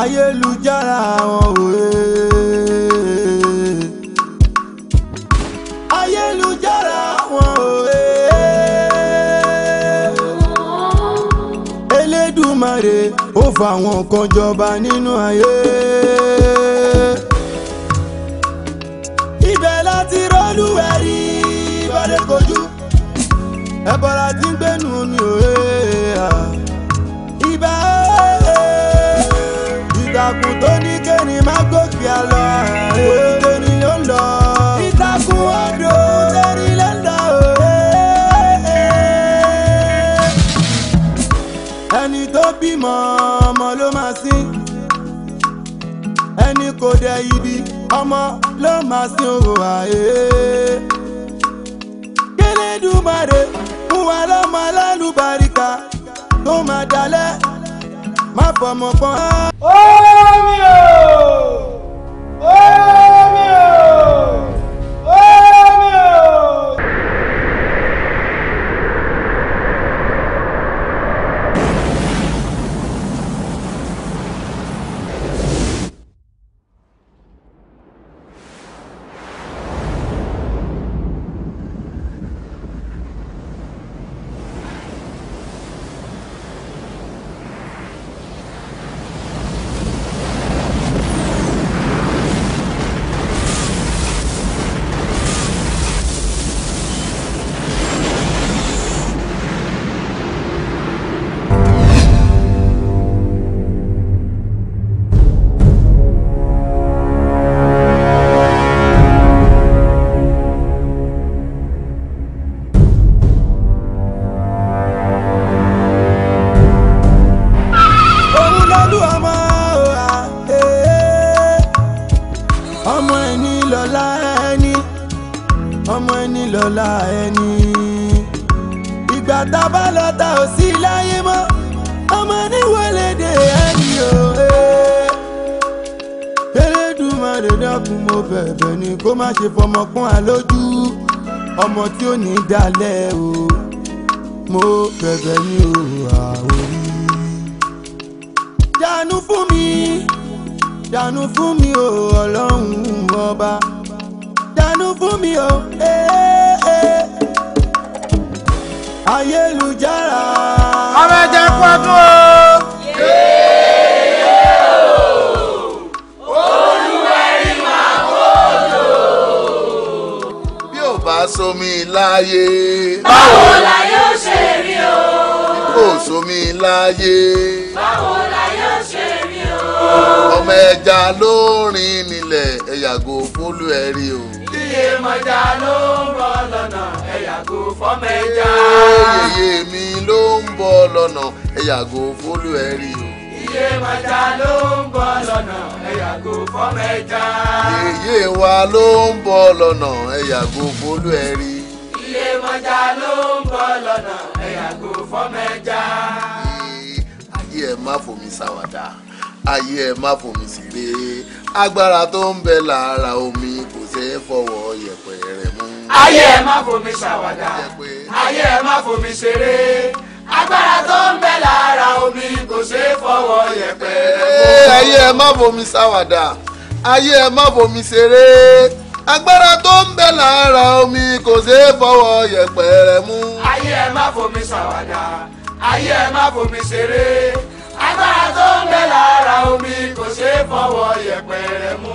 ayélujára wọn òye. ayélujára wọn òye. elédùmarè ó fa àwọn kan jọba nínú ayé. ibẹ̀ láti rọ́lù ẹ̀rí ìbálẹ̀ kojú ẹ̀bọ̀ra tí ń gbẹ́nu mi òye. má gòkè àlọ́ òdòdó ni yóò lọ. ìtàkùn odò lérí ló ń lọ òye. ẹni tó bímọ ọmọ ló máa sìn ẹni kò dẹ ibi ọmọ ló máa sìn òwò àyè. kílídùmarè fún wa lọ́mọ alálùbáríkà tó máa dalẹ̀ má fọmọ pọ́n. ó mi ò ó. agbára tó ń bẹ lára omi kò ṣe é fọwọ́ yẹ̀pẹ̀ rẹ̀ mú. ayé ẹ má fomi ṣàwàdà ayé ẹ má fomi eh, ṣeré agbára tó ń bẹ lára omi kò ṣe é fọwọ́ yẹ̀pẹ̀ rẹ̀ mú. ayé ẹ má fomi ṣàwàdà ayé ẹ má fomi ṣeré agbára tó ń bẹ lára omi kò ṣe é fọwọ́ yẹ̀pẹ̀ rẹ̀ mú. ayé ẹ má fomi ṣàwàdà ayé ẹ má fomi ṣeré agbára tó ń bẹ lára omi kò ṣeé fọwọ́ yẹpẹrẹ mú.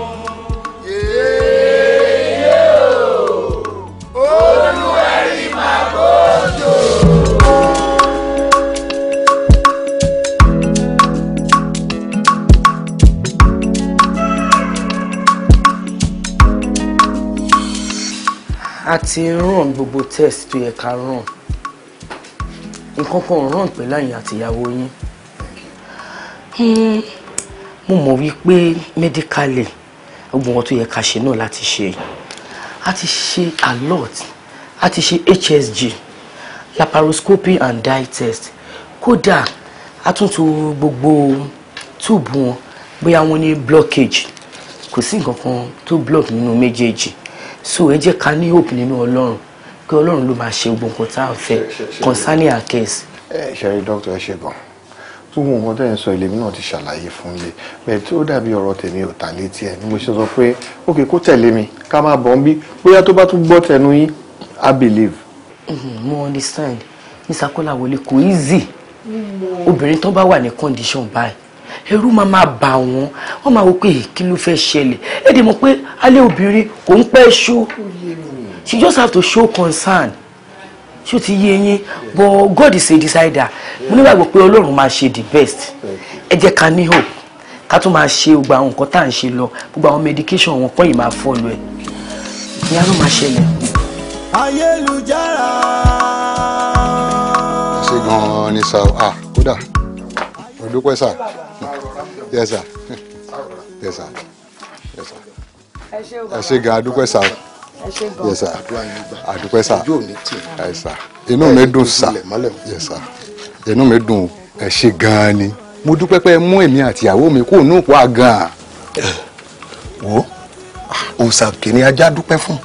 a ti ràn gbogbo test tó yẹ ká ràn nǹkan kan ràn pé láyìn àtìyàwó yín mo mọ̀ wípé medically gbogbo wọn tó yẹ ká ṣe náà láti ṣe a ti ṣe a lot a ti ṣe HSG laparoscopy and dye test kódà a tún tò gbogbo túùbù wọn bóyá wọn ní blockage kò sí nǹkan kan tó block nínú méjèèjì so ẹ jẹ́ ká ní hope nínú ọlọ́run pé ọlọ́run ló máa ṣe gbogbo nǹkan tá a fẹ́ concerning our case. ẹ ṣe rí dókítà ẹ ṣe gan gbogbo nǹkan tẹ̀ ń sọ ilé mi náà ti ṣàlàyé fún ilé bẹ́ẹ̀ tí ó dàbí ọ̀rọ̀ tèmi ò tà létí ẹ̀ ni mo ṣe sọ pé ókè kó tẹ̀lé mi ká máa bọ̀ ń bí bóyá tó bá tún gbọ́ tẹnu yín i believe. Mm-hmm, mo understand Miss Kọ́láwọlé kò easy obìnrin tó bá wà ní condition báyìí ẹ̀rù máa máa bà wọ́n wọ́n máa wò pé eh, kí ló fẹ́ ṣẹlẹ̀ ẹ̀ dẹ̀ mọ̀ pé alẹ́ obìnrin kò ń pẹ́ ṣó she just have to show concern ṣé o ti yé yín but God is a decider mo nígbàgbọ́ pé Ọlọ́run máa ṣe the best ẹ jẹ́ ká ní hope ká tún máa ṣe gbogbo àwọn nǹkan tá à ń ṣe lọ gbogbo àwọn medication wọn pọ́n yìí máa follow ẹ̀ ìyá ló máa ṣẹlẹ̀. ayélujára. ṣé gan-an ni sá ah kódà olùdókòwò sá yẹ sá yẹ sá yẹ sá ẹ ṣé gan-an adúpẹ́ sá ẹ ṣe gan. yes sir àdúpẹ́ sir yes sir inú mi dùn sir yes sir inú mi dùn ẹ ṣe gan ni mo dúpẹ́ pé mú èmi àtìyàwó mi kó nù wá gan-an. wo òòsà òkè ni ajá dúpẹ́ fún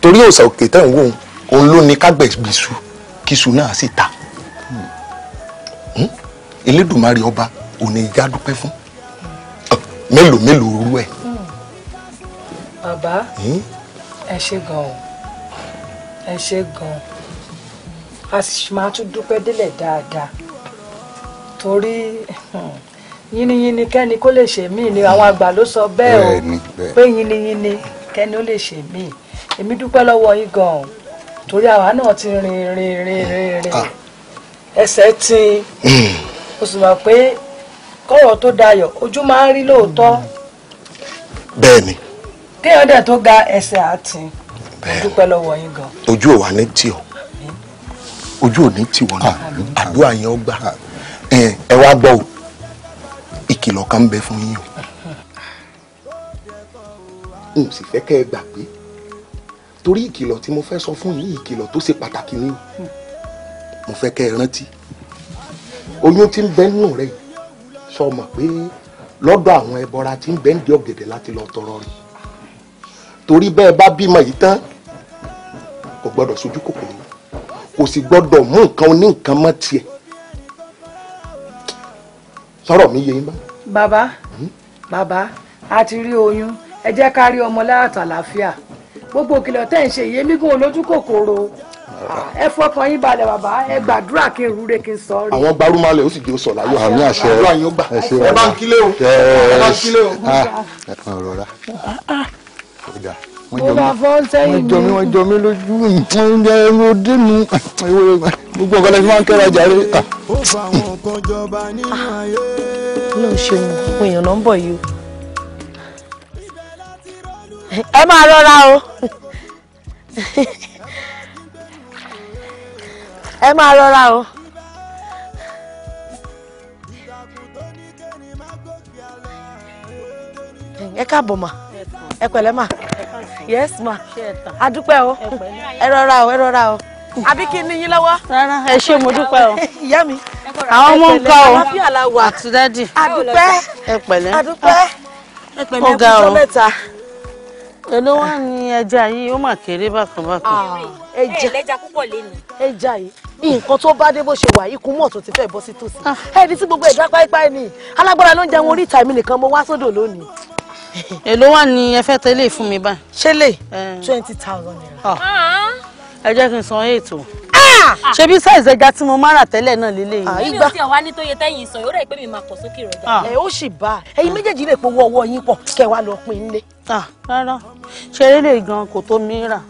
torí òòsà òkè tẹ̀ ń wò òun ló ní kágbẹ̀gbìsù kíṣu náà sì ta hmm? elédùnmarè ọba òní ìjà dúpẹ́ fún mélòó mélòó rú ẹ̀. bàbá hmm? ẹ ṣe gan o ẹ ṣe gan a sì máa tún dúpẹ́ délẹ̀ dáadáa torí hmm, yínníyínní kẹ́ni kó lè ṣe míì ni àwọn àgbà ló sọ bẹ́ẹ̀ o pé yínníyínní kẹ́ni ó lè ṣe míì èmi dúpẹ́ lọ́wọ́ yín gan o torí àwa náà ti rìn rìn rìn rìn rìn ah. ẹsẹ̀ tí hmm. o sì mọ̀ pé kọ́rọ̀ tó dayọ̀ ojú máa ń rí lóòótọ́. bẹ́ẹ̀ téèyàn dẹ̀ tó ga ẹsẹ̀ àti dúpẹ́ lọ́wọ́ yín gan. ojú ò wà ní tì ọ́ ojú ò ní tì wọ́n náà àdúrà yẹn ó ẹ wá gbọ́ o ìkìlọ̀ kan ń bẹ fún yín o n sì fẹ́ kẹ́ ẹ gbàgbé torí ìkìlọ̀ tí mo fẹ́ sọ fún yín ìkìlọ̀ tó ṣe pàtàkì ni o mo fẹ́ kẹ́ ẹ rántí oyún tí ń bẹ nínú rẹ sọ mọ̀ pé lọ́dọ̀ àwọn ẹbọra tí ń bẹ ń di ọ̀gẹ̀dẹ̀ láti lọ tọrọ rẹ̀ torí bẹ́ẹ̀ bá bímọ yìí tán kò gbọ́dọ̀ sojú kòkòrò mọ́ kò sì gbọ́dọ̀ mú nǹkan ní nǹkan mọ́ tiẹ̀ sọ̀rọ̀ mi yé yín bá. bàbá hmm? bàbá a ti rí oyún ẹ jẹ́ ká rí ọmọ láàtà àlàáfíà gbogbo òkìlọ̀ tẹ̀ ń ṣe ìyémígún olójú kòkòrò ẹ fọkàn yín balẹ̀ bàbá ẹ gbàdúrà kí n rúre kí n sọ rí. àwọn gbarumọlẹ ó sì di oṣù ọ̀làyò àmì àṣẹ ẹ bá ń kílé o ẹ bá ń kílé o mo bá fọ́ sẹ́yìn mi. wọ́n jọ mí wọ́n jọ mí lójú wọ́n jẹ ẹ̀rọ dínú gbogbo nǹkan lẹ́sìn máa ń kẹ́ra jàre. Ah, ló ń ṣe òun èèyàn náà ń bọ̀ yìí o. ẹ máa rọra o ẹ máa rọra o. ẹ káàbọ̀ mà ẹ pẹ̀lẹ́ mà yes ma a dúpẹ́ o ẹ rọra o ẹ rọra o àbí kí n yín lọ́wọ́. rárá ẹ ṣé mo dúpẹ́ o. ìyá mi. àwọn ọmọ ń kọ o. àtúndádì. àdúpẹ́. ẹ pẹ̀lẹ́. àdúpẹ́. ẹ pẹ̀lẹ́ kú sọ mẹ́ta. èló wá ní ẹja yìí ó mà kéré bákan bákan. ẹja ah. ẹlẹ́ja púpọ̀ lẹ́nu. ẹja yìí nǹkan tó bá dé bó ṣe wà yìí kú ti fẹ́ bọ́ sí tòsí. Ah. ẹni tí gbogbo ẹ̀dá páípáí ni alágbára ló ń jẹun orí ìta nìkan mo wá sódò lónìí èló wà ní ẹ fẹ́ tẹ́lẹ̀ fún mi báyìí. ṣé lè twenty thousand naira. Ah. ẹ jẹ́ kí n san eight o ah! ṣe bí size ẹja tí mo máa rà tẹ́lẹ̀ náà lélẹ̀ yìí. èmi ò tiẹ̀ wá ní tóye tẹ́yìn sọ yóò rẹ̀ pé mi máa pọ̀ sókè rọ̀jà. Ah. ẹ ó sì bá a ẹyin méjèèjì lè powó ọwọ́ yín pọ̀ kẹ́ wá lọ pín in lé. rárá ṣe eléyìí gan kò tó mi rà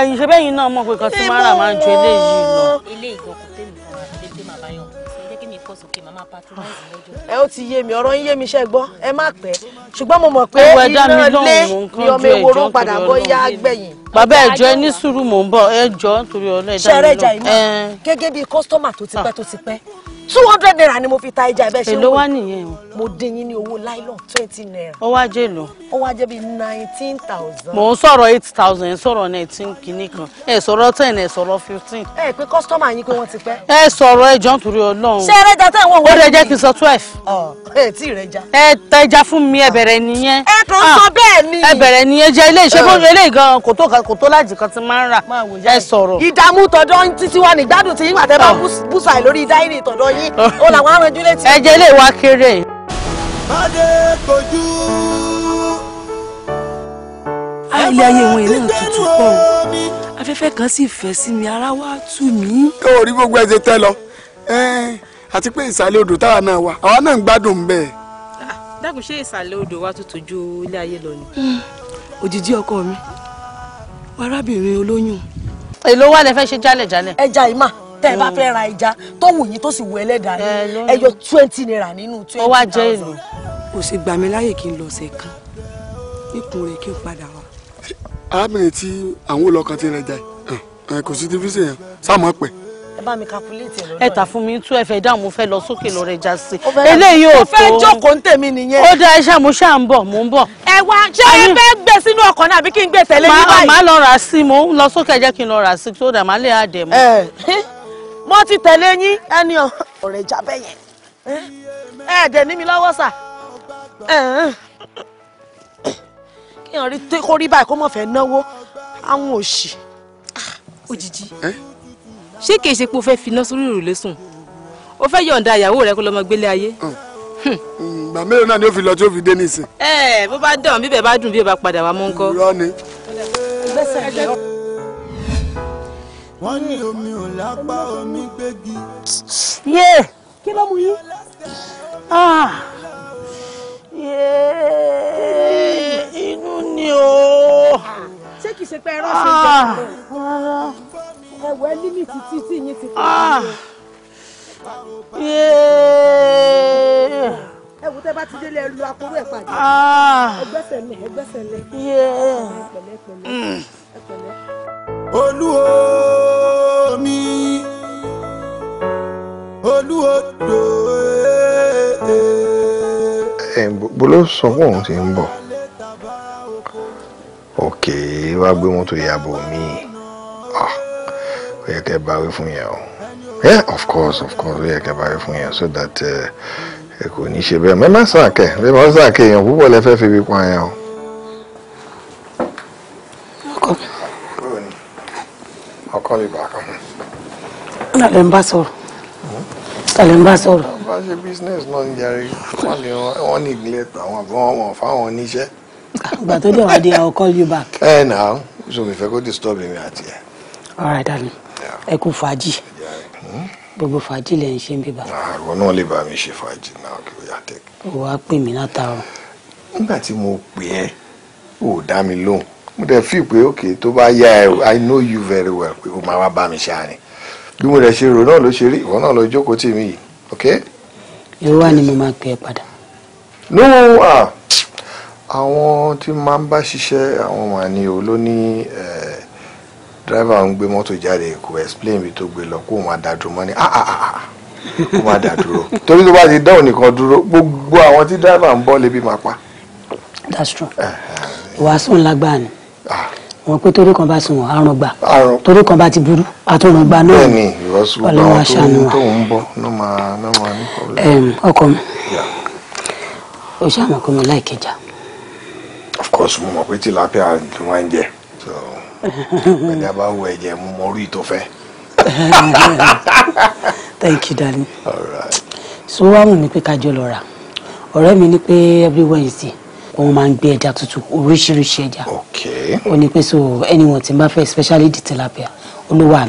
ẹyin ṣe bẹ́yìn náà mọ̀ pé nǹkan máa rà máa ju eléyìí lọ. eléyìí gan máa patronize lọ́jọ́. ẹ ó ti yé mi ọ̀rọ̀ yín yé mi ṣe gbọ́ ẹ má pẹ́ ṣùgbọ́n mo mọ̀ pé iná lé ni ọmọ ewúro padà bọ́ yá gbẹ̀yìn. bàbá ẹjọ ẹ ní sùúrù mò ń bọ̀ ẹjọ torí ọlọ ẹdá mi lọ. ṣẹrẹ ìjà ìmọ̀ gẹ́gẹ́ bíi kọ́sítọ́mà tó ti pẹ́ tó ti pẹ́ two hundred naira ni mo fi ta ẹja ẹbẹ ṣe wò. èló wá nìyẹn o. mo dín yín ní owó nylon twenty naira. ó wá jẹ́ èlò. ó wá jẹ́ bíi nineteen thousand. mò ń sọ̀rọ̀ eight thousand ẹ̀ sọ̀rọ̀ nineteen kìíní kan ẹ̀ sọ̀rọ̀ ten ẹ̀ sọ̀rọ̀ fifteen. ẹ pé kọ́sítọ́mà yín pé wọ́n ti pẹ́. ẹ sọ̀rọ̀ ẹ jọ̀ọ́ nítorí ọlọ́run. ṣé ẹrẹ́jà tẹ̀ wọ́n wọ́n. ó lè jẹ́ kí n sọ twelve. ọ ẹ tí ì rẹja. ẹ tẹja fún mi ẹ bẹ̀rẹ̀ nìyẹn. ẹ ah, ni. ẹ bẹ̀rẹ̀ nìyẹn jẹ ilé ìṣẹ́ fún ilé ìgan kò tó kò tó lájì kan ti máa ń rà. ẹ sọ̀rọ̀. ìdààmú tọ̀dọ̀ títí wa nígbàdùn tí yín ó làwọn arìnjú létí. ẹ̀jẹ̀ lè wá kéré. bàdé kojú. àìlè ayé wọn ìlànà tuntun pọ̀ afẹ́fẹ́ kan sì fẹ́ sí mi ara wa tù mí. kí o rí gbogbo ẹ ṣe tẹ́ lọ àti pé ìsàlẹ̀ odò táwa náà wà àwa náà ń gbádùn ń bẹ̀. Ah, dákun ṣé ìsàlẹ̀ odò wa tuntun ju ilé ayé lọ ni. Hmm. òjijì ọkọ mi arábìnrin olóyún. èló wà lẹ fẹ́ ṣe jálẹ̀jálẹ̀. ẹ jà ìmà tẹ́ ẹ bá fẹ́ ra ẹja tó wù yín tó sì wù ẹlẹ́dàá yín ẹ twenty naira nínú twenty thousand. ó wá jẹ́ èlò. kò sì gbà mí láyè kí n lọ ọ̀sẹ̀ kan ikùn rẹ̀ kí n padà wá. arábìnrin tí àwọn olùkọ́ ti rẹ̀ jà ẹ̀ kò sí ti fi ṣèyàn sáà ẹ bá mi calculate lọ́nà. ẹ tà fún mi tú ẹ fẹ́ dáhùn mo fẹ́ lọ sókè lọ rẹ já sí. eléyìí ò tó o fẹ́ jókòó ń tèmi nìyẹn. ó dá iṣẹ́ mo ṣáà ń bọ̀ mo ń bọ̀. ẹ wá ṣé ẹ fẹ́ gbé sínú ọkọ̀ náà àbí kí n gbé tẹ̀lé yín báyìí. màá lọ rà sí mo ń lọ sókè jẹ́ kí n lọ rà sí tó dà má lè àdẹ̀ mọ́ mo ti tẹ̀lé yín ẹni ọ̀rẹ́ jábẹ́ yẹn ẹ dẹ̀ ní mi lọ́wọ́ sà kí n rí kó rí báyìí kó mọ̀ fẹ́ náwó àwọn òṣì. òjijì ṣé kìí ṣe pé o fẹ́ finá sórí òrùlé sùn o fẹ́ yọ̀ǹda ìyàwó rẹ kó lọ́mọ gbélé ayé. ìgbà mélòó náà ni ó fi lọ tí ó fi dé nísìn. ẹ bó bá dàn bíbẹ̀ bá dùn bí ẹ bá padà wá mọ́ ń kọ́. irọ́ ni. ẹgbẹ́sẹ̀ ẹ̀ lọ wọ́n ní omi ò lápá omi gbégi. yé kí ló mú yín. Ah! yé inú ni o. ṣé kìí ṣe pé ẹran ṣe jẹ́ ọ̀rọ̀ ah! ẹ̀wẹ̀ límìtì títí yín ti pọ̀ jù. ẹ̀wù tẹ́ bá ti délé ẹ lu akóró ẹ̀ pàdé ah! ẹgbẹ́sẹ̀ lẹ̀ ẹgbẹ́sẹ̀ lẹ̀. sọ pé òun ti ń bọ̀ òkè wá gbé mọ́tò ìyàbọ̀ mi ah, ó yẹ kẹ́ bá fún yẹn o yeah of course of course ó yẹ kẹ́ bá wí fún yẹn so that eh, ẹ kò ní ṣe bẹ́ẹ̀ mẹ́má sàkẹ́ mẹ́má sàkẹ́ èèyàn púpọ̀ lẹ fẹ́ fi bí pa yẹn o. ọkọ mi bá kàn. ta lè ń bá sọ̀rọ̀ ta lè ń bá sọ̀rọ̀. bá ṣe business náà ń yarí wọ́n ní wọ́n ní neglect àwọn àbọ̀ wọn fáwọn oníṣẹ́. ìgbà tó dé wàá dé I will call you back. ẹ nà án so mi fẹ́ kó disturb mi àti ẹ. alright darling ẹ kú fàájì hmm? gbogbo fàájì lẹ ń ṣe ń bíbá. àwọn ah, náà lè bá mi ṣe fàájì náà kí o yà tẹ. o wá pè mí látàárọ̀. nígbà tí mo pè ẹ ò dá mi lóhùn mo dẹ̀ fi pé ok tó bá yá ẹ I know you very well pé o máa wá bá mi ṣáà ni bí mo dẹ̀ ṣe rò náà ló ṣe rí ìwọ náà lọ jókòó tì mí yìí ok irú wa ni mo máa pè é padà. no àwọn tí máa ń bá ṣiṣẹ́ àwọn wà ní o ló ní dírẹ́fà ń gbé mọ́tò jáde kò explain bí tó gbé lọ kó máa dá dúró mọ́ ni ah, ah, ah, kó máa dá dúró torí tó bá ti dáhùn nìkan dúró gbogbo àwọn tí dírẹ́fà ń bọ́ lébi máa pa. that's true wàásù ńlá gbáà ni wọn pé torí kan bá sunwọ̀n àrùn gbà torí kan bá ti burú àtúrùn gbà náà bẹ́ẹ̀ni ìwọsùn gbà wọn tó ń bọ ló máa ló máa ní problem. ọkọ mi o ṣe àmọ pé mo láìké of course mo mọ̀ pé tí lápẹ́ àti wọ́n ń jẹ ẹ̀dá bá wọ ẹ̀jẹ̀ mo mọ orí ìtọ́fẹ́. thank you darling. all right. so wàá wù mí pé ká jọ lọ rà ọ̀rẹ́ mi ní pé every Wednesday òun máa ń gbé ẹja tútù oríṣiríṣi ẹja ó ní pé so anyone tí n bá fẹ́ especially the tilapia olówó à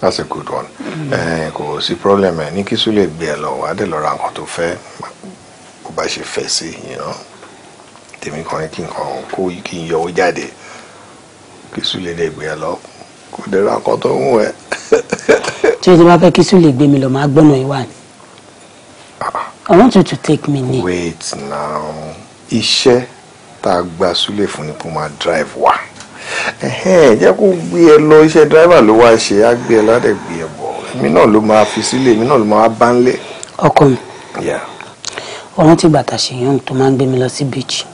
that's a good one mm. eh, kò sí problem ẹ ní kí sùn lè gbé ẹ lọ wà á dẹ̀ lọ ra nǹkan tó fẹ́ bó bá ṣe fẹ́ sí tèmi kan ní kí nǹkan kó kí n yọ jáde kí sùn lè dẹ̀ gbé ẹ lọ kò dẹ̀ ra nǹkan tó ń wù tí o ti bá fẹ́ kí sùn lè gbé mi lọ máa gbọ́nà ìwà ni. Ah, ah. I want you to take me ní. Wait now. Iṣẹ́ tá a gba Súlè fún ni kó máa drive wá. Jẹ́ kó gbé ẹ lọ iṣẹ́ driver ló wá ṣe á gbé ẹ ládẹ̀ gbé ẹ bọ̀. Èmi náà ló máa fi sílé èmi náà ló máa bá ń lé. Ọkọ mi. Ọ̀run ti gbàtà ṣe yàn tó máa ń gbé mi lọ sí beach.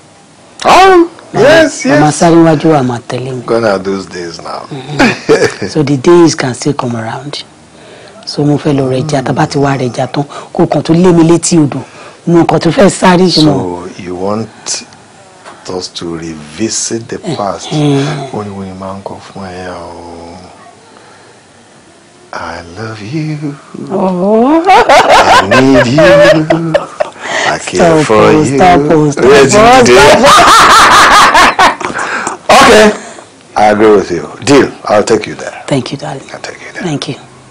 Oh, mama, yes, yes. Mama Sariwaju, I'm Gone are those days now. Mm-hmm. so the days can still come around so mo fẹ́ lọ rẹ̀ jà tá a bá ti wá rẹ̀ jà tán kó kàn tó lé mi létí odò nu nǹkan tó fẹ́ sáré ṣùgbọ́n. so you want us to revisit the eh, past oníwo eh. ni máa ń kọ fún ẹ o i love you i need you i care stop, for oh, you oh, stop, oh, stop, where did okay i agree with you deal i'll take you there thank you darling i'll take you there thank you.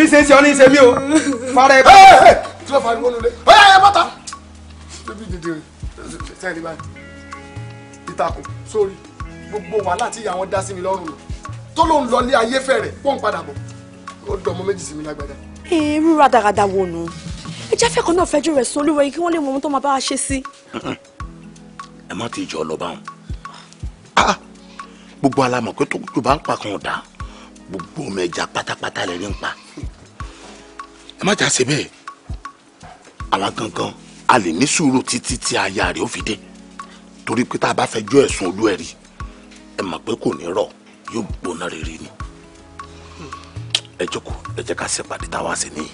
bí ṣe ń ṣe ọ ní ṣe mí o fara ẹ. tí wọ́n fa ariwo nulẹ̀ ọ̀yà ẹ̀ bọ́ta. bébí dìde sẹ́ẹ̀rì báyìí ìtàkùn sórí gbogbo wàhálà tí ìyá wọn dá sí mi lọ́rùn lò tó ló ń lọ ní ayé fẹ́ rẹ̀ pọ́n padà bọ̀ ó dọ̀ ọmọ méjì sí mi lágbàdá. irú rádaràda wo nù ẹ jẹ́ fẹ́kọ̀ọ́ náà fẹjọ́ rẹ̀ sún olúwẹ̀rí kí wọ́n lè mọ ohun tó máa bá a ṣe sí. ẹ má ti jọ lọ bá wọn ah, ah. gbogbo bá ń pa kan dà gbogbo ọmọ ẹja pátápátá lẹni ń pa ẹ má jà ṣe bẹ́ẹ̀ àwa gangan a lè ní sùúrù títí tí aya rẹ̀ ó fi dé torí pé tá a bá fẹjọ́ ẹ̀sùn olúẹ̀rí ẹ mọ̀ pé kò ní rọ̀ yóò gbóná rere ni ẹ jókòó ẹ jẹ́ ká ṣèpàdé táwa sí nìyí.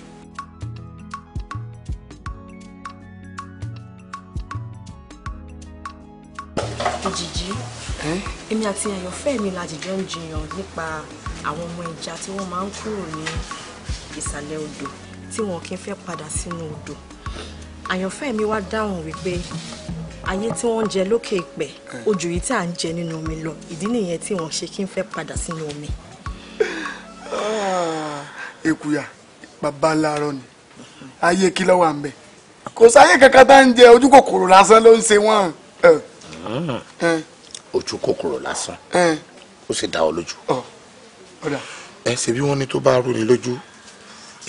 òjìjí èmi àti àyànfẹ́ mi la jìjọ ń jiyàn nípa àwọn ọmọ ìjà tí wọ́n máa ń kúrò ní ìsàlẹ̀ odò tí wọn kì í fẹ́ padà sínú odò àyànfẹ́ mi wá dáhùn wípé ayé tí wọ́n ń jẹ lókè ìpẹ́ eh. ojú yìí tí à ń jẹ nínú omi lọ ìdí nìyẹn tí wọ́n ṣe kí n fẹ́ padà sínú omi. èkúyà ah, bàbá ńláàárọ̀ ni ayé kí lọ́wọ́ à ń bẹ̀ kò sáyé kankan tá ń jẹ ojú kòkòrò lásán ló ń ṣe wọ́n. Eh. Ah, eh. ojú kòkòrò lásán ó sì dá ọ lójú. ẹ ṣe bí wọ́n ní tó bá rú ni lójú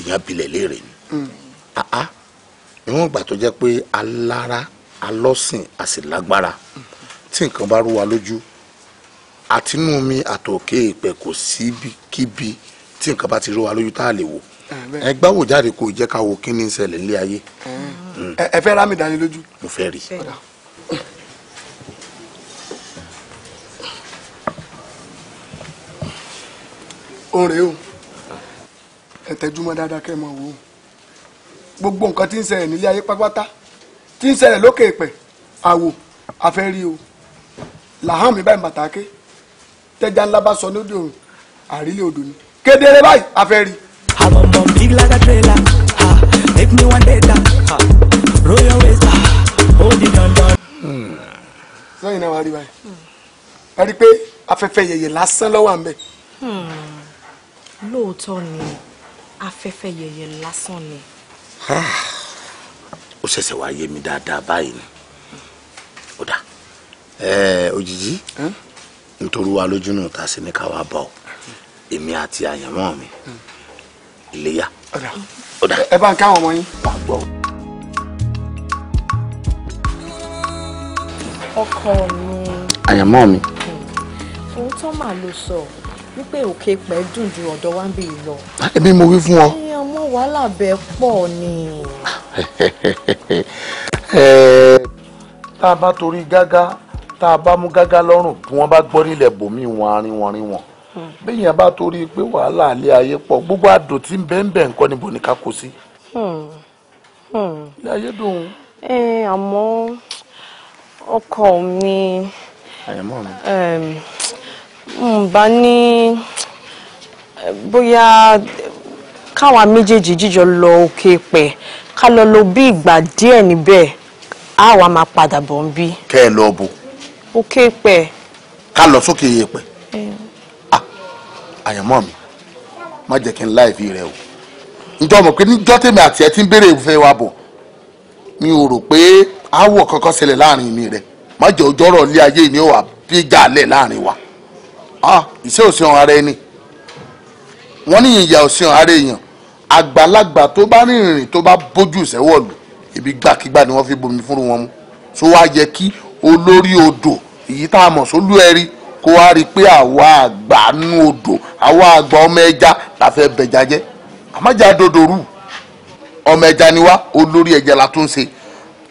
èèyàn bilẹ̀ léèrè ni àá níwọ̀n ìgbà tó jẹ́ pé alára alọ́sìn a sì lágbára tí nǹkan bá rú wa lójú àtinú mi àtòkè ìpẹ́ kò síbi kíbi tí nǹkan bá ti rú wa lójú tá a lè wò ẹgbẹ́ wò jáde kò jẹ́ ká wo kí ni ń ṣẹlẹ̀ ayé. Mm. ẹ fẹ́ rámì dání mo fẹ́ rí. orin o ẹ tẹjúmọ́ dáadáa kẹ́ ẹ mọ̀ wò ó gbogbo nǹkan tí ń ṣẹlẹ̀ nílé ayé pátápátá tí ń ṣẹlẹ̀ lókè èpẹ̀ àwò àfẹ́rí o làhán mi báyìí bàtàké tẹ́já ńlá bá sọ lóde òrùn àrílé odò ni kedere báyìí àfẹ́rí. àwọn ọmọ mi lága tírélà make me one data roll your waist back. ó di dandan. sẹ́yìn náà wàá rí báyìí a rí i pé afẹ́fẹ́ yẹ̀yẹ̀ lásán lọ́wọ́ à ń bẹ̀. Hmm, lóòótọ́ ni afẹ́fẹ́ yẹyẹ lásán ni. ó ṣẹ̀ṣẹ̀ wá yé mi dáadáa báyìí ni ó dà òjijì hmm? nítorí wa lójú náà ta sí ní ká wá bọ̀ èmi àti àyànmọ́ mi ìléyà hmm. ó dà. ẹ bá ń káwọn ọmọ yín. ọkọ mi. àyànmọ́ mi. Hmm. ohun tó máa lo sọ. So wípé òkè pẹ́ dùn ju ọ̀dọ̀ wa ń bì lọ. èmi mo wí fún ọ. ẹ ọmọ wàhálà bẹ pọ̀ ni. tá a bá torí gágá tá a bá mú gágá lọ́rùn bí wọ́n bá gbọ́ nílẹ̀ bòmí wọn arín wọn rín wọn hmm. bẹ́yìn bá torí pé wàhálà alẹ́ ayé pọ̀ gbogbo àdùn tí ń bẹ́ẹ̀ bẹ́ẹ̀ nǹkan ni ká kó sí. Hmm. Hmm. ilé ayé dùn. ẹ àmọ́ ọkọ mi. àyàmọ́ mi. mba hmm, bá ní bóyá káwa méjèèjì jíjọ lọ òkè pẹ ká lọ bí ìgbà díẹ̀ níbẹ̀ á wàá máa padà bọ̀ ń bí. kẹ́ ẹ lọ bò. òkè pẹ. ká lọ sókè yẹ̀pẹ̀. Ah, mi má jẹ́ kí n rẹ o ǹjọ́ mọ̀ pé níjọ́ tèmi àti ẹ wa bọ̀ mi ò rò pé kankan ṣẹlẹ̀ láàrin mi rẹ̀ má jẹ́ ilé ayé bí láàrin wa. ah ìṣe òsìn ọ̀hún ara ẹni wọ́n ní ìyà òsìn ọ̀hún ara èèyàn àgbàlagbà tó bá rìnrìn tó bá bójú ìṣẹ́wọ̀lù ibi gbàkigbà ni wọ́n fi bomi fúnru wọn mu so wá yẹ kí olórí odò èyí tá a mọ̀ sólú ẹ̀rí kó wá rí i pé àwa àgbà nú odò àwa àgbà ọmọ ẹja la fẹ́ bẹja jẹ́ àmájà dodo rú ọmọ ẹja ni wá olórí ẹja la tún ṣe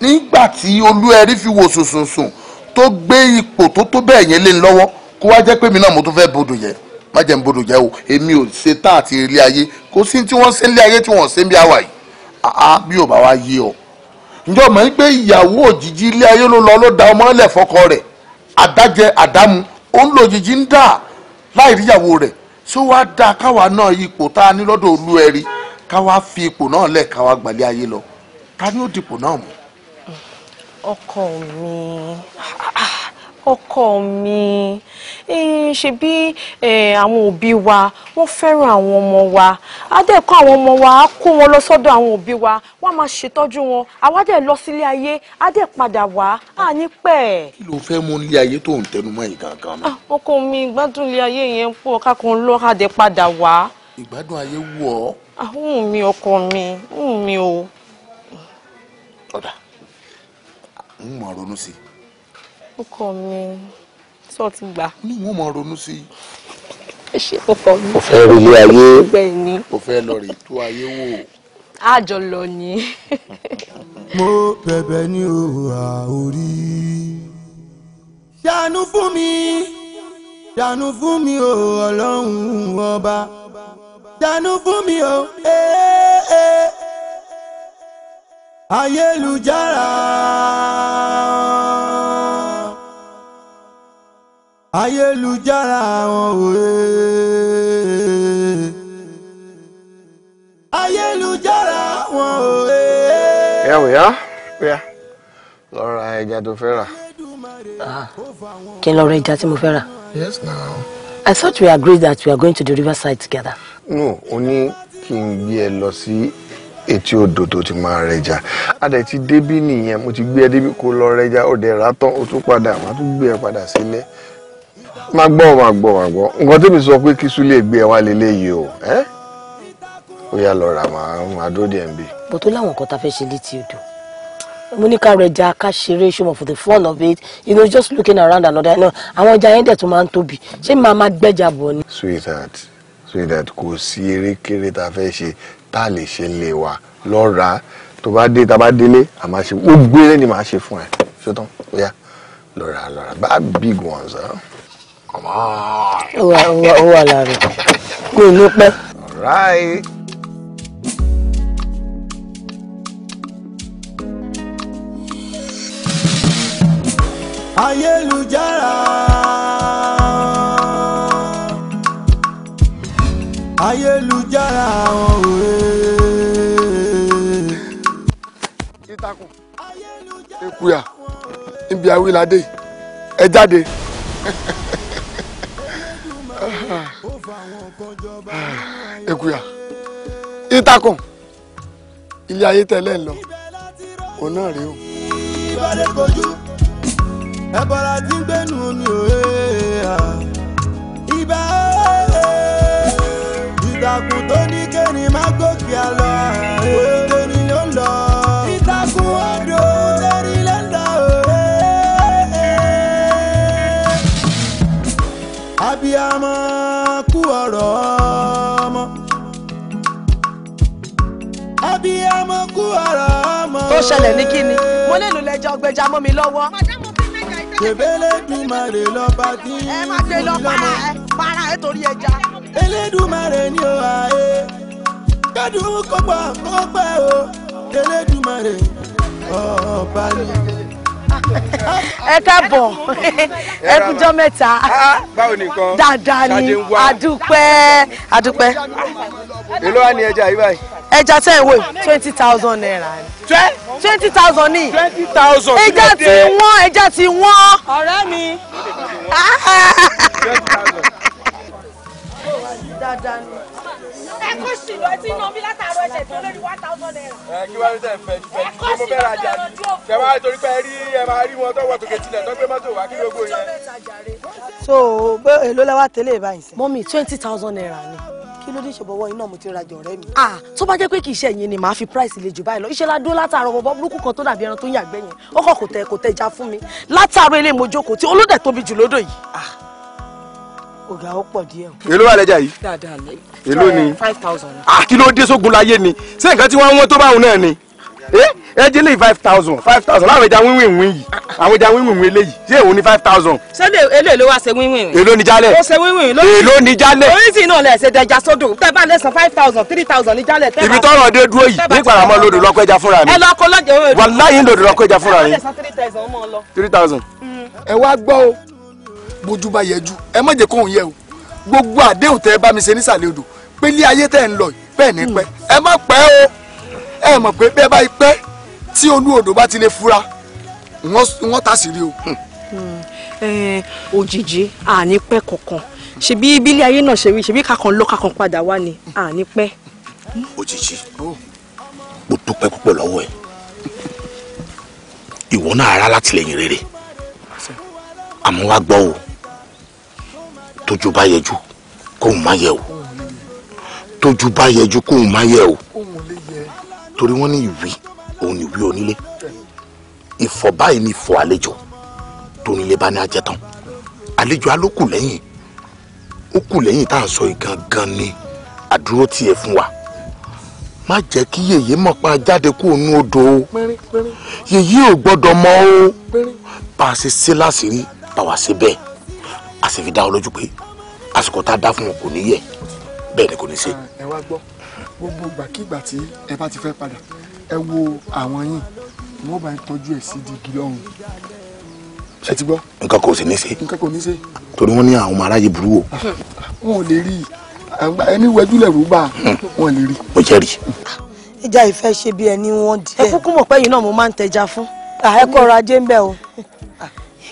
nígbà tí olú ẹ̀rí fi wò sùnsùnsùn tó gbé ipò tó tó bẹ́ẹ̀ yẹn lé lọ́wọ́ kó wá jẹ́ pé mi náà mo tún fẹ́ bodò yẹ má jẹ́ n bodò jẹ́ o èmi ò ṣe tán àti ilé ayé kò sí tí wọ́n ṣe ń lé ayé tí wọ́n ṣe ń bí àwa yìí àá bí ò bá wá yé ọ. ǹjẹ́ o mọ̀ ní pé ìyàwó òjijì ilé ayé ló lọ ló da ọmọ ẹlẹ̀ fọkọ rẹ̀ àdájẹ àdámu òun lòjijì ń dà láì rí ìyàwó rẹ̀ ṣó wá dáa káwa náà ipò tá a ní lọ́dọ̀ olú ẹ̀rí káwa fi ipò náà lẹ̀ káwa gbàlẹ́ ayé lọ ta ni ó dipò náà mú. ọkọ mi ọkọ mi ṣebí àwọn òbí wa wọ́n fẹ́ràn àwọn ọmọ wa adẹ́kọ̀ àwọn ọmọ wa á kó wọn lọ sọ́dọ̀ àwọn òbí wa wọ́n á máa ṣètọ́jú wọn àwa dẹ̀ lọ sílé ayé á padà wá á ní kí ló fẹ́ mú ilé ayé tó ń tẹnu mọ́ yìí gangan náà. Ah, ọkọ mi gbádùn ilé ayé yẹn pọ̀ kákan lọ́ọ́ adẹ̀ padà wá. ìgbádùn ayé wù ọ́. Ah, mi ọkọ mi ń mi o. ọ̀dà ń mọ̀ ronú sí i ọkọ mi sọ ti gbà. ní wọn máa ronú sí i. ẹ ṣe ọkọ mi. mo fẹ́ rí ilé ayé mo fẹ́ lọ rí tó ayé wò. àjọ lọ ni. mo bẹ̀bẹ̀ ní òwà orí. ṣàánú fún mi ṣàánú fún mi o ọlọ́run ọba ṣàánú fún mi o. Eh, eh, eh. ayélujára ayélujára wọn òye ayélujára wọn òye. ẹ wò yá wíyá lọ ra ẹja tó fẹ́ rà. Ah. kí n lọ ra ẹja tí mo fẹ́ rà. yes now. I thought we agreed that we are going to the riverside together. no o ní kí n gbé ẹ lọ sí etí odò tó ti máa rẹja adẹ ti débí nìyẹn mo ti gbé ẹ débí kó lọ rẹja ó rà tán ó tún padà wàá tún gbé ẹ padà sílé máa gbọ́ máa gbọ́ máa gbọ́ nǹkan tẹ́mi sọ pé kí súlẹ̀ gbé ẹ wá lélẹ̀ yìí o ẹ́ ó yá lọ rà máa máa dúró díẹ̀ nbí. bó tó láwọn nǹkan tá a fẹ́ ṣe létí odò mo ní ká rẹ̀ ja ká ṣọmọ for the fun of it you know just looking around another you know àwọn ẹja yẹn dẹ̀ tó máa ń tóbi ṣé màá máa gbẹ́jà bọ̀ ni. sweetheart sweetheart kò sí erékeré tá a fẹ́ ṣe tá a lè ṣe lè wà lọ́ra tó bá dé tá bá délé a máa ṣe gbogbo eré ni màá ṣe fún ẹ ṣetán ó yá lọ́ra lọ́ra bá big ones. Huh? ó wà ó wà ó wà lára kò ní pẹ́. Right. ayélujára ayélujára ọ̀rẹ́. títakùn ekuya níbi awilade ẹ jáde. Ah, ekuya, Itakun, ilé ayé tẹ́lẹ̀ ń lọ, òun náà rí o. Ìbálẹ̀ kojú, ẹ̀bọ̀ra ti ń gbẹ́nu omi òye. Ibà Ìtàkùn tó ní kéènì má gòkè àlọ́. ọmọ kú ọ̀rọ̀ ọmọ ẹbí ọmọ kú ọ̀rọ̀ ọmọ. tó ṣẹlẹ̀ ní kí ni mo lè lò lẹ́jọ́ gbẹja mọ́ mi lọ́wọ́. tèbélé dùmarè lọ́ba tí ń fún mi lọ́mọ. ẹ má gbé lọ para ẹ para ẹ torí ẹja. elédùmarè ni ó wà é kádùn kó gbọ́ o elédùmarè ọ̀ọ́ bá ní ẹ káàbọ̀ ẹ kújọ́ mẹ́ta ah, báwo nìkan dáadáa ni adúpẹ́ adúpẹ́. èló wà ní ẹja yìí báyìí. ẹja tẹ́ ẹ̀ wò twenty thousand naira twenty thousand ni. twenty thousand ni. ẹja ti wọ́n ẹja ti wọ́n. ọ̀rẹ́ mi. Ah. dáadáa ni ẹ̀kọ́ sì lọ sí iná mi látàárọ̀ ẹ̀ṣẹ̀ tó lórí one thousand naira. ẹ kí wọ́n rí sẹ́yìn fẹ́ fẹ́ kí mo fẹ́ rajà ni kẹ wá torí pé ẹ rí ẹ máa rí wọn tọwọ́ tòkè tilẹ̀ tó gbé mọ́tò wá kí lógo yẹn. so gbé èló lẹ́wà tẹ́lẹ̀ e báyìí sẹ́. mọ́mì twenty thousand naira ni kí ló dé ṣe iná mo ti rajà ọ̀rẹ́ mi. ah tó bá jẹ́ pé kì í ṣe ẹ̀yin ni màá fi price le jù báyìí lọ iṣẹ́ la dúró látàárọ̀ bọ́bọ́ burúkú kan tó dàbí ẹran tó ń yàgbẹ́ yẹn ó kọ̀ kò tẹ kò tẹ já fún mi látàárọ̀ eléyìí mo jókòó tí olódẹ̀ tóbi jù lódò yìí. ah ọ̀gá ó pọ̀ díẹ̀. èló wà lẹ́jà yìí. dáadáa lẹ. èló ni. five thousand. àkìló ah, dé sógun láyé ni ṣé nǹkan tí wọ́n wọ́n tó báwọn náà ni ẹ jẹ́ lè five thousand five thousand láwọn ẹja wíwìn wín yìí àwọn ẹja wíwìn wín eléyìí ṣé òun ni five thousand. sẹ́lẹ̀ èlé ló wá ṣe wíwìn. èló ni jálẹ̀. ó ṣe wíwìn lórí. èló ni jálẹ̀. oríṣi náà lẹ̀ ṣe dẹja sódò tẹ́ bá lẹ́sàn five thousand three thousand ni jálẹ̀ tẹ́ bá. ibi tọrọ dé dúró yìí nígbà àmọ́ lòdù lọ́kọ́ ẹja fúnra mi. ẹ lọ kọ́ lọ́jọ́ wàláyé lòdù lọ́kọ́ ẹja fúnra mi. three thousand. Mm. ẹ wá gbọ́ o bójú bá yẹjú ẹ má jẹ́ kóhun yẹ o gbogbo àdéhùn tẹ́ ẹ bá mi ṣe nísàlẹ̀ odò pé ilé ayé tẹ́ ẹ ń lọ bẹ́ẹ̀ ní pẹ́ hmm. ẹ má pẹ́ o ẹ mọ̀ pé bẹ́ẹ̀ bá pẹ́ tí olú odò bá ti lè fura wọ́n ta sí rí o. Hmm. Hmm. Eh, òjijì àní pẹ́ kankan ṣebí ibílẹ̀ ayé náà ṣe rí ṣebí kakan lọ kakan padà wá ni àní pẹ́. òjijì mo dúpẹ́ púpọ̀ lọ́wọ́ ẹ̀ ìwọ náà ara látìlẹ́yìn rere àmọ́ wá gbọ́ o tójú bá yẹjú kóun má yẹ o tójú bá yẹjú kóun má yẹ o torí wọ́n ní ìwí òun ní ìwí onílé ìfọ̀ báyìí ní ìfọ̀ àlejò tónílé bá ní ajẹ́ tán àlejò alókù lẹ́yìn ó kù lẹ́yìn tá à ń sọ ìgangan ni àdúró tiẹ̀ fún wa má jẹ́ kí yèyé mọ̀ pa jáde kú òun odò o yèyé ò gbọ́dọ̀ mọ́ o bá a ṣe ṣe láṣìírí bá wa ṣe bẹ́ẹ̀ a sì fi dá ọ lójú pé àsìkò tá a dá fún wọn kò ní yẹ bẹ́ẹ̀ ni kò ní ṣe. Ah, ẹ wá gbọ́ gbogbo ìgbàkigbà tí ẹ bá ti fẹ́ padà ẹ wo àwọn yìí wọ́n bá ń tọ́jú ẹ̀ sí digi lọ́rùn ẹ ti gbọ́. nǹkan kò sì ní ṣe. nǹkan kò ní ṣe. torí wọ́n ní àwọn ọmọ aráyé burú wò. Ah, wọn ò lè rí ẹni wẹjúlẹ̀ rúbà hmm. wọn lè rí. mo jẹ́rìí. Ah, ìjà ìfẹ́ ṣe bí ẹni wọ́n díẹ̀. ẹ kúkú mọ̀ pé yìí náà mo máa ń tẹja fún. ẹ kọ́ra jẹ́ ń bẹ̀ o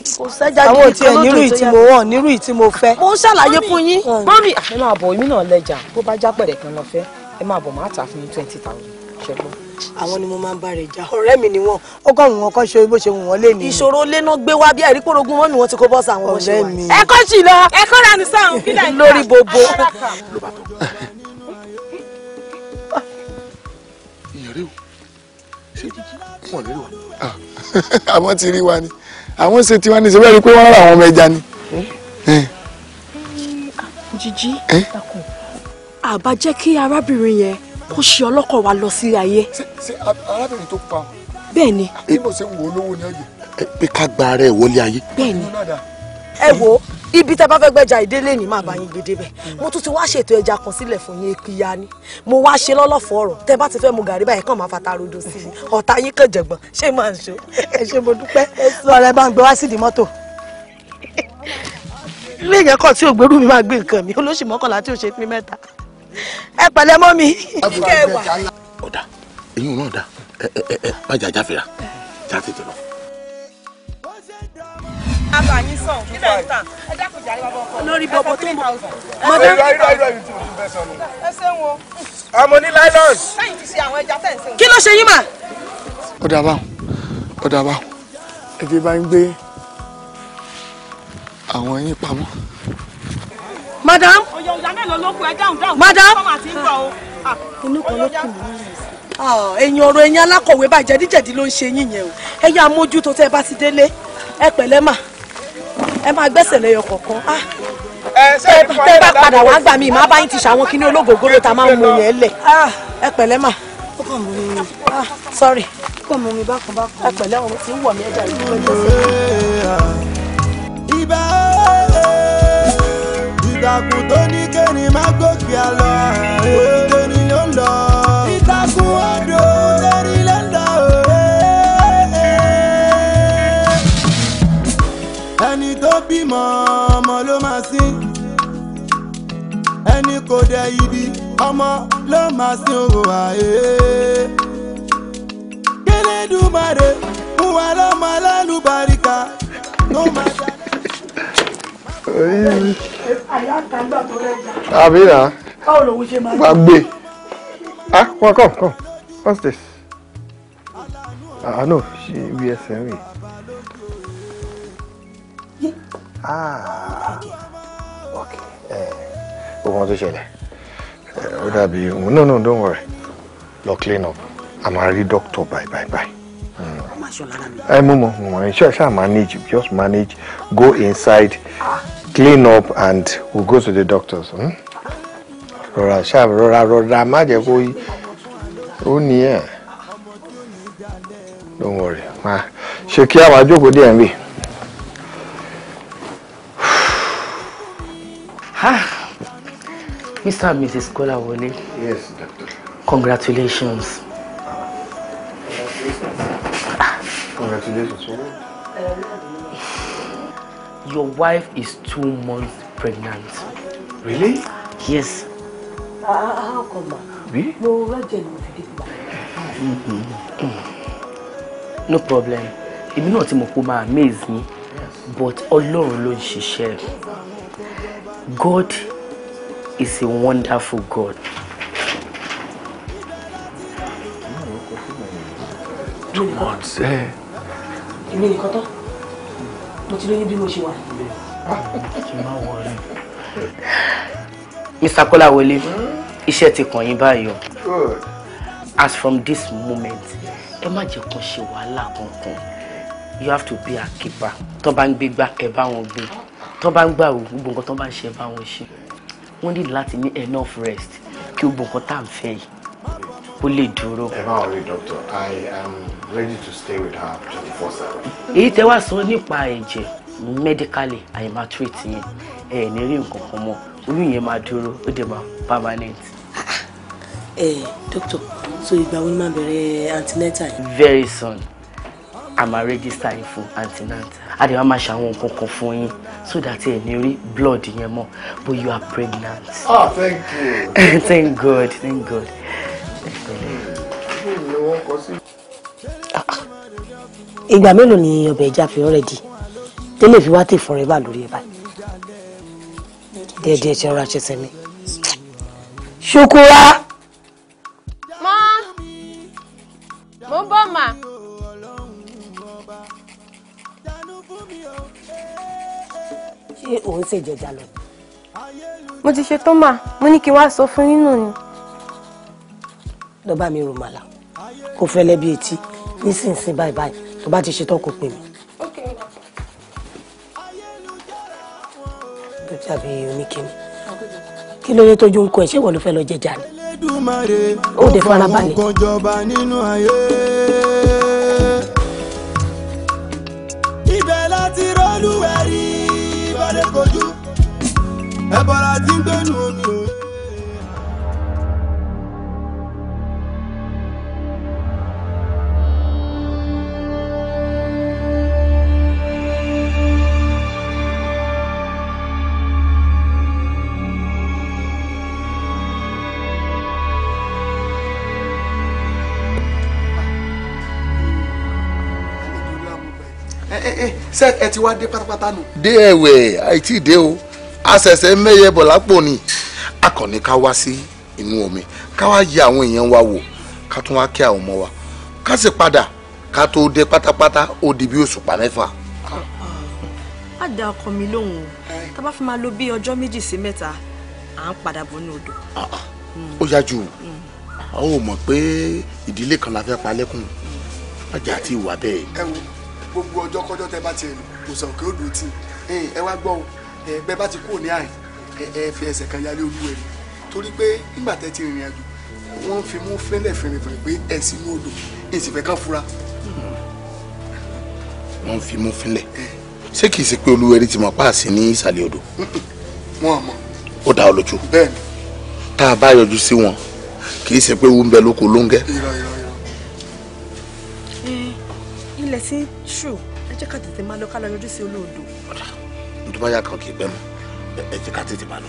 kò sẹ́jà gidi kan lójú tó yẹ. àwọn òtí ẹ̀ nírú ìtí mo wọ̀ nírú ìtí mo fẹ́. mo ń ṣàlàyé fún yín. mọ́mì ẹ máa bọ̀ èmi náà lẹ́jà bó bá já pẹ̀rẹ̀ kan lọ fẹ́ ẹ máa bọ̀ máa tà fún yín twenty thousand ṣẹ́gbọ́n. àwọn ni mo máa ń bá rẹ̀ jà ọ̀rẹ́ mi ni wọ́n ó kọ́ wọn kọ́ ṣe bó ṣe wù wọ́n lé ní. ìṣòro lẹ́nà gbé wá bí ẹ̀rí kórogún wọn ti kó bọ́ọ̀sì ah. àwọn ti rí wa ni àwọn ṣe tiwọn ní ìṣẹ́bẹ̀rẹ̀ pé wọ́n ra àwọn ọmọ ẹja ni. Eh. Eh. jíjí àbá eh? jẹ́ kí arábìnrin yẹn kó ṣe ọlọ́kọ̀ wa lọ sílé ayé. ṣé arábìnrin tó pa ọ. bẹ́ẹ̀ ni. bí mo ṣe ń wo olówó ni ọ̀jẹ̀. pé ká gba ara ẹ̀ wọlé ayé. bẹ́ẹ̀ ni ẹ wo ibi tẹ bá fẹ́ gbẹ́ja ìdílé ni máa bá yín gbé débẹ̀ mo tún ti wá ṣètò ẹja kan sílẹ̀ fún yín ekiya ni mo wá ṣe lọ́lọ́fọ̀ ọ̀rọ̀ tẹ bá ti fẹ́ mu gàrí báyìí kàn máa fata rodo sí i ọ̀tá yín kàn jẹ̀gbọ́n ṣé máa ń ṣó ẹ ṣe mo dúpẹ́. ọ̀rẹ́ bá ń gbé wá sídìí mọ́tò ilé yẹn kọ tí ògbérù mi máa gbé nǹkan mi olóṣì mọ́kànlá tí ò ṣe pín mẹ́ta ẹ pẹ̀lẹ́ mọ́ mi. ọ̀dà eyín náà dá ẹ ẹ ẹ má jà jáfẹ́ra já kí ló ṣe yín mà. ọ̀dà bá ọ̀dà bá ẹ̀dẹ̀ bá ń gbé àwọn yín pamọ́. madam. oyè ọ̀yà mélòó ló kù ẹ dáhùn dáhùn. madam. Ah, inú kan ló kù mí èèyàn ah, ọ̀rọ̀ ẹ̀yin alákọ̀wé bàjẹ́ díjẹ̀dí ló ń ṣe yín yẹn o ẹ̀yin amójútó tẹ́ ẹ bá ti délé ẹ pẹ̀lẹ́ mà ẹ máa gbẹ́sẹ̀ lẹ́yọ kọ̀ọ̀kan ah. tẹ bá padà wá gbà mí màá bá yín ti ṣàwọn kíní ológogoro tá máa ń mu yẹn lẹ̀ ah. ẹ pẹ̀lẹ́ mà. ó kàn mú mi ah, sorry. ó kàn mú mi bákan bákan. ẹ pẹ̀lẹ́ ọ̀run tí ń wọ̀ mí ẹja ìlú ẹjọ́ sí. ibà ìdàkùn tó ní kéènì má gòkè àlọ́ òkìtẹ́ni ló ń lọ. dẹ ibi ọmọ ló máa sin òwò àyè. Kélédùmarè fún wa lọ́mọ alálùbáríkà ló máa dá. Àyà kan gbà tó rẹ̀ jà. Àbí rà á. Báwo lòun ṣe máa. Gbàgbé. Ah, well, come, come. What's this? Ah, uh, no, she wears Henry. Yeah. Ah, okay. Uh, ohun tó ṣẹlẹ̀ ó dàbí òun oh, no no don't worry lọ clean up I'm already doctor bye bye bye. ẹ mú mọ mọ manage just manage go inside clean up and we'll go to the doctors. Hmm? rọra ṣáà rọra rọra má jẹ́ kó ó ní don't worry ma ṣe kí àwọn àjókòó díẹ̀ ń rè. Mr. and Mrs. Kolawole. Yes, doctor. Congratulations. Congratulations. Your wife is two months pregnant. Really? Yes. how come? Really? No, mm -hmm. No problem. Èmi náà ti mọ̀ pé ó máa amaze me. But Allah alone ń ṣiṣẹ́. God is a wonderful God. two months eh? You mean tán mo ti lóyún bí mo ṣe wà. ṣe máa wọlé. Mr. Kọ́láwọlé iṣẹ́ ti kàn yín báyìí o as from this moment ẹ you have to be a keeper tó bá back. gbégbá ẹ bá be gbé tó bá ń gbà gbogbo nǹkan tó wọ́n ní láti ní enough rest kí o bọ̀ nǹkan tá à ń fẹ́ yìí ó lè dúró. ẹ máa rí doctor i am ready to stay with her twenty four seven. èyí tẹ́ wá sọ nípa ẹ̀jẹ̀ medically àyèmá treat yẹn ẹ ẹ̀ ní rí nǹkan kan mọ́ oyún yẹn máa dúró ó dẹ̀ máa permanent. ẹ eh, doctor so ìgbà wo ni màá bẹ̀rẹ̀ antenatal very soon I'm a máa register yín fún antenatal a dẹ̀ wá máa ṣàwọn nǹkan kan fún yín so that ẹ̀ ní rí blood yẹn mọ́ but you are pregnant. ah thank you. thank God thank God. ìgbà mélòó ni ọbẹ̀ ẹja fi ọ̀rẹ́ di tẹ́lẹ̀ fi wá tè fún rẹ bá lórí ẹ̀ báyìí díẹ̀díẹ̀ ṣe ọ̀rọ̀ àṣẹṣẹ mi. ṣokora. ṣe ìjẹ̀jà lọ. mo ti ṣe tán mà mo ní kí n wá sọ fún yín náà ni. lọ bá mi rò màlà kó fẹ́lẹ́ bí etí nísinsìnyí báyìí báyìí tó bá ti ṣe tán kó pè mí. tàbí oníkíní kí ló yẹ tójú ń kọ ẹ ṣé ìwọ ló lọ jẹjà ni. ó dé farabalẹ̀. ẹ bọ́ra tí ń gbẹ́nu omi o. ṣé ẹ ti wá dé pátápátá nù. dé ẹ̀wẹ̀ àìtí dé o àṣẹ̀ṣẹ̀ mẹ́yẹ bọ̀ lápò ni akọni ká wá sí inú omi ká wá yẹ àwọn èèyàn wa wò ká tún wá kí àwọn ọmọ wa ká sì padà ká tó dé pátápátá ó di bí oṣù pa mẹ́fà. á da ọkọ mi lóhùn o tá bá fi máa lo bí ọjọ́ méjì sí mẹ́ta à ń padà bọ̀ ní odò. Ah, ah, ó yájú mm. a ó mọ̀ pé ìdílé kan la fẹ́ pa lẹ́kùn ọjà àti ìwà bẹ́ẹ̀. ẹ wo gbogbo ọjọ́ kọjọ́ tẹ bá tiẹ̀ lò kò sàn kí ó dùn tì ẹ wá gbọ́ o ẹ bẹ́ẹ̀ bá ti kúrò ní àyìn ẹ ẹ fi ẹsẹ̀ kan yálé olú ẹ̀rí torí pé nígbà tẹ́ ti rìnrìn àjò wọ́n fi mú fẹ́lẹ̀ fẹ̀rẹ̀fẹ̀rẹ̀ pé ẹ̀ sínú odò ìsìnfẹ́ kan fura. wọ́n fi mú fẹ́lẹ̀ ṣé kìí ṣe pé olúwẹ̀rí ti mọ̀ páàsì ní ìsàlẹ̀ odò. wọn mọ. ó dá ọ lójú. bẹ́ẹ̀ni. tá a bá yọjú sí wọn kìí ṣe pé wúńbẹ ló kó lóńgẹ. ilẹ̀ ti ṣù ẹ jẹ́ ká tètè máa lọ ká lọ yọjú sí olóòdò ìdúbáyà kan kì í pẹ́ mu ẹ jẹ́ ká tètè máa lọ.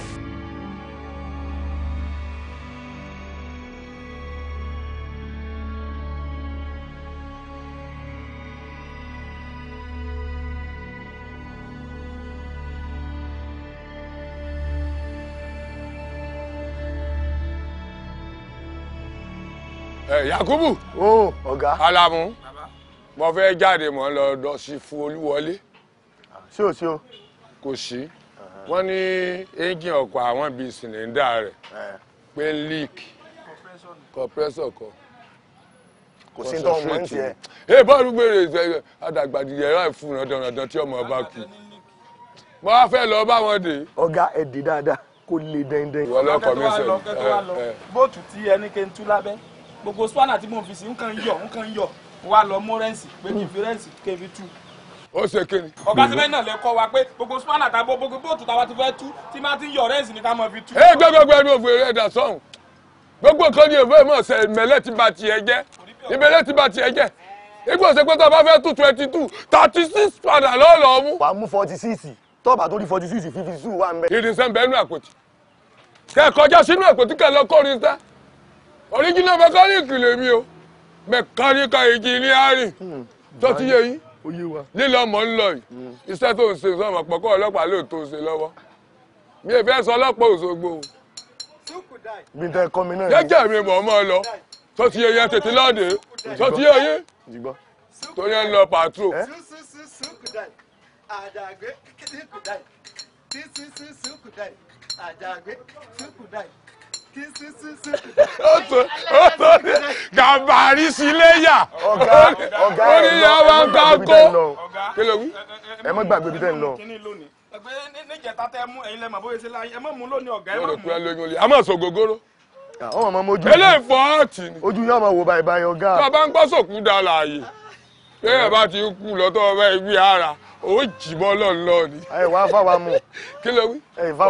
Yakubu. o ọ̀gá. Alamu mo fẹ́ jáde mo ń lọ dọ́sí fún Olúwọlé. ṣé o ṣé o. kò sí uh-huh. wọ́n ní engine ọkọ̀ àwọn bíi sìnìdá rẹ̀ uh-huh. pé leak compressor kọ kò sí tó ọmọ ní gbèrè adàgbà àdàgbàdìyẹ ẹ̀rọ ìfúnra dandan tí ọmọ ọba kù mo wá fẹ́ lọ bá wọn dé. ọ̀gá ẹ̀dì dáadáa kó lè ìwọ lọkọ mi bóòtù tí tí mo fi sí ó ṣe kíni. ọ̀gá tí bẹ́ẹ̀ náà lè kọ́ wa pé gbogbo spanner ta gbogbo bóòtù táwa ti fẹ́ tú tí máa ti ń yọ rẹ́ẹ̀sì ni ká máa fi tú. ẹ gbogbo ẹnu òfin rẹ dà sọhùn gbogbo nǹkan ni èèfó ìmọ̀ ọ̀sẹ̀ ìmẹ̀lẹ́ ti ba tiẹ̀ jẹ́ ìmẹ̀lẹ́ ti ba tiẹ̀ jẹ́ igbó ṣe pé tó o bá fẹ́ tú twenty two thirty six padà lọ́ọ̀lọ́ mú. wàá mú forty six tó o bá tó rí forty six fifty two wà ń bẹ. irinṣẹ́ ń bẹ nínú àpótí kẹ́ẹ̀kọjá sínú àpótí kẹ́ẹ̀ lọ kọrin sá original mechanic lèmi o mechanical engineering hmm. tó ti yẹ yín lílọ mọ̀ ń lọ yìí iṣẹ́ tó ń ṣe sọmọ pọ̀ kọ́ ọlọ́pàá ló tó ṣe lọ́wọ́ mi ò fẹ́ sọ ọlọ́pàá Òṣogbo o. bí tẹ kọ́ mi náà. jẹ́jẹ́ mi mọ̀ mọ́ lọ tó ti yẹ yẹn tètè lọ́dẹ tó ti yẹ yẹn tó yẹn lọ pàtrò. àdàgbé sùkùdàì àdàgbé sùkùdàì ó tó ó tó gàbàrí sí léyà ọ̀gá ọ̀gá ẹ̀ lọ ẹ̀ mọ́ gbàgbé bí tẹ́ ń lọ ẹ̀ mọ́ gbàgbé bí tẹ́ ń lọ ẹgbẹ́ níjẹta tẹ mú ẹ̀yin lẹ́mọ̀ bóyá ṣe láyé ẹ mọ̀ mú lónìí ọ̀gá ẹ mọ̀ mú. yóò rò pé ẹ lóyún olè a máa sọ gogoro àwọn ah, ọmọ mojú ilé ìfọ́ọ̀tì ni ojú yóò máa wò báyìí báyìí ọ̀gá. tó o bá ń gbọ́ sòkú da láàyè bí ẹ bá ti kú lọ́tọ́ ọba ìwé ara ó jìbọ́ lọ́nlọ́ ni. ẹ wá fáwa mu. kí ló wí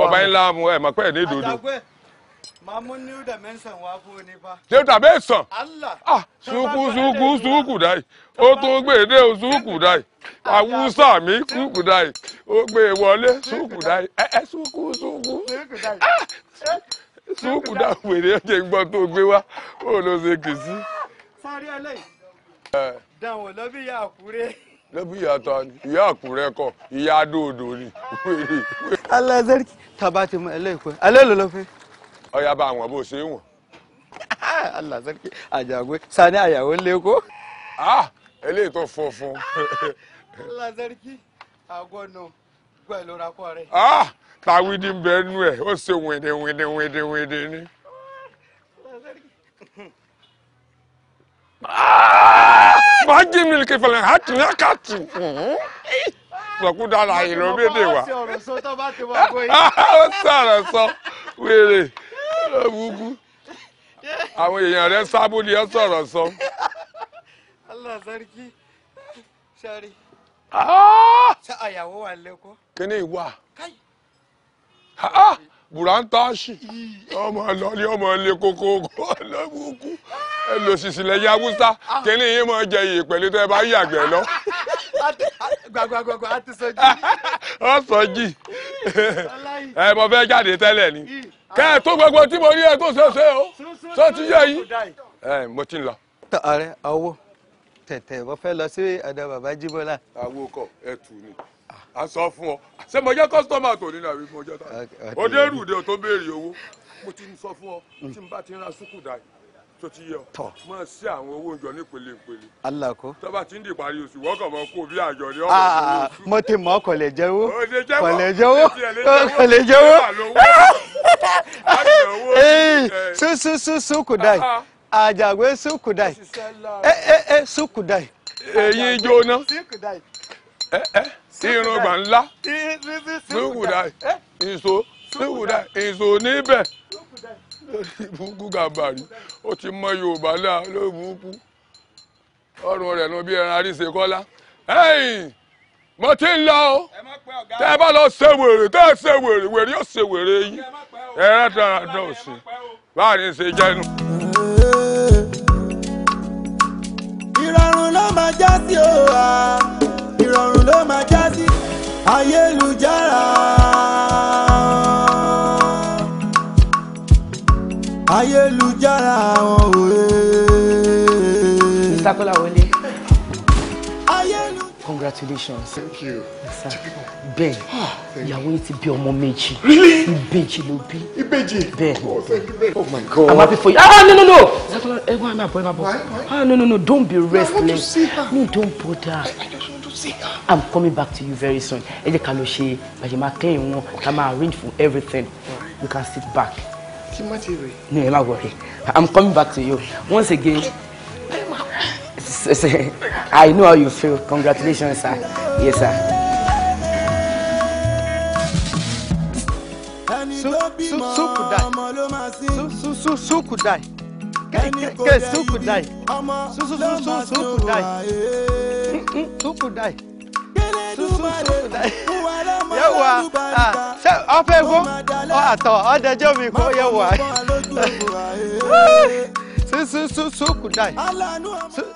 ọba ńlá mu ẹ mọ̀ pé ẹ ní ìdòdó. Mamu new dimension wa fún ni fa. New dimension. Allah. Ah, suku suku suku dai. O tún gbé dé o suku dai. Awusa mi suku dai. O gbé wọlé suku dai. Eh eh suku suku. Suku dai. Ah. Suku dai wèrè jẹ́ gbọ́ tó gbé wá. Ó lọ ṣe kìsí. Sáré eléyìí. Eh. Dàwọn lọ bí ya Àkúrẹ́ lẹ́bí ìyá ta ìyá àkùrẹ́ kọ ìyá adóodò ni. alẹ́ zẹ́rìkì tàbá ti mọ ẹlẹ́ẹ̀kọ́ alẹ́ ló lọ fẹ́ ọyá bá wọn bó ṣe wọn. Allah sarki àjàgbé sani àyàwó ń leko. Ah, eléyìí tó funfun. Allah sarki àgọ́ nù gbẹ́ ló ra kọ́ rẹ̀. Ah, tàwí ní bẹ́ẹ̀ nú ẹ̀ ó ṣe wẹ̀dẹ̀ wẹ̀dẹ̀ wẹ̀dẹ̀ wẹ̀dẹ̀ ni. Má ah, jí mílíkì fẹlẹ̀ hàtì ní àkàtì. Sọ̀kúndà làyè ló bí èdè wa. Ó sọ̀rọ̀ sọ tó bá ti wá kó yìí. Ó sọ̀rọ̀ sọ wéré. ewugu àwọn èèyàn rẹ sábúlì ọ sọ̀rọ̀ sọ. Allah sarki sari. Ah! ṣé àyàwó wà lẹ́kọ́. kíní ìwà ah! ọmọ lọlé ọmọ lé kókó ah. mọ̀ jẹ pẹ̀lú tẹ́ bá yàgbẹ́ lọ. gbàgbàgbàgbà ti sọ jí. ọ sọ jí ẹ mọ jáde ni. kẹ́ ẹ tó gbogbo tí mo rí ẹ tó ṣeéṣe o sọ ti yẹ yìí ẹ mo ti ń lọ. tọ́ ọ̀rẹ́ ọwọ́ tẹ̀tẹ̀ wọ́n fẹ́ lọ sí ọ̀dọ̀ bàbá jíbọ́lá. àwo kọ ẹ tù ní a sọ fún ọ ṣé mo jẹ́ kọ́sítọ́mà tó nínú àbí mo jẹ́ tá o dé rùdè o tó béèrè owó mo ti sọ fún ọ mm. tí n bá ti ń ra sùkù dà yìí tó ti yẹ ọ máa ṣe àwọn owó ìjọ nípele ìpele. alákó. tọ́ba ti ń di ìparí oṣù wọ́kàn mọ́ kó bí àjọ ní ọ̀rọ̀ ah, oṣù. mo ti mọ̀ kọ̀lẹ̀ jẹ́wọ́ kọ̀lẹ̀ jẹ́wọ́ kọ̀lẹ̀ jẹ́wọ́. Hey, so so so so could Ajagwe so could I? Eh eh eh so could I? Èyí jóná. Eh eh. Irungba ńlá. So could I? Ìṣó. So could ti mọ Yoruba náà lórí burúkú. rẹ nu bi ẹran mo ti ń lọ o tẹ ẹ bá lọ ṣe wèrè tẹ ẹ ṣe wèrè wèrè yóò ṣe wèrè yín ẹ rẹ dára dán òsì báà ní ṣe jẹnu. ìrọ̀rùn ló máa já sí o ìrọ̀rùn ló máa já sí ayélujára. ayélujára àwọn o. congratulations. thank you. sir. Ben, bẹ́ẹ̀ ah, ìyàwó yìí ti bí ọmọ méjì. really ìbejì ló bí. ìbejì Ben. oh thank you very much. oh my god. i'm happy for you. ah no no no Why? egun ah no no no don't be restless. I want to see her. me don bother. I, I just want to see her. i'm coming back to you very soon. ẹ jẹ́ ká lọ ṣe bàjẹ́ máa kẹ́yìn wọn arrange for everything You can sit back. kí má no ẹ má wọrí i'm coming back to you once again. I know how you feel. Congratulations, sir. Yes, sir. could could could could could die? die? die? die? die? So Sukudai. Sukudai. Sukudai. Sukudai. yẹwà ṣe ọfẹ gbó ọ àtọ ọdẹjọ mi kó yẹwà could die?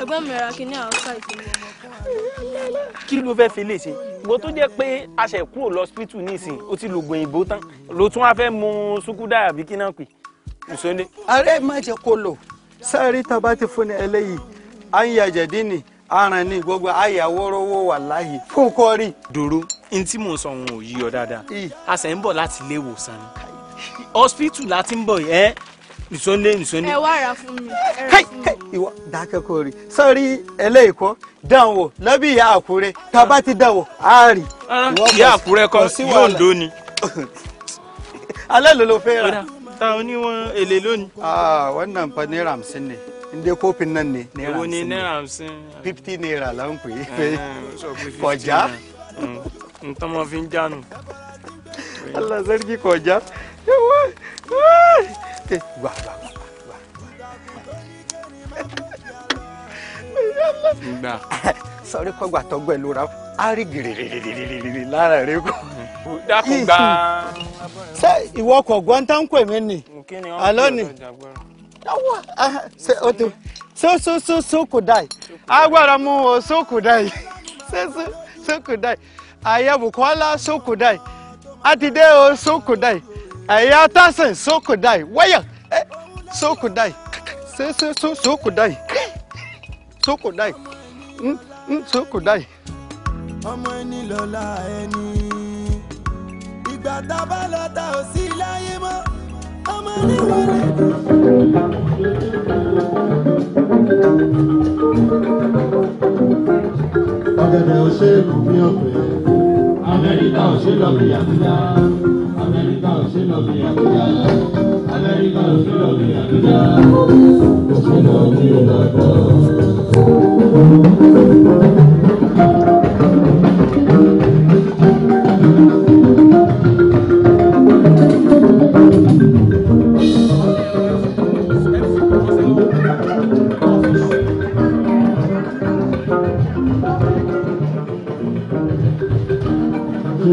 ẹ̀gbọ́n mi ra kí ní àwọn ká ìsinmi ọmọ. kí ló fẹ́ fi lè ṣe ìwọ tó jẹ́ pé aṣẹ kúrò lọ́sípítù nísìn ó ti lògùn òyìnbó tán ló tún wá fẹ́ mu sukúdà àbí kí náà pè ìsọlé. ààrẹ má jẹ kó lò sáré tá a bá ti fún ni ẹlẹ́yìí à ń yàjẹ̀ dín ni aràn ni gbogbo àyàwòrówó wà láàyè fún kọ́rí. dòró n tí mò ń sọ òun ò yí dáadáa a sì ń bọ̀ láti ilé ìwòsàn ni hospital la ti ń bọ̀ yẹn nìsọ́ndé nìsọ́ndé. ẹ wá ra fún mi ẹ ra fún mi. ìwọ dákẹ́ kò rí sọ́rí ẹlẹ́ẹ̀kọ́ dánwò lọ́bí ìyá àkúrẹ́ tá a bá ti dánwò á rì. Ah, ìyá àkúrẹ́ kọ́ yóò ń dóni. alẹ́ ló ló fẹ́ ra. ta ni wọn èlé lónìí. wannan fa naira hamsin ne in dai kofin nan ne naira hamsin ne fifty naira la ń pè é ah, kọjá. ntọ́mọ fi Allah sarki ko ja yawa kai ba ba ba sọrí kọgbà tọgbọ ẹ lóra á rí gìrìrìrìrìrì lára rẹ kọ. dákun gbà. ṣé ìwọ kò gbọ́n tán pè mí nì àlọ́ ni ṣé o tó so so so so mu ah, so atide o so kodai ẹ̀yà tasin so kodai wẹ́yà so kodai se se so so kodai so kodai n n so kodai. ọmọ ẹni lọ́la ẹni ìgbà tá a bá lọ ta ò sí láyé mọ́ ọmọ ẹni wọlé. ọ̀gẹ̀dẹ̀ ò ṣe é kù Amẹ́ríkà ò ṣe lọ bìyàbíyá. Amẹ́ríkà ò ṣe lọ bìyàbíyá. Amẹ́ríkà ò ṣe lọ bìyàbíyá. Kò ṣe lọ bí ìlọ́dọ̀.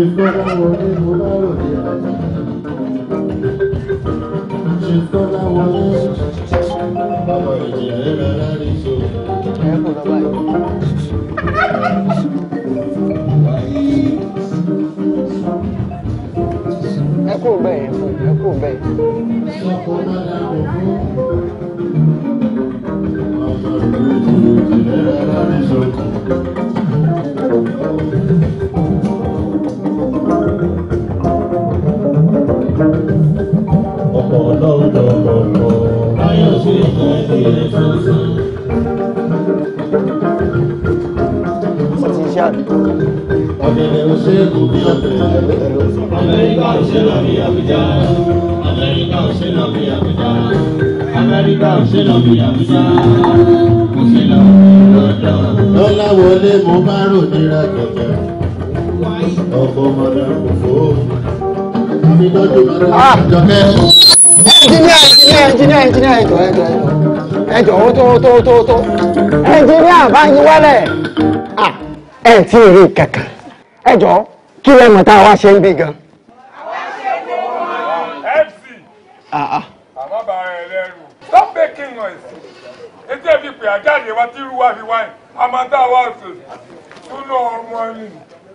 She's gonna want it with all of you. She's gonna want it. Bàbá ìjìnlẹ̀ rárá rí so. Ẹ kò lọ báyìí. Ẹ kò bẹ́ẹ̀ ẹ kò bẹ́ẹ̀. Sọ̀kọ̀ máa ọ̀pọ̀ lọ́dọ̀ ọ̀pọ̀ káyọ̀sí ìjẹ́bi rẹ̀ tuntun. Ọ̀gẹ̀dẹ̀ òṣèlú bí ọ̀tẹ̀. Amẹ́ríkà òṣèlú bí Àbújá. Amẹ́ríkà òṣèlú bí Àbújá. Amẹ́ríkà òṣèlú bí Àbújá. Òṣèlú bí London. Lọ́lá wọlé mo bá rò nira kẹ̀kẹ́ ọkọ mọdà kòkó. àmì tọ́jú mọdà jọkẹ́. ẹnjìníà ẹnjìníà ẹnjìníà ẹjọ ẹjọ ẹjọ ó tó tó tó tó ẹnjìníà báyìí wálẹ̀ ẹ̀ tí ì rí kankan ẹjọ kí lẹ́mọ̀ tá a wá ṣe ń bí gan. àwa bá lẹ́rù stop making noise etí ẹ̀ fi pè àjáde wa tí irú wa fi wáyé àmọ́ tá a wá sòsì túnú ọmọ yìí.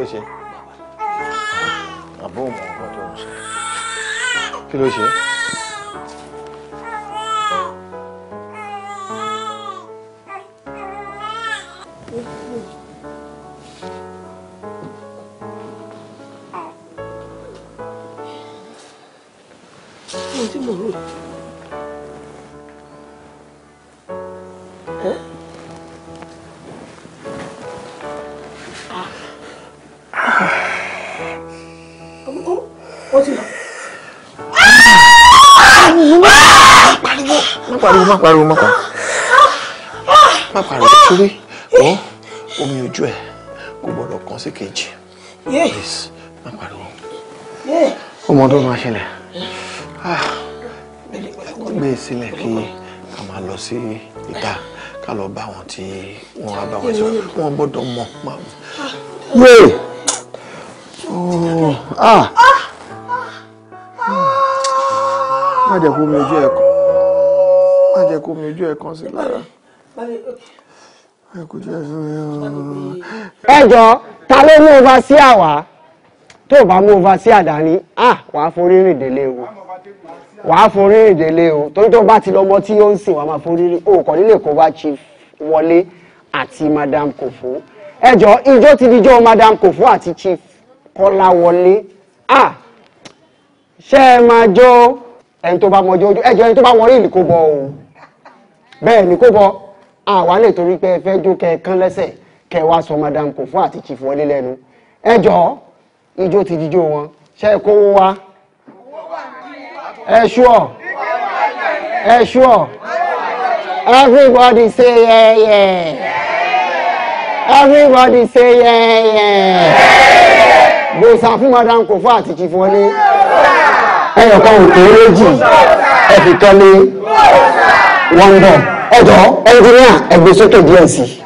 ló ṣe? àbó mọ nǹkan tó ń ṣe kí ló ṣe? mo ti má pariwo má pariwo má pariwo torí ọ omi ojú ẹ kò gbọdọ̀ kàn sí kejì please má pariwo ọmọ ọdún máa ṣẹlẹ̀ ah, gbé e sílẹ̀ kí ká máa lọ sí ìta ká lọ bá wọn tí wọn á bá wọn sọ ah. wọn gbọ́dọ̀ mọ̀ máa ah. wéè oh, ah má jẹ́ kó omi ojú ẹ kọ́ má jẹ́ kó mi ojú ẹ̀ kan sí lára ẹ kò jẹ́ sórí ọ̀rọ̀. ẹ jọ ta ló mú ova sí àwa tó o bá mú ova sí àdáni wàá forí rìn délé o wàá forí rìn délé o torí tó bá ti lọ́mọ tí ó ń sìn wàá máa forí rìn o kò nílé kó bá chief wọlé àti madam kòfó ẹ jọ ijó ti di ijó madam kòfó àti chief kọ́láwọlé ṣé ẹ máa jó ẹni tó bá mọjó ẹjọ ẹni tó bá wọlé ìlú kó bọ o bẹ́ẹ̀ ni kó bọ àwa lè torí pé ẹ fẹ́ jó kẹ́ẹ̀kan lẹ́sẹ̀ kẹ́ wá sọ madam kòfó àti chief wọlé lẹ́nu ẹ jọ̀ọ́ ijó ti dijó wọn ṣe é kówó wá ẹ ṣúọ̀ ẹ ṣúọ̀ everybody say yeah, yeah. everybody say yeah, yeah. gbèsè fún madam kòfó àti chief wọlé ẹyọ̀kan òkè méjì ẹ̀fìkan ní wọ́n ń bọ̀ ọ̀dọ́ ẹnjìníà ẹgbẹ́ sókè díẹ̀ sí i.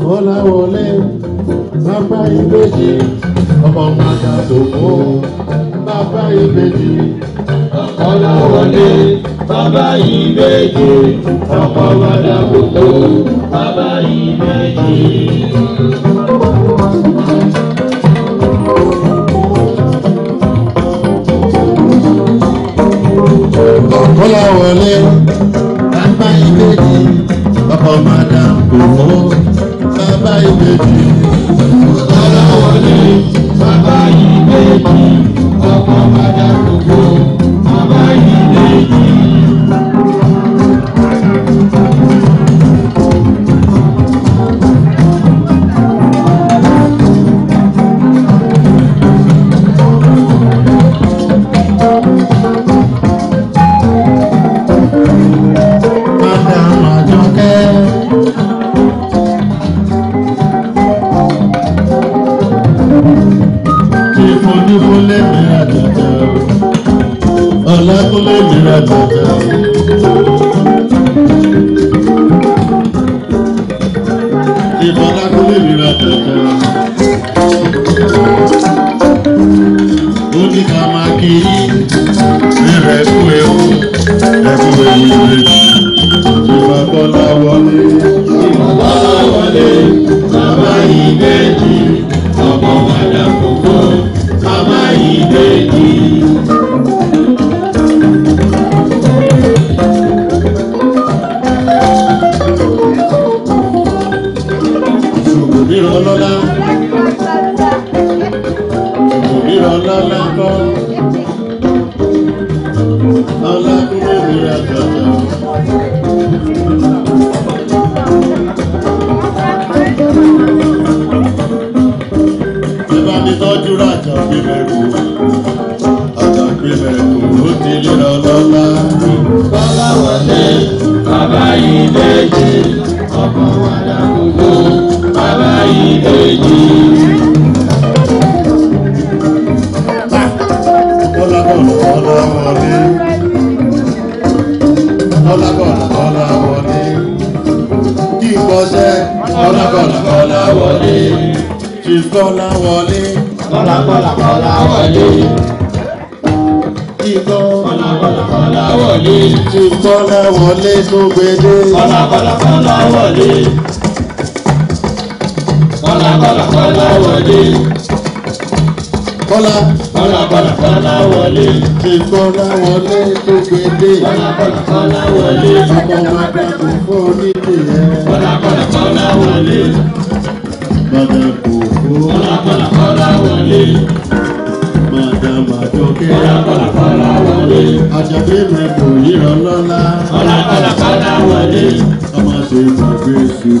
Kọ́láwọlé bàbá ìbejì ọmọ màdà tó mú bàbá ìbejì bàbá ìbejì ọmọ wàdà gbogbo bàbá ìbejì. Kọ́lá wọlé, bàbá ìbejì, ọkọ̀ màdàm gbogbo, bàbá ìbejì. Kọ́lá wọlé, bàbá ìbejì, ọkọ̀ màdàm gbogbo.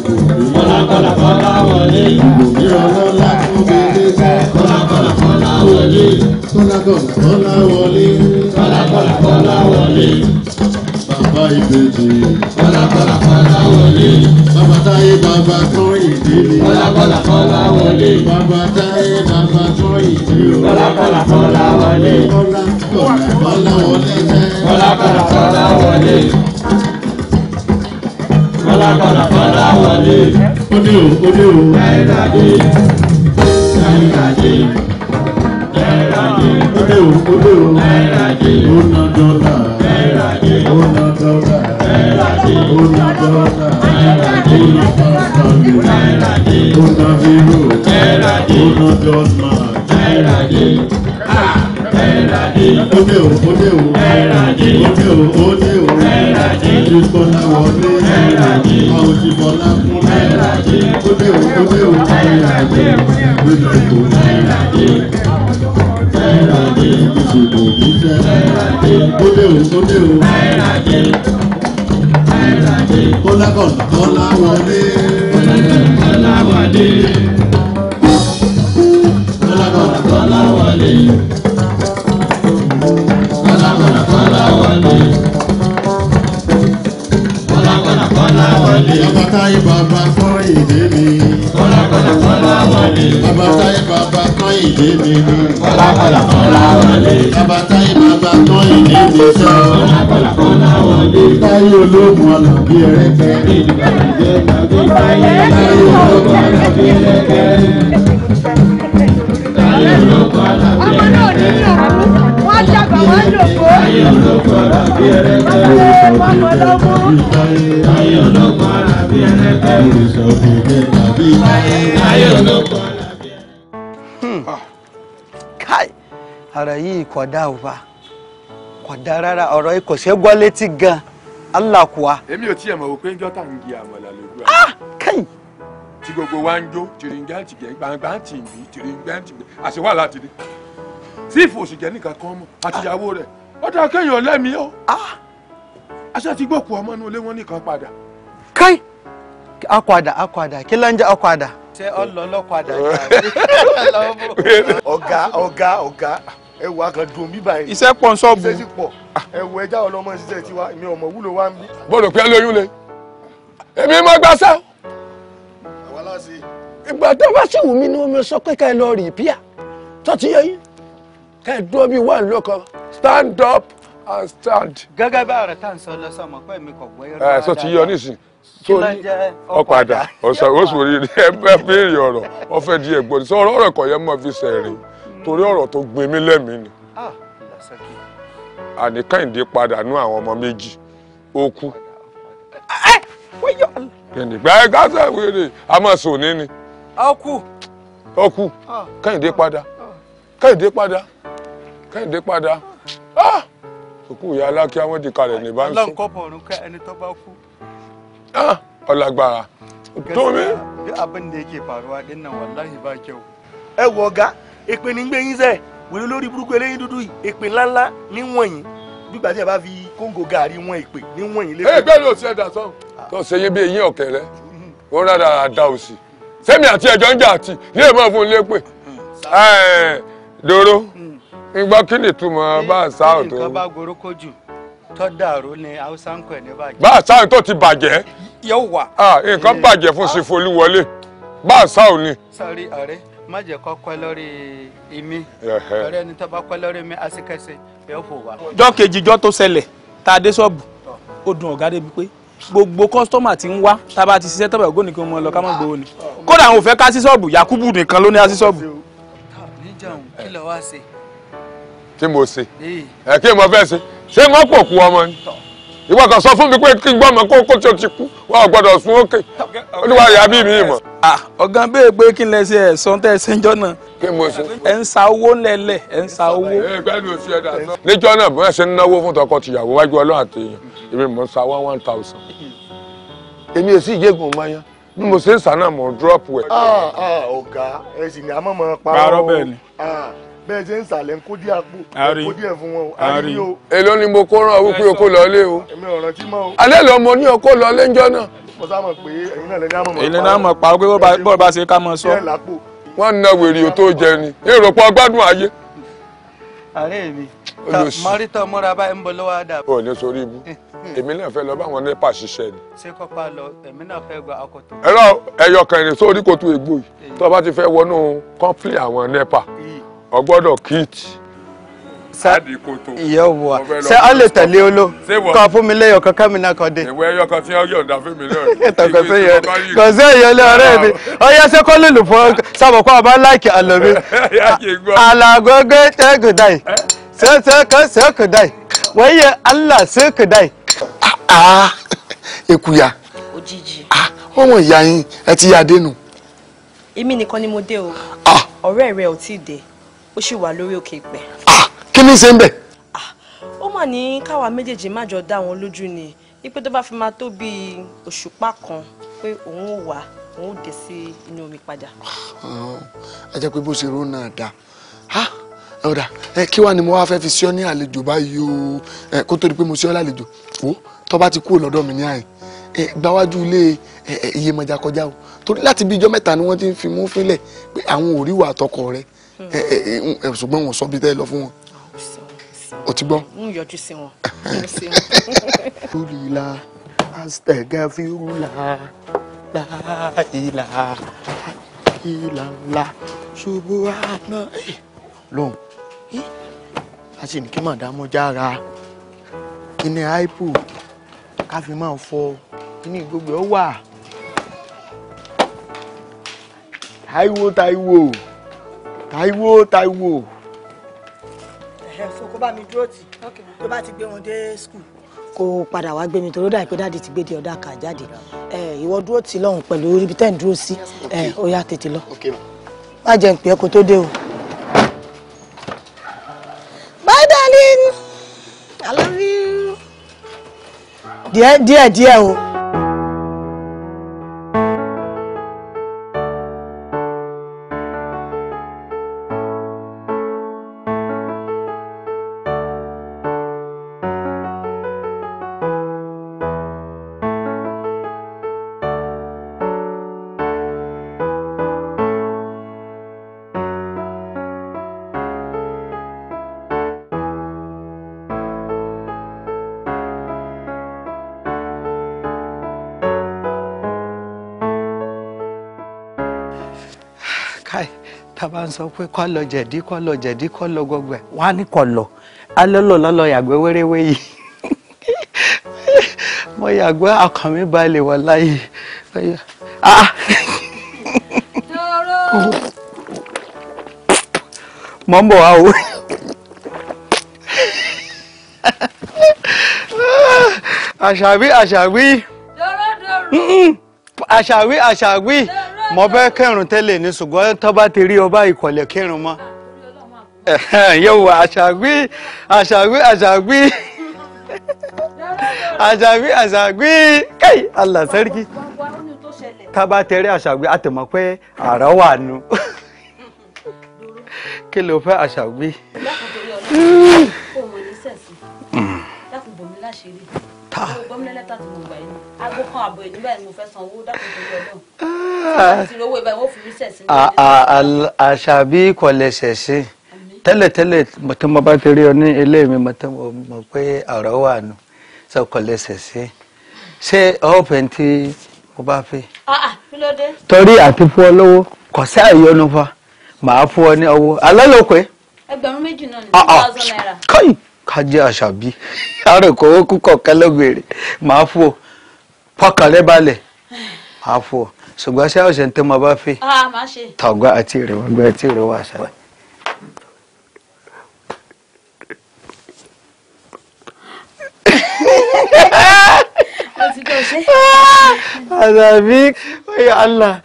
ìbò mi. kọ́lákọ́lá kọ́lá wọlé. ìbò mi ọlọ́lá fún mi lẹ́sẹ̀. kọ́lákọ́lá kọ́lá wọlé. kọ́lákọ́lá kọ́lá wọlé. kọ́lákọ́lá kọ́lá wọlé. bàbá ìbejì. kọ́lákọ́lá kọ́lá wọlé. bàbá táyé bàbá tán ìdílé. kọ́lákọ́lá kọ́lá wọlé. bàbá táyé bàbá tán ìdílé. kọ́lákọ́lá kọ́lá kọ́lá wọlé. Àwàdé òde o òde o ẹ̀ẹ́dàdé ẹ̀ẹ́dàdé ẹ̀ẹ́dàdé òde o òde o ẹ̀ẹ́dàdé ọ̀nà dọ́là ẹ̀ẹ́dàdé ọ̀nà dọ́là ẹ̀ẹ́dàdé ọ̀nà dọ́là ẹ̀ẹ́dàdé ẹ̀ẹ́dàdé ọ̀nà bírò ẹ̀ẹ́dàdé ọ̀nà dọ́là ẹ̀ẹ́dàdé ẹ̀ẹ́dàdé òde o òde o ẹ̀ẹ́dàdé òde o òde o ẹ̀ẹ́dàdé ti you wọlé náírà jí àwọn ti bọ́lá fún náírà jí tó dé o tó dé o náírà jí lójú ìbò náírà jí náírà jí ìṣòro ìṣẹ́ tó dé o tó dé o náírà jí náírà jí bọ́lá bọ́lá wọlé bọ́lá wọlé bọ́lá bọ́lá wọlé. ìdí mi ní kọ́lákọ́lá kọ́lá wọlé. bàbá táyé bàbá tó ìdí mi sọ. kọ́lákọ́lá kọ́lá wọlé. táyé olóògùn ọ̀nà bí ẹrẹ́kẹ́. táyé olóògùn ọ̀nà bí ẹrẹ́kẹ́. táyé olóògùn ọ̀nà bí ọ̀rọ̀ yìí kò dá ò bá kò dá rárá ọ̀rọ̀ yìí kò gan Allah kuwa. èmi ò tiẹ̀ mọ̀ wò pé ń jọ́ tà ń gi àmọ̀là lójú àná. Ah, kẹ́yìn. tí gbogbo wa ń jó tìrìǹgà tìgẹ̀ gbàǹgbà tìǹbì tìrìǹgà tìgẹ̀ àṣewà láti dé tí nìkan kan mọ̀ ah. rẹ̀ ó ó. Ah. gbòkú ọmọ inú ilé wọn nìkan padà. akwada akwada kí akwada. ọ lọ ẹwù akàndùn mi báyìí. iṣẹ́ pọ̀ nsọ́ọ̀bù iṣẹ́ sì pọ̀ ẹwù ẹja ọlọmọ ṣiṣẹ́ tiwa mi ọmọ wúlò wa ń bí. gbọ́dọ̀ pé lóyún le èmi máa gbà sá. àwa láti. ìgbà tó wá sí wù mí ni omi sọ pé ká ẹ lọ rí píà tó ti yẹ yín ká ẹ dúró bí wà lóko stand up and stand. gẹ́gẹ́ bá ọ̀rẹ́ tá à ń sọ lọ́sọ̀ mọ̀ pé mi kò gbọ́ irú ara rẹ̀. ẹ sọ ti yọ nísìn so ọ̀padà ọ̀sán oṣù rí ẹ bẹ́ẹ̀ bí èrè ọ̀rọ̀ ọ̀fẹ́ di ẹ̀gbọ́n sọ ọ̀rọ̀ ọ̀rọ̀ ẹ̀kọ́ yẹn mọ̀ fi sẹ́rin. torí ọ̀rọ̀ tó gbin mí lẹ́mìí ni ah, àní Kẹ́hìndé pàdánù àwọn ọmọ méjì ó kú eh, kẹ̀nìgbà ẹ gáàsà wèrè a máa ni ó kú ah. Ah. Kẹ́hìndé padà Kẹ́hìndé padà Kẹ́hìndé padà òkú ìyá alákíá wọn di kalẹ̀ ní báńkì. ọlọ́run kọ́pọ̀ ọ̀run ká ẹni tó bá kú. ba èpè ní gbẹ̀yìn sẹ̀ wèrè lórí burúkú eléyìí dúdú yìí èpè ńláńlá ní wọ̀nyí gbígbà tí ẹ bá fi kóńgò gàrí wọn èpè ní wọ̀nyí lẹ́kọ̀ọ́. ẹ bẹ́ẹ̀ ló ti ẹ̀dà sọ. Ah. tó ṣe yín bí eyín ọ̀kẹ́ rẹ wọn rárá àdá òsì sẹ́mi àti ẹ̀jọ́ ń jà àti ní èèmọ̀ fún ilé pè hmm. dòró ìgbà hmm. kí ni ìtumọ̀ bá a sá ọ̀tọ̀. nǹkan bá gborókó jù tó dàrú ni haúsá ń pẹ̀ ní bàjẹ́. bá a sá má jẹ́ kó pẹ́ lórí èmi lórí ẹni tó bá pẹ́ lórí mi àṣekẹ́sẹ̀ yóò fò wá. jọ́ kejì jọ́ tó ṣẹlẹ̀ tá a dé ṣọ́ọ̀bù ó dùn ọ̀gá débi pé gbogbo kọ́sítọ́mà tí ń wá tá a bá ti ṣiṣẹ́ tọ́bà ògbó nìkan mọ́ lọ ká mọ́ gbowó ni kódà àwọn ò fẹ́ ká sí ṣọ́ọ̀bù Yakubu nìkan ló ní a sí ṣọ́ọ̀bù. kí mo ṣe ẹ kí mo fẹ́ ṣe ṣé mo pò kú ọmọ ni ìwọ kan sọ fún mi pé kí n gbọ́ ọmọ kókó tí o ti kú wọn ò gbọ́dọ̀ sun òkè olúwa ìyá bí mi mọ̀. Ah, ọ̀gán bẹ́ẹ̀ pé kí n lè ṣe ẹ̀sán tẹ́ ẹ ṣe ń jọ́ náà. kí n mo ṣe. ẹ ń sa owó lẹ́lẹ̀ ẹ ń sa owó. níjọ́ náà bí wọ́n ṣe ń náwó fún tọkọ-tìyàwó wájú ọlọ́run àtẹ̀yìn èmi mò ń sa one one thousand. èmi ò sí ìjẹ́gun mayán bí mo ṣe ń sà náà mò ń drop wẹ̀. Ah, ah, ọ̀gá ẹ sì ní bẹ́ẹ̀ ṣe ń sàlẹ̀ ń kó díẹ̀ àpò kó díẹ̀ fún wọn o àrí o. èló ni mo kó rán ọ wípé o kó o. èmi ò rántí mọ́ o. alẹ́ lọ mo ní o kó ńjọ́ náà. mo sá mọ̀ pé ẹ̀yin náà lẹ́ni àmọ̀ pa. ẹ̀yin náà mọ̀ pa pé bọ́ọ̀ bá ṣe ká mọ̀ sọ. wọ́n na wèrè tó jẹ ni èrò pọ̀ gbádùn ayé. àárẹ̀ mi mọ́rítọ̀ múra báyìí ń bọ̀ lọ́wọ́ àdàbọ̀. ò ní sórí ibú èmi náà fẹ́ lọ bá wọn nípa ṣiṣẹ́ ni. ṣé kọ́pá lọ èmi náà fẹ́ gba ọkọ̀ tó. ẹ̀rọ ẹ̀yọkàn ìrìn sórí kòtò ègbò yìí tó o bá ti fẹ́ wọnú kọ́ńpìlì àwọn nípa ọgbọ́dọ̀ kit sáàdì koto. ìyọ̀wò ṣé ọ lè tẹ̀lé olo kọ fún mi lẹ́yọ̀ kankan mi náà kọ dé. ìwé ẹyọ kan tí ó yọ̀ǹda fún mi náà. tọkọ sí yọ kò sí èyàn lé ọ̀rẹ́ mi ọyẹ ṣé kó lùlù fún sábà kó ọba láìkì àlọmí àlàgógó ṣẹ́kù dáì ṣẹ́kù ṣẹ́kù dáì wọ́n yẹ allah ṣẹ́kù dáì. èkúyà òjijì ah, ọmọ ìyá yín ẹ ti yá dénú. èmi nìkan ni mo dé o ah. ọ̀rẹ́ rẹ ò tí ì dé ó sì wà lórí òkè ìpẹ. kí ni í ṣe ń bẹ̀. ó mà ní káwa méjèèjì má jọ dá wọn lójú ni wípé tó bá fi máa tó bíi òṣùpá kan pé òun ò wá òun ò dé sí inú omi padà. ẹ jẹ́ pé bó ṣe rò náà dáa ọ̀dà ẹ kí wàá ni mo wá fẹ́ fi sí ní àlejò báyìí o ẹ kó tó di pé mo sí ọ lálejò o tó bá ti kúrò lọ́dọ̀ mi ní àyè ẹ gbáwájú ilé ẹ Iyemọja kọjá o torí láti bí ijọ́ mẹ́ta ni wọ́n ti ń fi mú fílẹ̀ pé àwọn ò rí wà àtọkọ rẹ ṣùgbọ́n wọn sọ bí tẹ́ ẹ lọ fún wọn o ti gbọ́. n yọjú sí wọn. olùlà astagafirula láìlà ìlàlà ṣubú àná. lóhùn a sì ní kí màdámọ́ jára kíní àìpù ká fi máa fọ kíní gbogbo wà Táíwò Táíwò. Táíwò Táíwò. ẹ so kó bá mi dúró tì tó bá ti gbé wọn dé skul kó padà wá gbé mi torí dà pé dáàdi ti gbé di ọ̀dà kà jáde ìwọ dúró tì lọ́hùn pẹ̀lú ibi tẹ́ ń dúró sí ó yá tètè lọ má jẹ́ ń pè é kó tó dé o. bye darling i love you. díẹ̀ díẹ̀ díẹ̀ o. ń sọ pé kọ́ lọ jẹ̀dí kọ́ lọ jẹ̀dí kọ́ lọ gbogbo ẹ̀ wọ́n á ní kọ́ lọ alọ́lọ́ lọ́lọ́ yàgbẹ́ wéréwé yìí mo yàgbẹ́ ọkàn mi balẹ̀ wọ̀ láyé ah, ah. mo ń bọ̀ wá o. àṣàbí àṣàbí àṣàbí àṣàbí mo fẹ́ kẹrùn tẹ́lẹ̀ ní ṣùgbọ́n tó bá ti rí ọba ìkọ̀lẹ̀ kẹrùn mọ́ yóò wá àṣàgbé àṣàgbé àṣàgbé àṣàgbé àṣàgbé kẹ́yì Allah sẹ́ríkì tá bá tẹ̀rí àṣàgbé àtẹ̀mọ́ pé àrà wà nù kí ló fẹ́ àṣàgbé. ta aago kan àbọ̀ èdè báyìí mo fẹ́ san owó dákòtò lọ́dọ̀ tí owó ibà ìwọ fi rí sẹ̀sìn. àṣàbí kọlẹ̀ ṣẹ̀ṣẹ̀ tẹ́lẹ̀tẹ́lẹ̀ tí mo bá ti rí ọ ní ilé mi mo mọ̀ pé ọ̀rọ̀ wà nù sọ kọlẹ̀ ṣẹ̀ṣẹ̀ ṣé ọ̀pẹ̀ tí mo bá fẹ́. torí àti fún ọ lówó kò sí àyọnu fa màá fún ọ ní ọwọ́ alẹ́ ló pé. ẹgbẹ̀rún méjì náà ní ah, ah. two thousand naira. kọ́yìn ká jẹ́ àṣàbí àròkọ owó kúkọ̀ kẹ́lẹ́ màá fún ọ fọkàn rẹ balẹ̀ àfọ ṣùgbọ́n ṣé ọ̀sẹ̀ ń tẹ́ máa bá fẹ́ ah, tàgbà àti ìrẹ̀wà gbà àti ìrẹ̀wà àṣà. àjàbí oye allah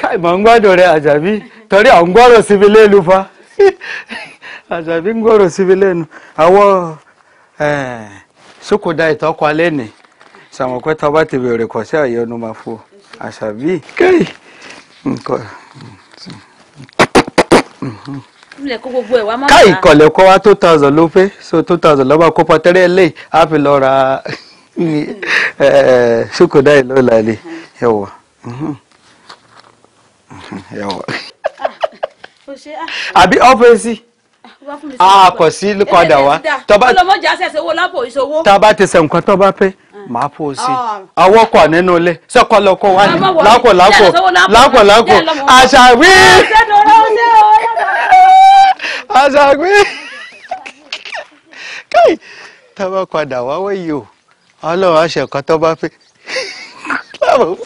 káì máa ń gbádùn rẹ àjàbí torí àwọn gbọ́rọ̀ síbi lẹ́nu fa àjàbí ń gbọ́rọ̀ síbi lẹ́nu àwọn sókòdá eh, ìtọ́kọ alẹ́ nìí sàmùkọ́ tá a bá ti bẹ̀rẹ̀ kọ̀ sí àyè ọdún máa fò àṣàbí kéyì nǹkan. káyì kọ̀lẹ̀ kọ́ wa two thousand ló pé so two thousand lọ́ba kó pọtẹ́rẹ́ lẹ́yìn á fi lọ ra ṣòkòdá ìlú ìlàlẹ̀ yẹ̀wò. àbí ọ́fẹ́sì a ah, ah, kò sí padà eh, eh, wá eh, tọ́ba tọ́ba ti nǹkan tọ́ba fẹ́. màá pò sí àwọn ah. nínú ole, sẹkọ lọkọ lákò lákò lákò lákò àṣàwí àṣàwí káì kwada, padà wáwọ yìí o Ọlọ́run àṣẹkan tó bá fẹ́ láwọn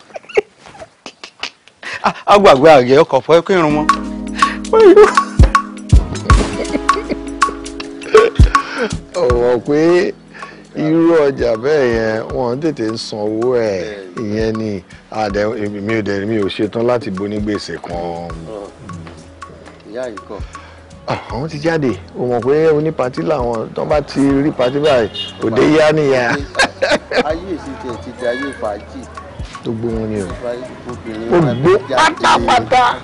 irú ọjà bẹ́ẹ̀ yẹn wọ́n tètè ń san owó ẹ̀ ìyẹn ni mi ò dẹ̀ mi ò ṣetán láti boní gbèsè kan. ìyá yìí kọ. Ah, àwọn ti jáde o mọ̀ pé oní patí làwọn tó bá ti rí patí báyìí òde yá nìyẹn. ayé ìsìnkú ẹ̀ ti di ayé fàájì gbogbo wọn ni o gbogbo pátápátá.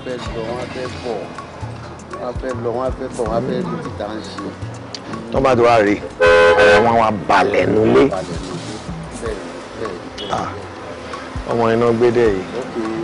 wọ́n fẹ́ lọ wọ́n fẹ́ bọ̀ wọ́n fẹ́ lọ wọ́n fẹ́ títà ń ṣe tó bá ti wá rí ara wọn wá balẹ̀ nulẹ̀ ah, ọmọ iná gbé dẹ̀ yìí.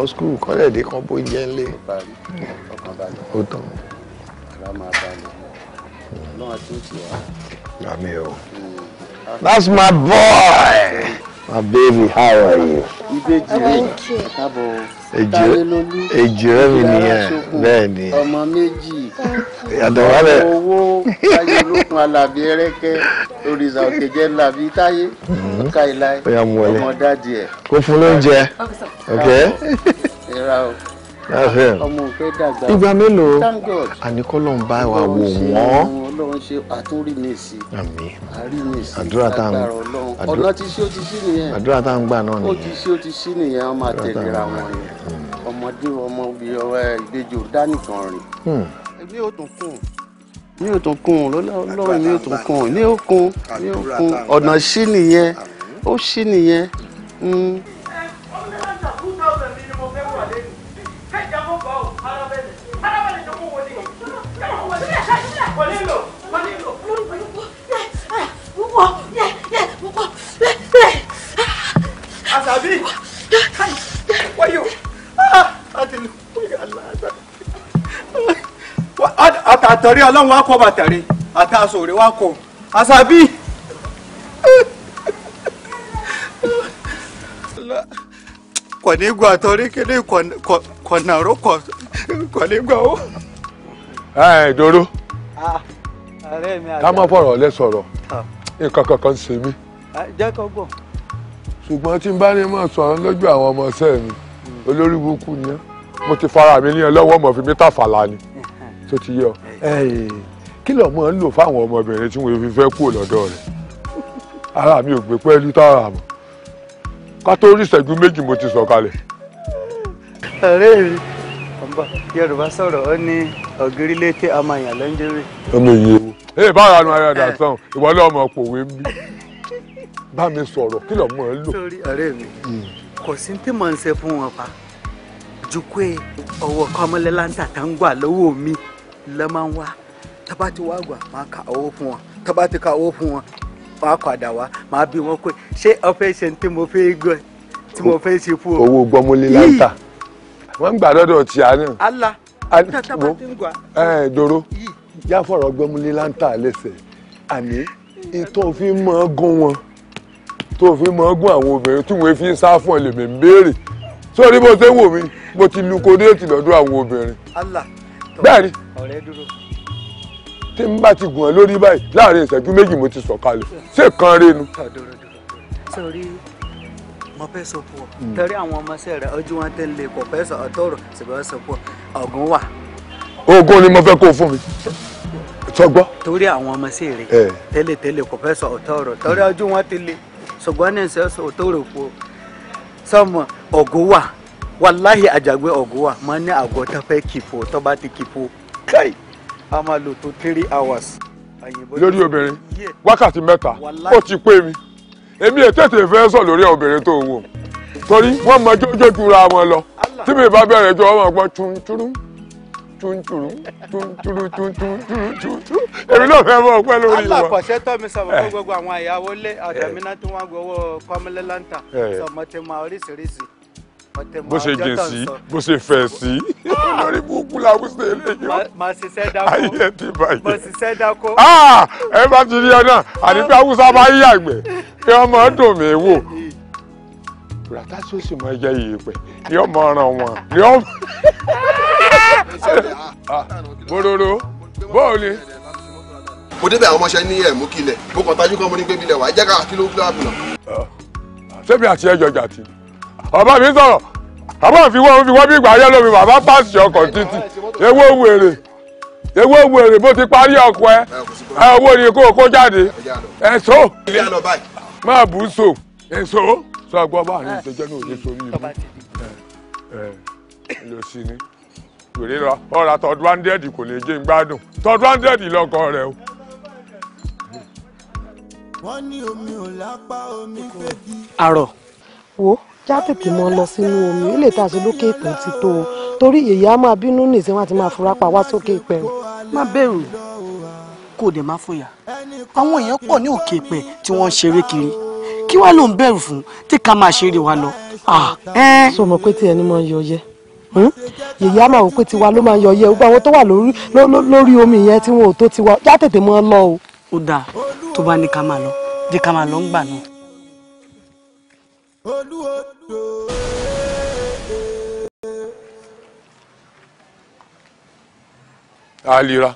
lọ skul kọ́lẹ̀ kan bó jẹ́ ńlé. ó tán. àmì that's my boy. My baby, how are you? Ìbejì rẹ̀ káàbọ̀. Èjì rẹ̀ mi nìyẹn, bẹ́ẹ̀ ni. Ọmọ méjì. Yàtọ̀ wálẹ̀. Owó táyé olókun alábí ẹrẹ́kẹ́ òrìṣà òkèjẹ́ làbí táyé. Mm-hmm. Ká ilá ọmọ dáàdì ẹ̀. Kó fún lóúnjẹ. Ok. Ìra o. Ọmọ òfé dàgbà. Ìgbà mélòó? Thank God. Àníkọ́ ló ń bá wa wò wọ́n ọlọ́run ṣe àtúrí mi sí i. àmín àdúrà tá à ń ọ̀nà tí ṣé ó ti ṣí nìyẹn. àdúrà tá à ń gbà náà nìyẹn. ó ti ṣí ó ti ṣí nìyẹn a máa tẹ̀léra wọn yẹn ọmọdé ọmọ ìbejì ò dá nìkan rìn. èmi hmm. ò tún kùn mi ò tún kùn lọ́lọ́run mi ò tún kùn mi ò kùn mi ò kùn ọ̀nà ṣí nìyẹn ó ṣí nìyẹn. Hmm. àtọ̀rí ọlọ́run wá kọ́ bàtàrí àtàṣọ òrè wá kọ́ àṣàbí. kò ní gba àtọ̀rí kéde kọ̀nàró kò ní gba ó. ẹ dòró ká má fọ̀rọ̀ lẹ sọ̀rọ̀ nǹkan kankan ṣe mí. jẹ́ kó gbọ́. ṣùgbọ́n tí n bá ní mọ̀ sọ̀rọ̀ lójú àwọn ọmọ ọ̀sẹ̀ mi olórí burúkú ni mo ti fara mi ní ẹ lọ́wọ́ mọ̀ fi mi tàfàlà ni tó ti yọ kí lọ́ọ́ mọ̀ ń lò fáwọn ọmọbìnrin tí wọ́n fi fẹ́ kúrò lọ́dọ̀ rẹ̀ ara mi ò gbé pẹ́ẹ́lú tára mọ̀ ká tó rí ìṣẹ́jú méjì mo ti sọ̀kalẹ̀. ọ̀rẹ́ mi ọba yorùbá sọ̀rọ̀ ó ní ọ̀gírí létí ọmọ èèyàn ló ń jẹ́rè. ọmọ èèyàn wo. ee báwo la nu ayé ọ̀dà sàn ìwọ ló mọ̀ pòwe ń bí bá mi sọ̀rọ̀ kí lọ́ọ́ mọ̀ ń lò. sórí ọ̀rẹ́ mi hmm. kò sí tí mò ń ṣe fún wọn pa ju pé ọwọ́ kọ́mọlẹ́láńtà tá ń gbà lọ́wọ́ mi lọ́mọ wa tá bá ti wá gbà máa ka owó fún wọn tá bá ti ka owó fún wọn máa padà wá máa bí wọn pé ṣé ọfẹ́ ṣe ní tí mo fẹ́ gbọ́ tí mo fẹ́ ṣe fún ọ. owó gbọ́mọlé láńtà wọ́n ń gbà lọ́dọ̀ tí a ala tata ti ń gbà. ẹ dòró yá fọ̀rọ̀ gbọ́mọlé láńtà lẹ́sẹ̀ àní ìtọ́ fi máa gún wọn tó fi mọ gún àwọn obìnrin tí wọn fi ń sá fún ẹlẹmì ń béèrè sórí bó ṣe wò mí mo ti lu kodéètì lọ́dọ̀ àwọn obìnrin. Allah bẹ́ẹ̀ ni tí n bá ti gùn ẹ́ lórí báyìí láàrin ìṣẹ́jú méjì mo ti sọ̀kalẹ̀ ṣé kan rẹ nu. sọrí mo fẹ́ sọ fún ọ hmm. torí àwọn ọmọọṣẹ́ rẹ ojú wọn tẹ́ ń lè kọ̀ fẹ́ sọ ọ̀tọ̀rọ̀ ṣùgbọ́n sọ fún ọ ọ̀gùn wà. oògùn ni mo fẹ́ kó o fún mi sọgbọ́. torí àwọn ọmọọṣẹ́ rẹ tẹ́lẹ̀tẹ́lẹ̀ kọ̀ fẹ́ sọ ọ̀tọ̀rọ̀ torí ojú wọn ti ṣùgbọ́n ní ìṣẹ́ sọ ọ̀tọ̀rọ̀ fún ọ wàláhì àjàgbé ọ̀gọ́wà máa ní àgọ́ tó fẹ́ kìfò tó bá ti kìfò káì a máa lò tó three hours. lórí obìnrin wákàtí mẹ́ta ó ti pé mi èmi ò tètè fẹ́ sọ lórí obìnrin tó ń wò torí wọ́n mọ jójójú ra wọn lọ tí mi bá bẹ̀rẹ̀ jọ wọ́n gbọ́ túntúrú túntúrú túntúrú túntúrú èmi náà fẹ́ mọ̀ pẹ́ lórí wọn. alákọ̀ọ́sẹ́ tọ́ mi sọ̀rọ̀ fún gbogbo àwọn àyàwó lé àtẹ̀mínà tí wọ́n gbowó kọ́mílẹ́láńtà sọ̀mọ́tìmọ̀ oríṣiríṣi bó ṣe jìn sí bó ṣe sí lórí burúkú làwùsọ eléyìí o ayé ti bàjẹ́ ah, ẹ bá ti rí ẹ náà àní awúsá bá yí àgbẹ̀ kí wọ́n máa dùn mí wò ràtà tí ó sì máa yẹ ìyẹ̀pẹ̀ ni ó máa ràn wọ́n ni ó. bororo bóòlì. mo débẹ̀ àwọn ọmọọṣẹ́ ní ẹ̀mú kílẹ̀ mo kàn tajú kan mo ní gbé bilẹ̀ wá jẹ́ ká kí ló kí ló wà bìnà. ṣebí àti ẹjọ́ jà tì ní bàbá mi sọ̀rọ̀ bàbá fi wọ́n fi wọ́n bí ìgbà yẹ́lò mi bàbá pàṣẹ ọkọ̀ títì ewé wèrè ewé wèrè bó ti parí ọkọ ẹ ẹ owó ni kò kó jáde ẹ̀sọ́ máa bù ú so ẹ̀sọ́ sọ ẹgbọ́n bá àrùn ìṣẹ́jẹ́ ní òye sórí ibú ẹ lọ sí ni wèrè lọ ọ̀rà tọ́dún áńdẹ́ẹ̀dì kò lè jẹ́ gbádùn tọ́dún áńdẹ́ẹ̀dì lọ́kọ rẹ o wọ́n ní omi ò lápá omi fẹ́ kí. àrò wo já tètè mọ́ lọ sínú omi ó lè tà sí lókè ìpẹ́ ti tó o torí yèyí á máa bínú nìsín wọn àti máa fura pa wá sókè ìpẹ́ o. má bẹ̀rù kó o dẹ̀ má fòyà àwọn èèyàn pọ̀ ní òkè ìpẹ́ tí wọ́n ń ṣeré kiri kí wàá ló bẹ̀rù fún tí ká máa ṣeré wa lọ. sọ mọ pé tí ẹni máa ń yọ yẹ yèyí á máa wò pé tiwa ló máa ń yọ yẹ gbogbo àwọn tó wà lórí omi yẹn tí wọn ò tó tiwa já tètè mọ́ lọ o. ó dáa tó bá ní ká máa lọ jẹ́ ká máa lọ ń gbà náà. a lè ra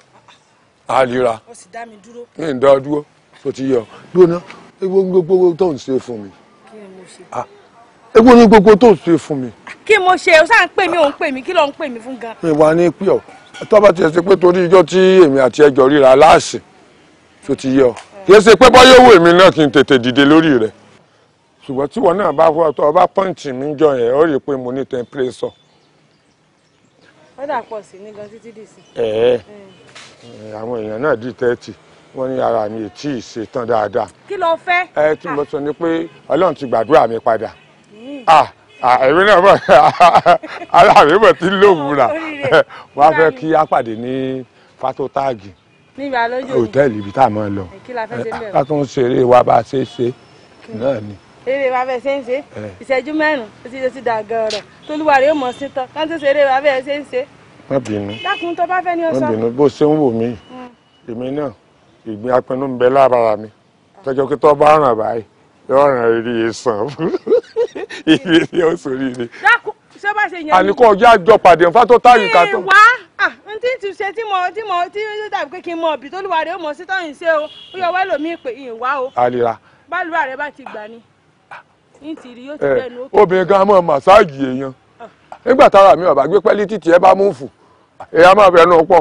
a lè ra. o sì dá mi dúró. mi ń dá dúró tó ti yọ gbóná ewu ní gbogbo tó ń ṣe fún mi. kí ni mo ṣe. ewu ní gbogbo tó ń ṣe fún mi. kí mo ṣe o sáà ń pè mí ò ń pè mí kí ló ń pè mí fún gan. mi wà ní pí ọ tọ́ba tiẹ̀ ṣe pé torí ijọ́ tí èmi àti ẹjọ́ ríra láàṣì tó ti yọ kì í ṣe pé bọ́yọ̀ wò èmi náà kí n tètè dìde lórí rẹ̀ ṣùgbọ́n tíwọ náà bá fọ́ ọ tó ọ bá pọ́ǹtì mi jọ yẹn ó rí i pé mo ní tẹ́ńpírẹ́sọ̀ ọ̀dà pọ̀ sí ní gan títí dì sí. ẹ̀ẹ́ àwọn èèyàn náà di thirty wọ́n ní ara mi tí ì ṣe tán dáadáa. kí ló fẹ́. ẹ tí mo sọ ni pé ọlọ́run ti gbàdúrà mi padà ẹ̀mí náà bọ̀ ara mi bọ̀ tí ń lòmùra wọ́n á fẹ́ kí á pàdé ní fátó táàgì hòtẹ́ẹ̀lì ibi tá a máa lọ kí la fẹ́ ṣe bẹ́ẹ̀. ká tún ṣeré wa bá a ṣe é ṣe náà ni eré wa bẹ́ẹ̀ ṣe ń ṣe ìṣẹ́jú mẹ́rin ó ti ṣe ti dà gan ọ̀rọ̀ tolúwa rèé mọ̀ sí tán kán tó ṣe eré wa bẹ́ẹ̀ ṣe ń ṣe. má bínú dákun tó bá fẹ́ ni ó sọ. má bínú bó ṣe ń wò mí hmm. èmi náà ìgbín apinnu ń bẹ lábára mi tọjọ pé tó bá ràn báyìí yóò ràn rí ìsàn ìrè ni ó sórí ni. àníkó ọjọ́ àjọ pàdé nfa táyì ká tán. ìwà n tí ti ṣe tí mo tí mo tí ó dàbí pé kí n mọ ọ̀bì tó lùwà rèé mọ̀ sí tán ìṣe o ó yọ wẹ́lòmíì pé ìwà o. àlìra. bá rẹ bá ti gbà ni. Eh, obìnrin gan mọ̀ màsáàjì èèyàn ah. nígbà tára mi ọ̀bà gbé pẹ́lí ẹ bá mú fù èèyàn máa fẹ́ nu pọ̀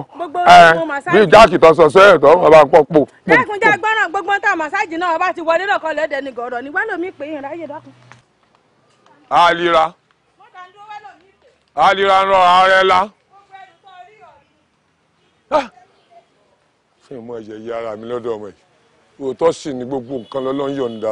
eh, bí jáàkì tó sọ sẹ́yìn ma ọba ń pọ̀ dákun jẹ́ gbogbo tá màsáàjì náà ọba ti wọlé lọ́kọ̀ lẹ́dẹ̀ ni gọ̀ọ̀rọ̀ nígbà lómi pè é ráyè dákun. àlìra alira ń rọ ara la. ẹ̀jẹ̀ ah! yí ara mi lọ́dọ̀ ọmọ yìí òótọ́ ni gbogbo nǹkan lọ́lọ́ ń yọ̀ǹda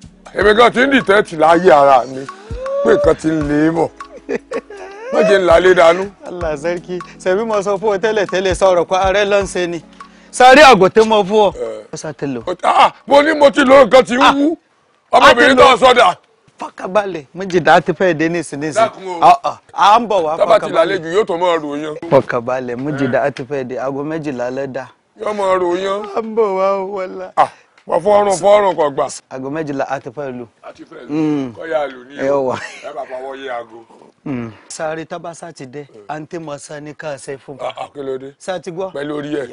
èmi kan ti ń dìtẹ́ẹ̀tì láyé ara mi pé nǹkan ti ń lè bọ̀ wọ́n jẹ́ ń lálé dànù. Allah sarki ṣebí mo sọ fún ọ tẹ́lẹ̀ tẹ́lẹ̀ sọ̀rọ̀ pa ààrẹ ló ṣe ni sáré àgọ́ tó mọ fún ọ. Eh. ó sá ti lò. Ah, mo ní mo ti lo nǹkan ti ah, wú ah, ọmọbìnrin tó sọdà. fọkàbalẹ̀ méjìdá ti fẹ́ dé nísinsìnyí. à ń bọ̀ wá fọkàbalẹ̀. tábà ti lálejò yóò tó máa ròyìn. fọkàbalẹ̀ méjìdá eh. ti fẹ́ dé aago méjìlá lẹ́dà. yóò máa ròyìn. à ń bọ̀ wá wọlá wọ́n fọ́ọ̀rùn fọ́ọ̀rùn kò gbà. aago méjìlá a ti fẹ́ lu. a ti fẹ́ lu hmm. kọ́ yà lù ní o ẹ bá fọwọ́ yé aago. Hmm. sáré tábà sáti dé àǹtí mọ sani ká ṣe fún mi. Ah, ah, kí ló dé sáti gbọ́. pẹ̀lú orí ẹ̀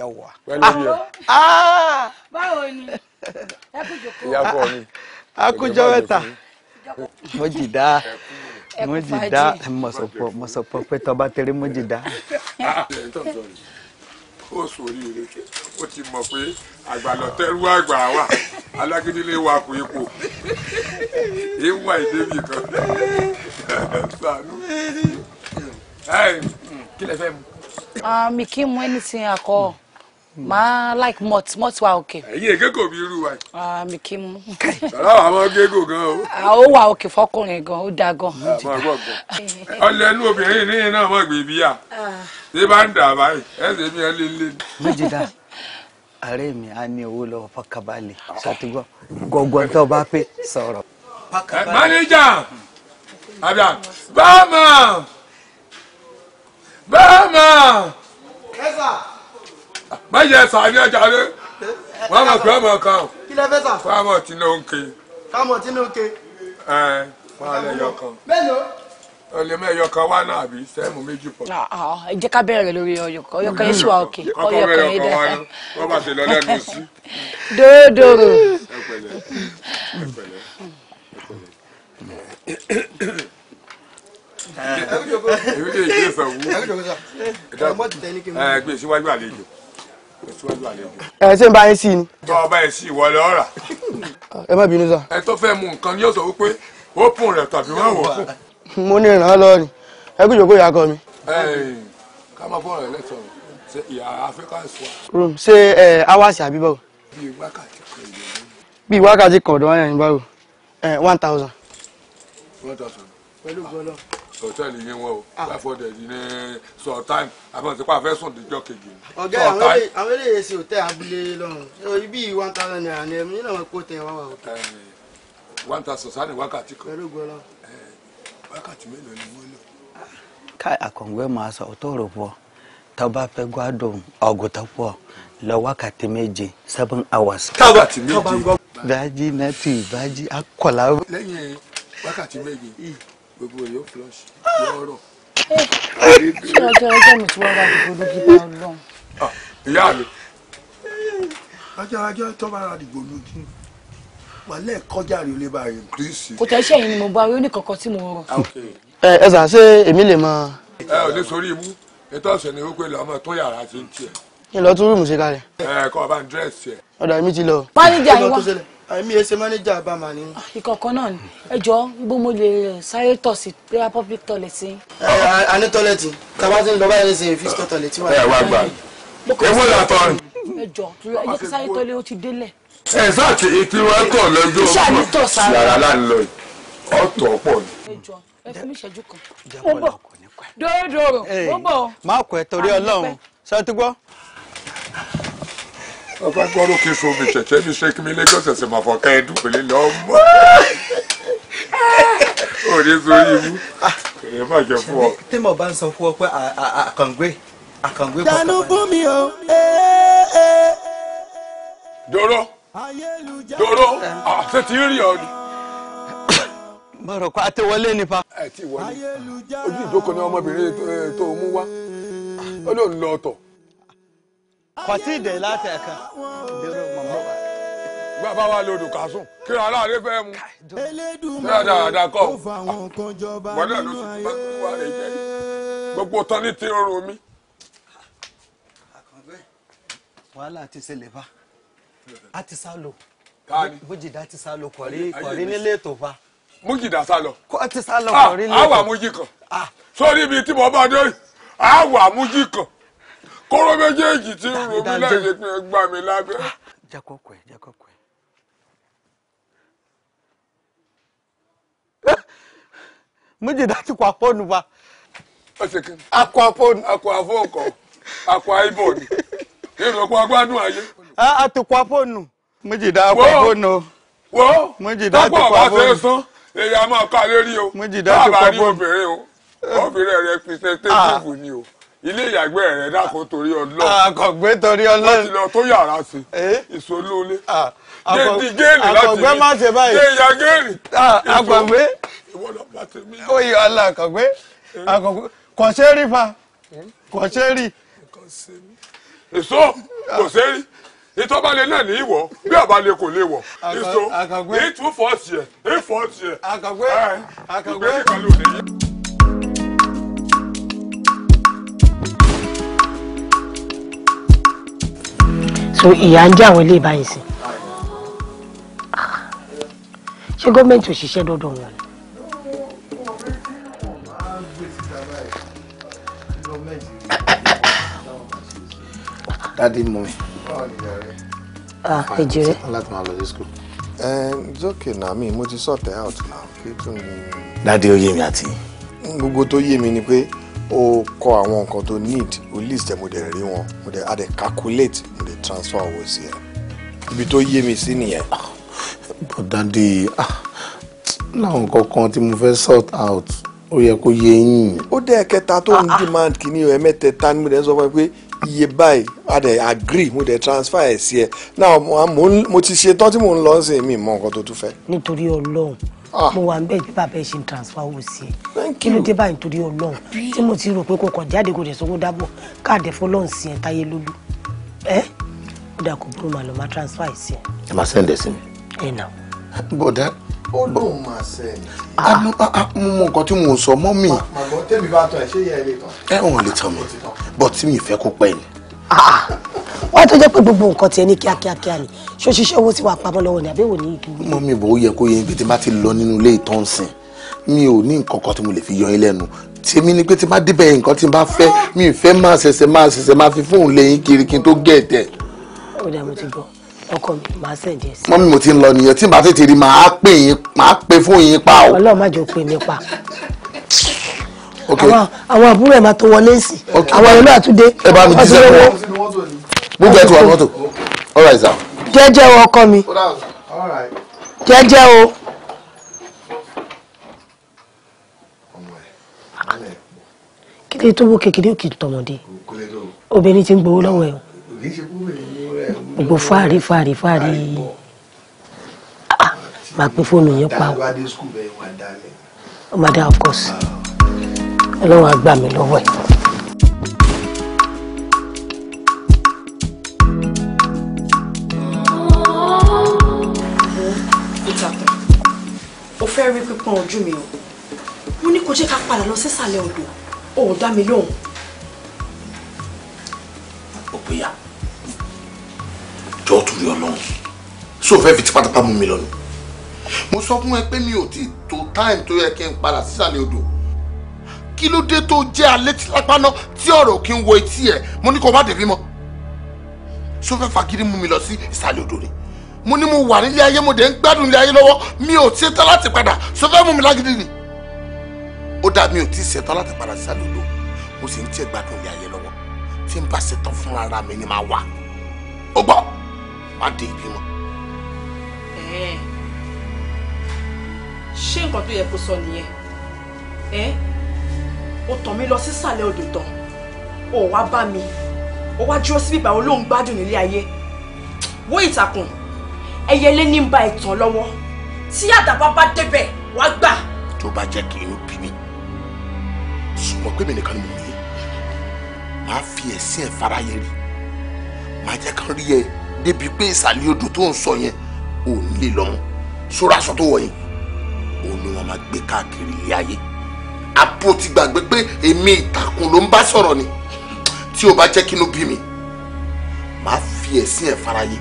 pẹ̀lú orí ẹ̀. Ah! báwo ni ẹ kú jòkó. ìyá kọ mi. a kú jọ mẹ́ta mo jì dá mo jì dá mo sọ pé pé tọba tẹ̀lé mo jì dá. o sori o ti mọ pé àgbàlọ̀tẹ́rú àgbà wà alágídílé wa kò ipò ìwà ìdébì kan sànú. kí lẹ fẹ́ mu. Ah, mi kì í mu anything alcohol máa like malt malt wa okay. ẹyin ègégò bíi irú wa. Ah, mi kì í mu. bàbá wa máa gégò gan o. Ah, ó wà òkè fọkùnrin gan ó dáa gan. ọlẹ́ inú obìnrin ní iná mọ̀ gbèbí à ṣé bá ń dà báyìí ẹ̀ ṣe bí ẹ lé lé. méjì dáa ààrẹ mi á ní owó lọ́wọ́ pàkàbalẹ̀ ṣàtìgbọ́ gbọ̀ngbọ̀n tó bá pé sọ̀rọ̀. mánéjà àbíà báàmà báàmà má yẹ ẹsà ní ọjà rẹ wọn mọ pé ọmọ kan káàmọ tí ló ń ké. káàmọ tí ló ń ké. ẹ wọn á lẹ yọ ọlẹmọ ẹyọ kan wá náà àbí sẹẹmù méjì pọ. Ah, ah, ẹ jẹ́ ká bẹ̀rẹ̀ lórí ọyọkọ ọyọkọ yẹn ṣùwà òkè ọyọkọ yẹn dẹ. wọ́n bá ṣe lọ lẹ́nu sí. dòdòrò. èmi lè gbé ìfẹ́ wú. ẹ gbé síwájú àlejò ẹ ṣe ń bá yín sí ni. tọ́ ọba ẹ̀ sí ìwọ lọ rà. ẹ má bínú sá. ẹ tó fẹ́ mu nǹkan ni yóò sọ wípé ó pùn rẹ̀ tàbí wọ́n wọ̀ ọ́ mo ní ìrànlọ́ lọ ni ẹ kú ìjókòó ìyá kọ mi. ká máa fọ̀rọ̀ ẹ̀ lẹ́tọ̀ọ́ ṣe ìyá african swan. room ṣé ẹ awasi àbí báwo. bíi wákàtí kan ìlú. bíi wákàtí kan ọ̀dọ̀ ẹ̀yìn báwo one thousand. one thousand. pẹ̀lú gbọ́dọ̀. sọtẹ́ẹ̀lì yín wọn o ah. láfọ̀dẹ̀ yìí ní sọ̀tàn àbọ̀ tí pàfẹ́ sùn díjọ́ kejì. ọ̀gá àwọn eléyè sí òtẹ́ abúlé lọ́rùn one thousand naira ni ẹ̀mí náà kó tẹ̀ wá wà òkè. one thousand sani wákàtí kan. pẹ̀lú gbọ́dọ̀ wákàtí mélòó ni wọ́n lò. ká àkọ̀ǹgbẹ́ máa sọ tó rò pọ̀ tó bá fẹ́ gbádùn ọ̀gùn tó pọ̀ lọ wákàtí méje seven hours. wákàtí méje. bájí nati bájí akọ̀lá. lẹ́yìn wákàtí méje gbogbo yóò flush yóò rọ̀. ṣé ọjọ́ ọjọ́ mi ti wá wá wàhálẹ̀ kò tẹ́ iṣẹ́ yìí ni mo bá rí ó tí mo rọ. Ah, ẹ ẹ sà ṣé èmi lè mọ. ẹ ò ní sórí ibú ètò ọ̀sẹ̀ ni wípé lọ́mọ tó yàrá ti ń tiẹ̀. kí lọ tún rúùmù ṣe kalẹ̀. ẹ kọ́ ọba ń dírẹ́sì ẹ̀. ọ̀dà mi ti lọ. mánéjà yìí wá àmì ẹsẹ mánéjà bá màá ní. Ah, ìkọ̀kọ̀ náà ni ẹ jọ bó mo lè eh, sáré tọ̀ sí prayer public toilet a ní tọ́lẹ̀tì tábà ti ń lọ báyìí ṣe fíṣítọ̀ ẹ wá ẹ jọ ẹ jẹ́ ó ti délẹ̀ ẹ sáà tí ìpín wa tọ̀ lọ́jọ́ ọmọ sí ara láńlọ yìí ọ̀tọ̀ pọ̀ ni. ẹ fún mi ìṣẹ́jú kan ó bọ̀ dòdòrò ó bọ̀. má kọ ẹ torí Ọlọ́run ṣe ti gbọ́. ọba gbọ́dọ̀ kí so mi ṣẹ̀ṣẹ̀ mi ṣe kí mi lẹ́jọ́ ṣẹ̀ṣẹ̀ máa fọ ká ẹ dúpẹ́lẹ́ lọ mọ́ òde sórí ibú èyí má jẹ fún ọ. tí mo bá ń sọ fún ọ pé àkàngbé àkàngbé pọ̀ pọ̀. dànù fún mi o. dòrò. Doro, ah, ṣe ti rí ọ ni. bọ̀rọ̀ kó a ti wọlé nípa. ẹ ti wọlé ojú ìdókòó ni ọmọbìnrin eh, tó mú wá ó lóun lọ ọtọ. kọtí ìdè láti ẹ̀ka dèrò mọ̀mọ́ wa. bàbá wa lo dùkà sùn kí ni aláàrẹ fẹ́ mu. ṣé àdàdà kọ wọlé ló ti bá wà lè jẹ gbogbo tán ní tí ń rún mi. wàhálà ti ṣẹlẹ̀ bá. ati salo bójìdá ti salo kọrí kọrí nílé ètò fa. mújìdá sálọ. n'ile ti sálọ ro mi láyé pé gbà mí lábẹ́. Ah, jákòókò ẹ jákòókò ẹ. Ah, mújìdá ti kọ àpọ́nù wa. ọ̀sẹ̀ kí akọ àpọ́nù. akọ akọ àìbọ̀ ni èrò ọkọ̀ agbádùn ayé. a ti kwa fóònù. méjì dá kwa fóònù o. wo tọ́pọ̀ bá ṣe é sán èyí a máa ká lérí o. méjì dá ti kwa fóònù. báà bá rí obìnrin o ah. obìnrin rẹ pìṣẹ́tẹ́tìfù ah. ni o ilé ìyàgbẹ́ rẹ dákun torí ọlọ́run. àkọ̀gbé ah, torí ọlọ́run. wọ́n ti lọ tó yàrá sí ìṣolólé. Eh? géèdì géèlì láti rí àkọ̀gbé má ṣe báyìí. géèyà géèlì. àkọ̀gbé oyè ọ̀la àkọ̀gbé àkọ̀gbé eh? kò ṣe é rí fa eh? kò ṣe é rí. èso kò ṣe é ìtọ́balẹ̀ náà ní ìwọ bí àbálẹ̀ kò lè wọ̀ ìṣó ìtú fọ́ọ̀sì ẹ̀ ìfọ́ọ̀sì ẹ̀ ìgbẹ́ nìkan ló lè yí. so ìyà ń jẹ àwọn ilé ìbáyìí sí ṣé gómìnà òṣìṣẹ́ dọ́dọ̀ wọn ni. dádì ah ejire. láti máa lọ sí school. Eh, it's okay na mi mo ti sort out now. kí tún ni. dáadé ó yé mi àti. gbogbo tó yé mi ni pé o kọ àwọn nǹkan tó need o list ẹ mo dẹ̀ rí wọn the dẹ̀ calculate mo dẹ̀ transfer owó sí ẹ ibi tó yé mi sí nìyẹn. Ah, but dáadé ah, láwọn nǹkan kan tí mo fẹ́ sort out ó yẹ kó yé yín. ó dẹ́ kẹta tó ń ah, demand kìíní ẹ̀ mẹ́tẹ̀ẹ̀ta ni mo dẹ̀ so fún ẹ iye báyìí a dẹ̀ agree mo dẹ̀ transfer ẹ̀ sí ẹ now mo ti ṣe tán tí mò ń lọ sí mi mọ nǹkan tó tún fẹ́. nítorí ọlọ́run ah. mo wà níbẹ̀ bí bàbá ẹ ṣe ń transfer owó sí ẹ kí ló dé báyìí nítorí ọlọ́run tí mo ti rò pé kò kàn jáde kò dẹ̀ sọ́wọ́ dábọ̀ káàdẹ̀ fọlọ́run sí ẹ táyé lólu ẹ ó dà kó burú màlúù má transfer ẹ sí ẹ. ẹ máa send sí mi. ẹ nà. bọ̀dá ó lóun máa ṣe ẹni. Ah. Ah, ah, mo mọ nǹkan tí mo sọ mọ́ mi. màgbọ́n tèmi bá tán ẹ ṣé yẹ ẹ lè tán. ẹ wọn lè tán mi bọ́ tí mi fẹ́ kó pẹ́ ni. wọ́n tó jẹ́ pé gbogbo nǹkan tiẹ̀ ní kíákíákíá ni ṣó ṣiṣẹ́ owó ti wà pamọ́ lọ́wọ́ ni àbẹ́wò ní ìdúró. mọ́ mi bò ó yẹ kó yẹ ibi tí bá ti lọ nínú ilé ìtàn sìn mi ò ní nǹkan kan tí mo lè fi yan yín lẹ́nu tèmi ni pé tí bá débẹ̀ nǹkan tí bá fẹ́ mi ì fẹ́ máa ṣẹ̀ṣẹ̀ máa ṣẹ̀ṣẹ̀ máa fi fóun lẹ́yìn kiri kí n tó gẹ̀ẹ́tẹ̀. ó dàá ti gbọ́ ọkọ mi máa sẹ̀ǹdì ẹ̀sìn. mọ́mí mo ti ń lọ nìyẹn tí màá tètè rí màá pè yín màá pè fún yín pa o. ọlọ́run má jẹ́ pè mí pa. àwọn àbúrò ẹ̀ máa tó wọlé sí àwọn ìlú àtúndé ọtí lówó. mú gẹ́tù wà mọ́tò ọ̀rọ̀ ìsà. jẹ́jẹ́ o ọkọ mi jẹ́jẹ́ o. kí lè tó wó kékeré òkè tọmọdé obìnrin ti ń gbowó lọ́wọ́ ẹ̀ o gbogbo fari fari fáàrí ah, ah, máa gbé fóònù yẹn pa o máa dá ọkọ sí ọlọ́run á gbà lọ́wọ́ ẹ̀. fẹ́ rí pípọ́n ojú mi o mo ní kó jẹ́ ká padà lọ sísàlẹ̀ odò ò dá mi lóhùn. ó jọ́ torí ọlọ́run so fẹ́ fi tipátipá mú mi lọ ni mo sọ fún ẹ pé mi ò tí ì tó táìmù tó yẹ kí n padà sísàlẹ̀ odò kí ló dé tó jẹ́ alẹ́ tí lápáná tí ọ̀rọ̀ kí n wo etí ẹ̀ mo ní kó má dèbí mọ́ so fẹ́ fagídí mú mi lọ sí ìsàlẹ̀ odò ni mo ní mo wà nílé ayé mo dẹ̀ ń gbádùn nílé ayé lọ́wọ́ mi ò tí ì tán láti padà so fẹ́ mú mi lágídí ni ó dà mi ò tí ì ṣetán láti padà sísàlẹ̀ odò mo sì ń tiẹ̀ gbádùn nílé ayé lọ́wọ́ tí n bá ṣetán fúnra mi ni màá wà ó gbọ́ má dé ibi mọ́. ṣé nǹkan tó yẹ kó sọ nìyẹn ó tàn mí lọ sísàlẹ̀ odò tán ó wá bá mi ó wá dúró síbí ìgbà olóhùn gbádùn nílé ayé wo ìtàkùn ẹyẹlé ní ń ba ìtàn lọ́wọ́ tí àdàbà bá débẹ̀ wá gbà. tó bá jẹ́ kí inú bí mi ṣùgbọ́n pé mi nìkan ni mo rí màá fi ẹ̀sìn ẹ̀ fara yẹ rí màá jẹ́ kán rí ẹ débi pé ìsàlẹ̀ odò tó ń sọ yẹn ò ní lè lọ́mọ sórí aṣọ tó wọ̀ yẹn òun ni wọ́n máa gbé káàkiri ilé ayé àpò ti gbàgbé pé èmi ìtàkùn ló ń bá sọ̀rọ̀ ni tí o bá jẹ́ kí inú bí mi màá fi ẹ̀sìn ẹ̀ faraye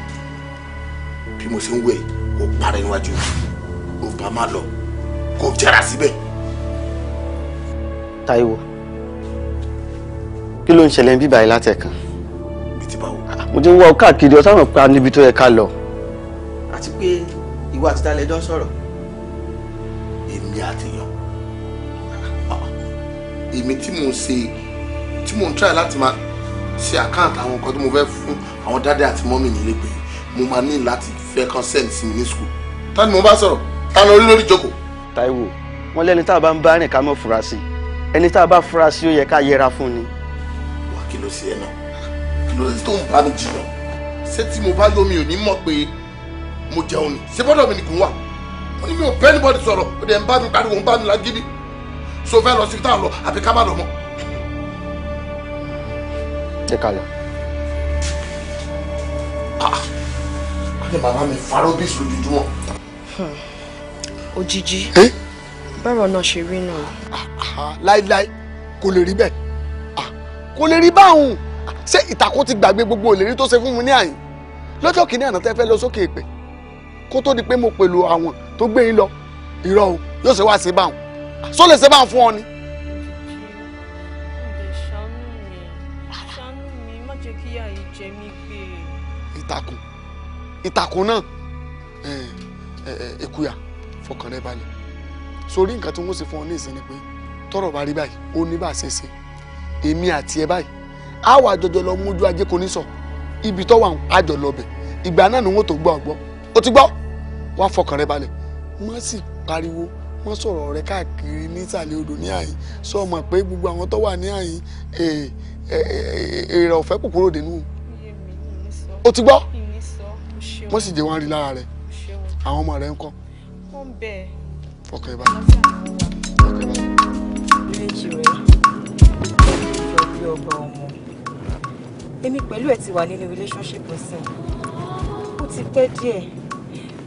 bí mo ṣe ń wẹ̀ ó para níwájú ó bá má lọ kò jẹ́ra síbẹ̀. Táíwò kí ló ń ṣẹlẹ̀ bíbáyìí látẹ̀kàn mo ti ń wá ọ káàkiri ọ sáwọn pa níbi tó yẹ ká lọ. àti pé ìwà àti talẹ̀ jọ ń sọ̀rọ̀. èmi àtìyàn èmi tí mò ń ṣe tí mò ń try láti máa ṣe àkáǹtì àwọn nǹkan tí mo fẹ́ fún àwọn dáadé àti mọ́mì nílé pé mo máa ní láti fẹ́ consent sí mi ní school. ta ni mo bá sọ̀rọ̀ ta ló rí lórí ìjókòó. wọn lẹni tá a bá ń bá rìn ká mọ̀ fura sí ẹni tá a bá fura sí ó yẹ ká yẹra fún ni. wà á kí ló ṣe ẹ náà ló dé tó ń bá mi jiyàn ṣé tí mo bá yọ mi ò ní mọ̀ pé mo jẹun ni ṣé bọ́dọ̀ mi nìkan wà ó ní mi ò bẹ́ẹ̀ níbọ̀dì sọ̀rọ̀ ó dẹ̀ ń bá mi pariwo ń bá mi lágídí so fẹ́ lọ sí tá a lọ àbí ká má lọ mọ́. ẹ kalẹ̀. Ah, a ní màmá mi farọ́ bí sojúdúmọ́. Hmm. òjijì bọ́rọ̀ náà ṣe rí náà. Ah, ah, láíláí kò lè rí bẹ́ẹ̀ kò lè rí báwọn ṣé ìtàkùn ti gbàgbé gbogbo ìlérí tó ṣe fún mi ní àyìn lọ́jọ́ kìíní àná tẹ́ fẹ́ lọ sókè èpè kó tó di pé mo pèlò àwọn tó gbé yín lọ irọ́ o yóò ṣe wá ṣe báwọn só lè ṣe báwọn fún ọ ni. ìtàkùn ìtàkùn náà èkúyà fọkàn rẹ balẹ̀ sórí nǹkan tí wọ́n ṣe fún ọ ní ìsinmi pé tọ́rọ̀ bá rí báyìí ó ní bá a ṣe ṣe èmi àti ẹ báyìí á wà jọjọ lọ mójú ajé kò ní sọ ibi tó wà á jọ lọ bẹ ìgbà náà ni wọn tó gbọ́ ọgbọ o ti gbọ́ wàá fọkàn rẹ balẹ̀ má sì pariwo má sọ̀rọ̀ rẹ káàkiri nísàlẹ̀ odò ní àyín sọ ma pé gbogbo àwọn tó wà ní àyín e, e, e, èrè ọ̀fẹ́ kòkòrò dénú ó ti gbọ́ wọ́n sì jẹ́ wọn rí lára rẹ àwọn ọmọ rẹ ń kọ́ fọkàn rẹ balẹ̀ fọkàn rẹ èmi pẹ̀lú ẹ̀ ti wà nínú relationship ẹ̀sìn ó ti pẹ́ díẹ̀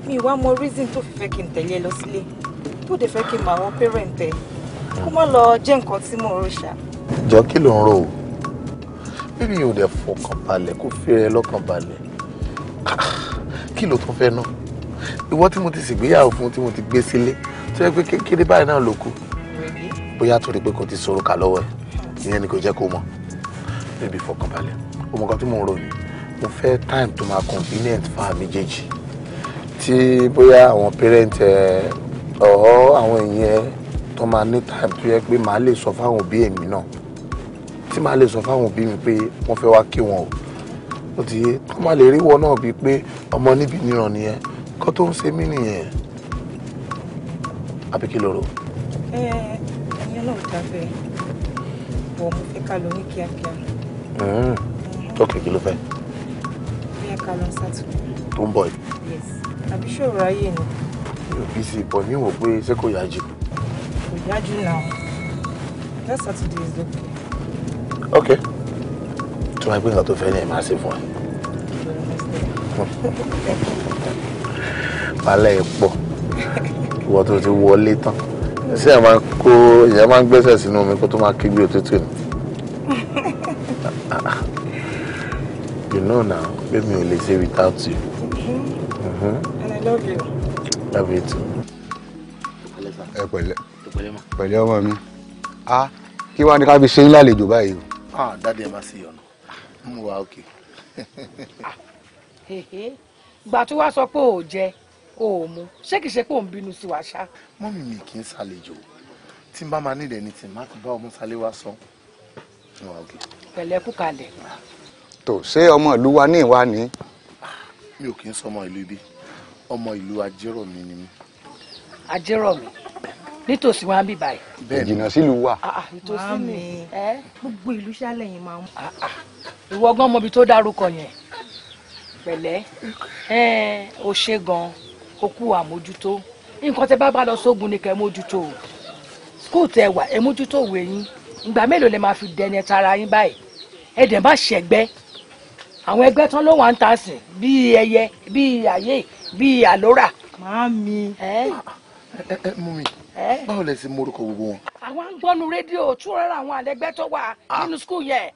mi ìwà mọ reason tó fi fẹ́ kí n tẹ̀lé ẹ lọ sílé tó dẹ̀ fẹ́ kí n mọ àwọn parent ẹ kó má lọ jẹ́ nǹkan tí mò ń rò ṣá. jọ kí ló ń rò ó bí mi ò fọkàn balẹ̀ kó fẹ́rẹ̀ lọ́kàn balẹ̀ kí ló tún fẹ́ náà ìwọ tí mo ti ṣègbéyàwó fún tí mo ti gbé sílé tó yẹ pé kékeré báyìí náà ló kù bóyá torí pé kò ti sọ̀rọ̀ kà lọ́wọ́ ẹ ìyẹn ni kò jẹ́ kó mọ̀ níbi ìfọkànbalẹ̀ ọmọ kan tí mo rò ní mo fẹ́ time tó máa convenient fún méjèèjì tí bóyá àwọn parent ẹ ọ̀họ́ àwọn èèyàn tó máa ní time tó yẹ pé màá lè sọ fáwọn òbí èmi náà tí màá lè sọ fáwọn òbí mi pé wọ́n fẹ́ wá kí wọn o ó ti yé tó máa lè rí wọn náà bíi pé ọmọ níbi níran nìyẹn kó tó ń ṣe mí nìyẹn àbí kí ló rò. ẹ ẹ ẹyin ọlọ́run dábẹ́ bọ̀ mo fẹ́ ká lọ ní kíákíá. Hmm ok kí ló fẹ́. bóyá ká lọ sátúndé. tó yes àbí ṣòro ayé ni. mi ò bí sí ìbọn ní ìwọ̀n pé ṣé kò yá jù. kò yá that Saturday is okay. ok tí wọ́n á gbé nǹkan tó fẹ́ ní ẹ̀ máa ṣe fún ẹ. balẹ̀ ẹ̀ pọ̀ ìwọ tó ti wọlé tán ṣé ẹ máa ń kó ìyẹn máa ń gbẹ́sẹ̀ sínú omi kó tó máa kígbe òtútù ni. You know now, let me only say without you. Okay. Mm-hmm. mm-hmm. And I love you. Love you too. Ẹ pẹ̀lẹ́. Pẹ̀lẹ́ ọmọ mi. Ah, kí wàá ní ká fi ṣe ń lálejò báyìí Ah, dáadé ẹ máa ṣe ọ̀nà. Mo wà òkè. Gbà tó wá sọ pé ò jẹ, ò mu. Ṣé kìí ṣe pé ò ń bínú sí wa ṣá? Mọ́mì mi kì í ṣàlejò. Tí n bá máa nílẹ̀ ni tí n má ti bá ọmọ sálé wá sọ. Mo wà òkè. Pẹ̀lẹ́ kú kalẹ̀. Ah tó ṣé ọmọ ìlú wa ní ìwà ni. mi ò kí ń sọmọ ìlú ibi ọmọ ìlú ajérọ̀mí ni mí. ajérọ̀mí nítòsí wa ń bí báyìí. bẹ́ẹ̀ jìnnà sílùú wa. Ah, ah, nítòsí ni gbogbo ìlú ṣálẹ̀ yìí máa ń. Ah, ìwọ gan mọbi tó dárúkọ yẹn pẹ̀lẹ́ ó ṣe gan ó kú àmójútó nǹkan tẹ bá bá lọ sógun ni kẹ́ mójútó o skul tẹ wà ẹ mójútó òwe yín ìgbà mélòó lẹ máa fi dẹni ẹ tara yín báyìí ẹ dẹ̀ má ṣẹgbẹ́ àwọn ẹgbẹ́ tán ló wà ń ta sìn bíi ẹyẹ bíi àyè bíi àlórà. màámi mumi báwo lẹ ṣe morúkọ gbogbo wọn. àwọn ń gbọ́nu rédíò tún rárá àwọn àlẹ́gbẹ́ tó wà ah. nínú skul yẹn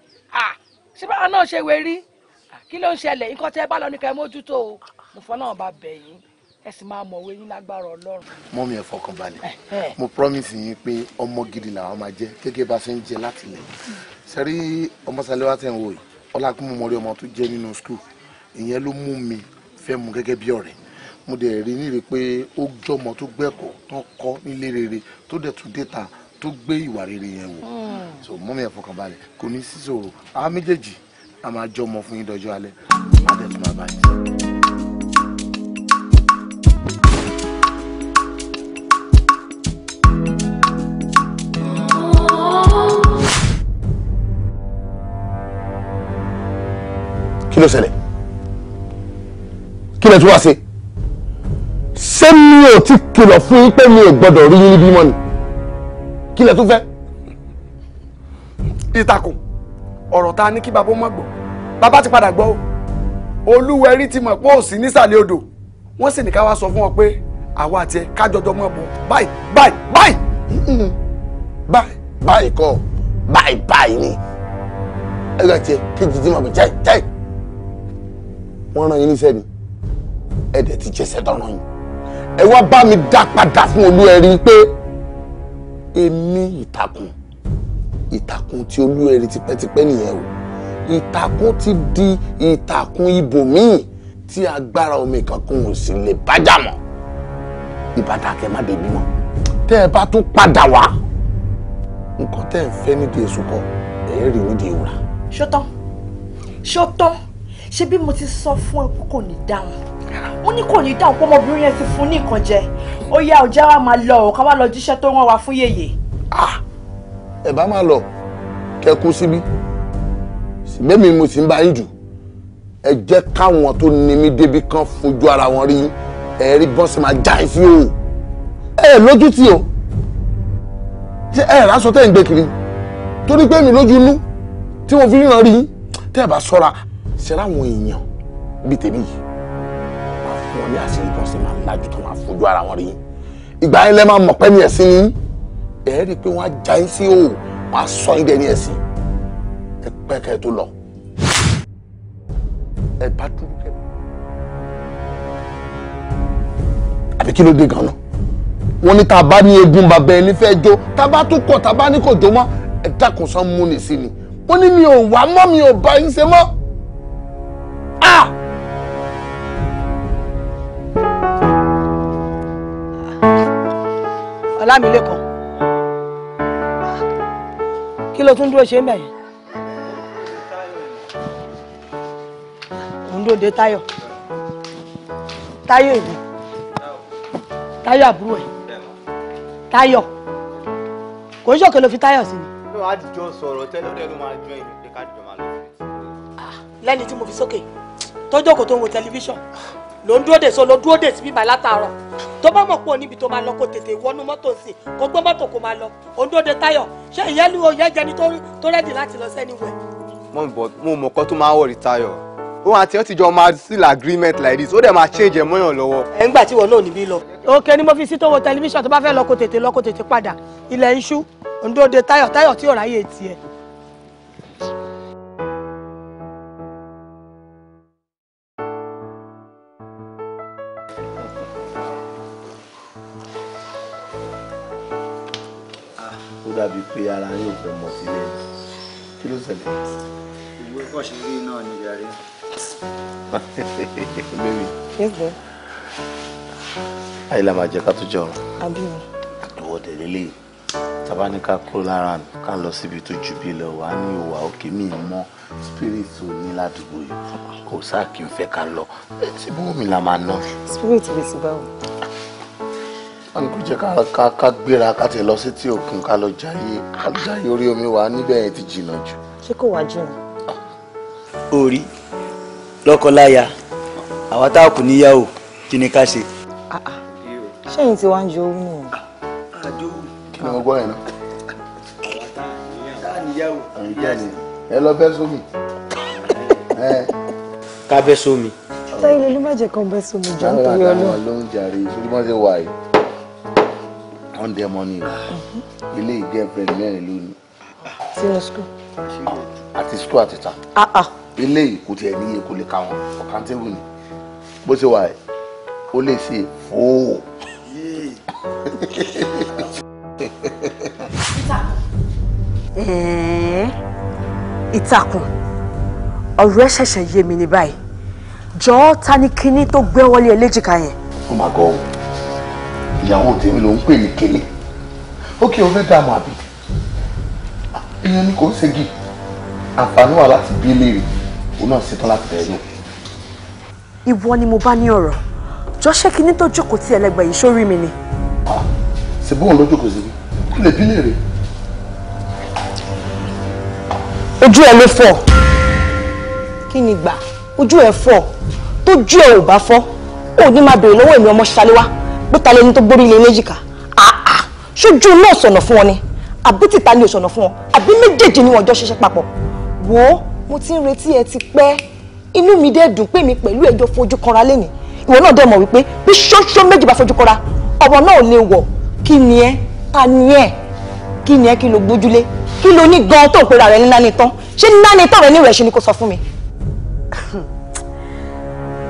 síbára náà ṣe wé rí kí ló ń ṣẹlẹ̀ nǹkan tẹ́ bá lọ ní ká ẹ mójútó o mo fọ́ náà bá bẹ̀ yín ẹ sì máa mọ̀wé yín lágbára ọlọ́run. mọ́mí ẹ fọkàn balẹ̀ mo promise yín pé ọmọ gidi làwọn máa jẹ́ gẹ́gẹ́ bá ṣe ń jẹ láti lẹ̀ sẹ́rí ọmọ Sàlẹ́wà tẹ̀ ń wò yìí ọlákùnmọ́ mọ̀rí ọmọ tó jẹ́ nínú skul ìyẹn ló mú mi fẹ́ mu gẹ́gẹ́ bí ọ̀rẹ́ mo dẹ̀ rí níre pé ó jọmọ tó gbẹ́kọ̀ọ́ tó kọ́ nílé rere tó dẹ̀ tún dé ta tó gbé ìwà rere yẹn wò so mọ́mí ẹ̀ fọkàn balẹ̀ kò ní sísòro àwọn méjèèjì a máa jọmọ fún yín dọjọ́ alẹ́ wọ́n á dẹ̀ tún máa bá yín sọ. ló ṣẹlẹ̀ kí lẹ tún wá ṣe ṣé mi ò ti kìlọ̀ fún yín pé mi ò gbọ́dọ̀ rí yín níbí mọ́ ni kí lẹ tún fẹ́. ìtàkùn ọ̀rọ̀ ta ni kí bàbá ó má gbọ́ bàbá ti padà gbọ́ o olúwẹ̀rí ti mọ̀ pé ò sí nísàlẹ̀ odò wọ́n sì ní ká wá sọ fún ọ pé àwa àti ẹ kájọjọ mọ̀ bọ̀ báyìí báyìí báyìí báyìí báyìí kọ́ báyìí báyìí ni ẹgbẹ́ tiẹ̀ kejì dín mọ̀ bọ̀ jẹ́ jẹ́ wọ́n rán yín níṣẹ́ ni ẹ dẹ̀ ti jẹ́sẹ̀ dọ́rùn yín ẹ wá bá mi dá padà fún olú ẹ̀rí pé èmi ìtàkùn ìtàkùn tí olú ẹ̀rí tipẹ́tipẹ́ nìyẹn o ìtàkùn ti di ìtàkùn ibòmíì tí agbára omi kankan ò sì lè bájà mọ́ ìbàdàkẹ́ má débi mọ́ tẹ́ ẹ bá tún padà wá nǹkan tẹ́ ẹ fẹ́ nídìí èso kan ẹ̀ rí nídìí ìwúra. ṣótán ṣótán ṣé bí mo ti sọ fún ẹ pé kò ní dáhùn mo ní kò ní dáhùn pé ọmọbìnrin yẹn ti fún ní nǹkan jẹ ó yá ọjà wa máa lọ ọ ká wá lọ jíṣẹ́ tó rán wa fún yèyè. Ah! ẹ bá máa lọ kẹ kú síbí mẹ́mi mo sì ń bá yín jù ẹ jẹ́ káwọn tó ní mí débi kan fojú ara wọn rí ẹ rí bọ́n máa já ẹ sí o ẹ lójú tì o ẹ rásọ tẹ́ ń gbé kiri torí pé mi lójú inú tí mo fi ríran rí tẹ́ ẹ bá sọ́ra ṣẹlá àwọn èèyàn bíi tèmi yìí máa fún wọn ní àṣírí kan sí máa lajú tó máa fojú ara wọn rí ìgbà yẹn lẹ́ máa mọ̀ pẹ́ ní ẹ̀sìn ni ẹ̀ rí i pé wọ́n á já yín sí òòrùn wọ́n á sọ yín dẹni ẹ̀sìn ẹ pẹ́ kẹ́ ẹ tó lọ ẹ bá dúró kẹ́ àbí kí ló dé gan-an wọ́n ní tá a bá ní egun bàbá ẹni fẹ́ jó tá a bá tún kọ̀ tá a bá ní kò jó mọ́ ẹ dákun sàn múni sí ni wọ́n ní mi ò wá mọ́ mi ò bá yín ṣe mọ́. Ah! Ọlámilékan. Kí ló tún dúró ṣe ń bẹ̀ yẹn? Òun dúró de Táyọ̀. Táyọ̀ èdè. Táyọ̀ àbúrò ẹ̀. Táyọ̀. Kò ń ṣòkè ló fi Táyọ̀ sí ni. Lọ́wọ́ àdìjọ sọ̀rọ̀ tẹ́lẹ̀ ó dẹ́ ló máa tọ́jọ́ kò tó ń wo tẹlifíṣàn ló ń dúró dè so ló dúró dè síbí báyìí látàárọ̀ tó bá mọ̀ pé o níbi tó máa lọ kó tètè wọnú mọ́tò sí kó gbọ́ mọ́tò kó máa lọ o ń dúró dè Táyọ̀ ṣé ìyẹn ni òye jẹni tó rẹ́dì láti lọ sẹ́ni wẹ̀. mo mọ mo mọ kan tó máa ń wọrí Táyọ̀ òun àti ọtí jọ máa seal agreement like this ó dẹ̀ máa change ẹ̀ mọ́yàn lọ́wọ́. ẹ̀ ń gbà tí wọn náà níbí lọ. òkè ni mo fi sí tó wo tẹlifíṣàn tó bá fẹ́ lọ kó tètè lọ kó tètè padà ilẹ̀ iṣu òǹdóde Táyọ̀ Táyọ̀ tí ò ráyè tiẹ̀ pé ara yín ò fẹ́ mọ̀ sílé kí ló ṣẹlẹ̀. ìwé kọ́ṣe rí náà ní yàrá. bébì. yes bro. àyìnlá máa jẹ ká tó jọ. àbí o. ìwọ tẹ̀lé tàbá ní ká kó lára ká lọ síbi tó ju bí lọ wà ní ìwà òkè mi mọ spirit ò ní ládùúgbò yìí kò sáà kí n fẹ́ ká lọ tí bómi la máa ná. spirit bẹ̀ sí báwo a ní kò jẹ́ ká gbéra ká tẹ̀ lọ sí tí òkun ká lọ jayé ká lọ jayé orí omi wa níbẹ̀ yẹn ti jìnnà jù. ṣé kò wá jìnnà. orí lọ́kọláya àwa tá a kù níyàwó kí ni ká ṣe. sẹ́yìn ah, ah. tí wàá ń jowú nù. kí ni mo gbọ́ yẹn náà. àwa tá a níyàwó ẹ lọ bẹ́ sómi. ká bẹ́ sómi. táyé ló má jẹ́ sómi jọ nítorí ọlọ́run. ló ń jàre ìṣòro wà yìí hundred money o ilé girlfriend mẹ́rin ló ní. ti wọn school. àti school àti ta. Ah, ah. ilé ìkó tiẹ̀ níye kò lè ka wọn ọ̀kántẹ́bù ni bó ṣe wà ẹ̀ ó lè ṣe fòó. Eh, ìtàkùn ọ̀rọ̀ ẹ ṣẹ̀ṣẹ̀ yé mi ní báyìí jọ̀ọ́ ta ni kinní tó gbé wọlé ẹ yẹn. ó mà gọ̀ ìyàwó tèmi ló ń pè ní kele ó kí o fẹ́ dààmú àbí èèyàn ni kò ń ṣègì àǹfààní wà láti bí léèrè òun náà ṣetán láti bẹ̀rẹ̀ yẹn. ìwọ ni mo bá ní ọ̀rọ̀ jọ ṣé kí ní tó jókòó tí ẹlẹgbẹ́ yìí sórí mi ni. Ah, ṣe bóun ló jókòó sí mi kí lè bí léèrè. ojú ẹ ló fọ́ kí ni gbà ojú ẹ fọ́ tójú ẹ ò bá fọ́ ò ní máa béèrè lọ́wọ́ èmi ọmọ ṣáléwá bóta lẹni tó gbórí ilé méjìká àà ah, ah. ṣojú náà sọ̀nà fún wọn ni àbí tìta ni òṣọ̀nà fún wọn àbí méjèèjì ni wọn jọ ṣiṣẹ́ papọ̀ wò ó mo ti ń retí ẹ ti pẹ́ inú mi dẹ́ dùn pé mi pẹ̀lú ẹjọ́ fojú kanra lẹ́nìí ìwọ náà dẹ̀ mọ̀ wípé bí ṣóṣó méjì bá fojú kanra ọmọ náà lè wọ̀ kí ni ẹ ta ni ẹ kí ni ẹ kí lo gbójúlé kí lo ní gan tó ń pera rẹ ní náni tán ṣé náni tán rẹ ní ìrẹsì ni kò sọ fún mi.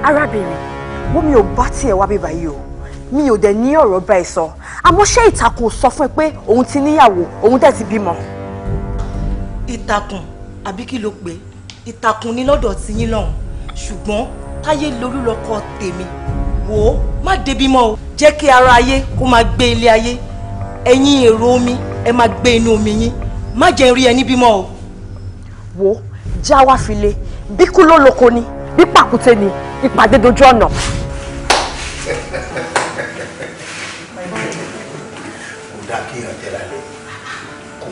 arábìnrin wọ́n mi ò bá tiẹ̀ wá bíbá yìí o mi ò dẹ̀ ní ọ̀rọ̀ bá ẹ sọ àmọ́ ṣé ìtàkùn sọ fún ẹ pé òun ti níyàwó òun dẹ̀ ti bímọ. ìtàkùn àbí kí ló pé ìtàkùn ní lọ́dọ̀ ti yín lọ́hùn ṣùgbọ́n táyé lolú lọ́kọ tèmi wò ó má débi mọ́ o jẹ́ kí ara ayé kó máa gbé ilé ayé ẹ̀yin èrò omi ẹ máa gbé inú omi yín má jẹ́ rí ẹ níbí o. wò ó já wá file bí kú ló lóko ni bí pàkúté ni ìpàdé dojú ọ̀nà.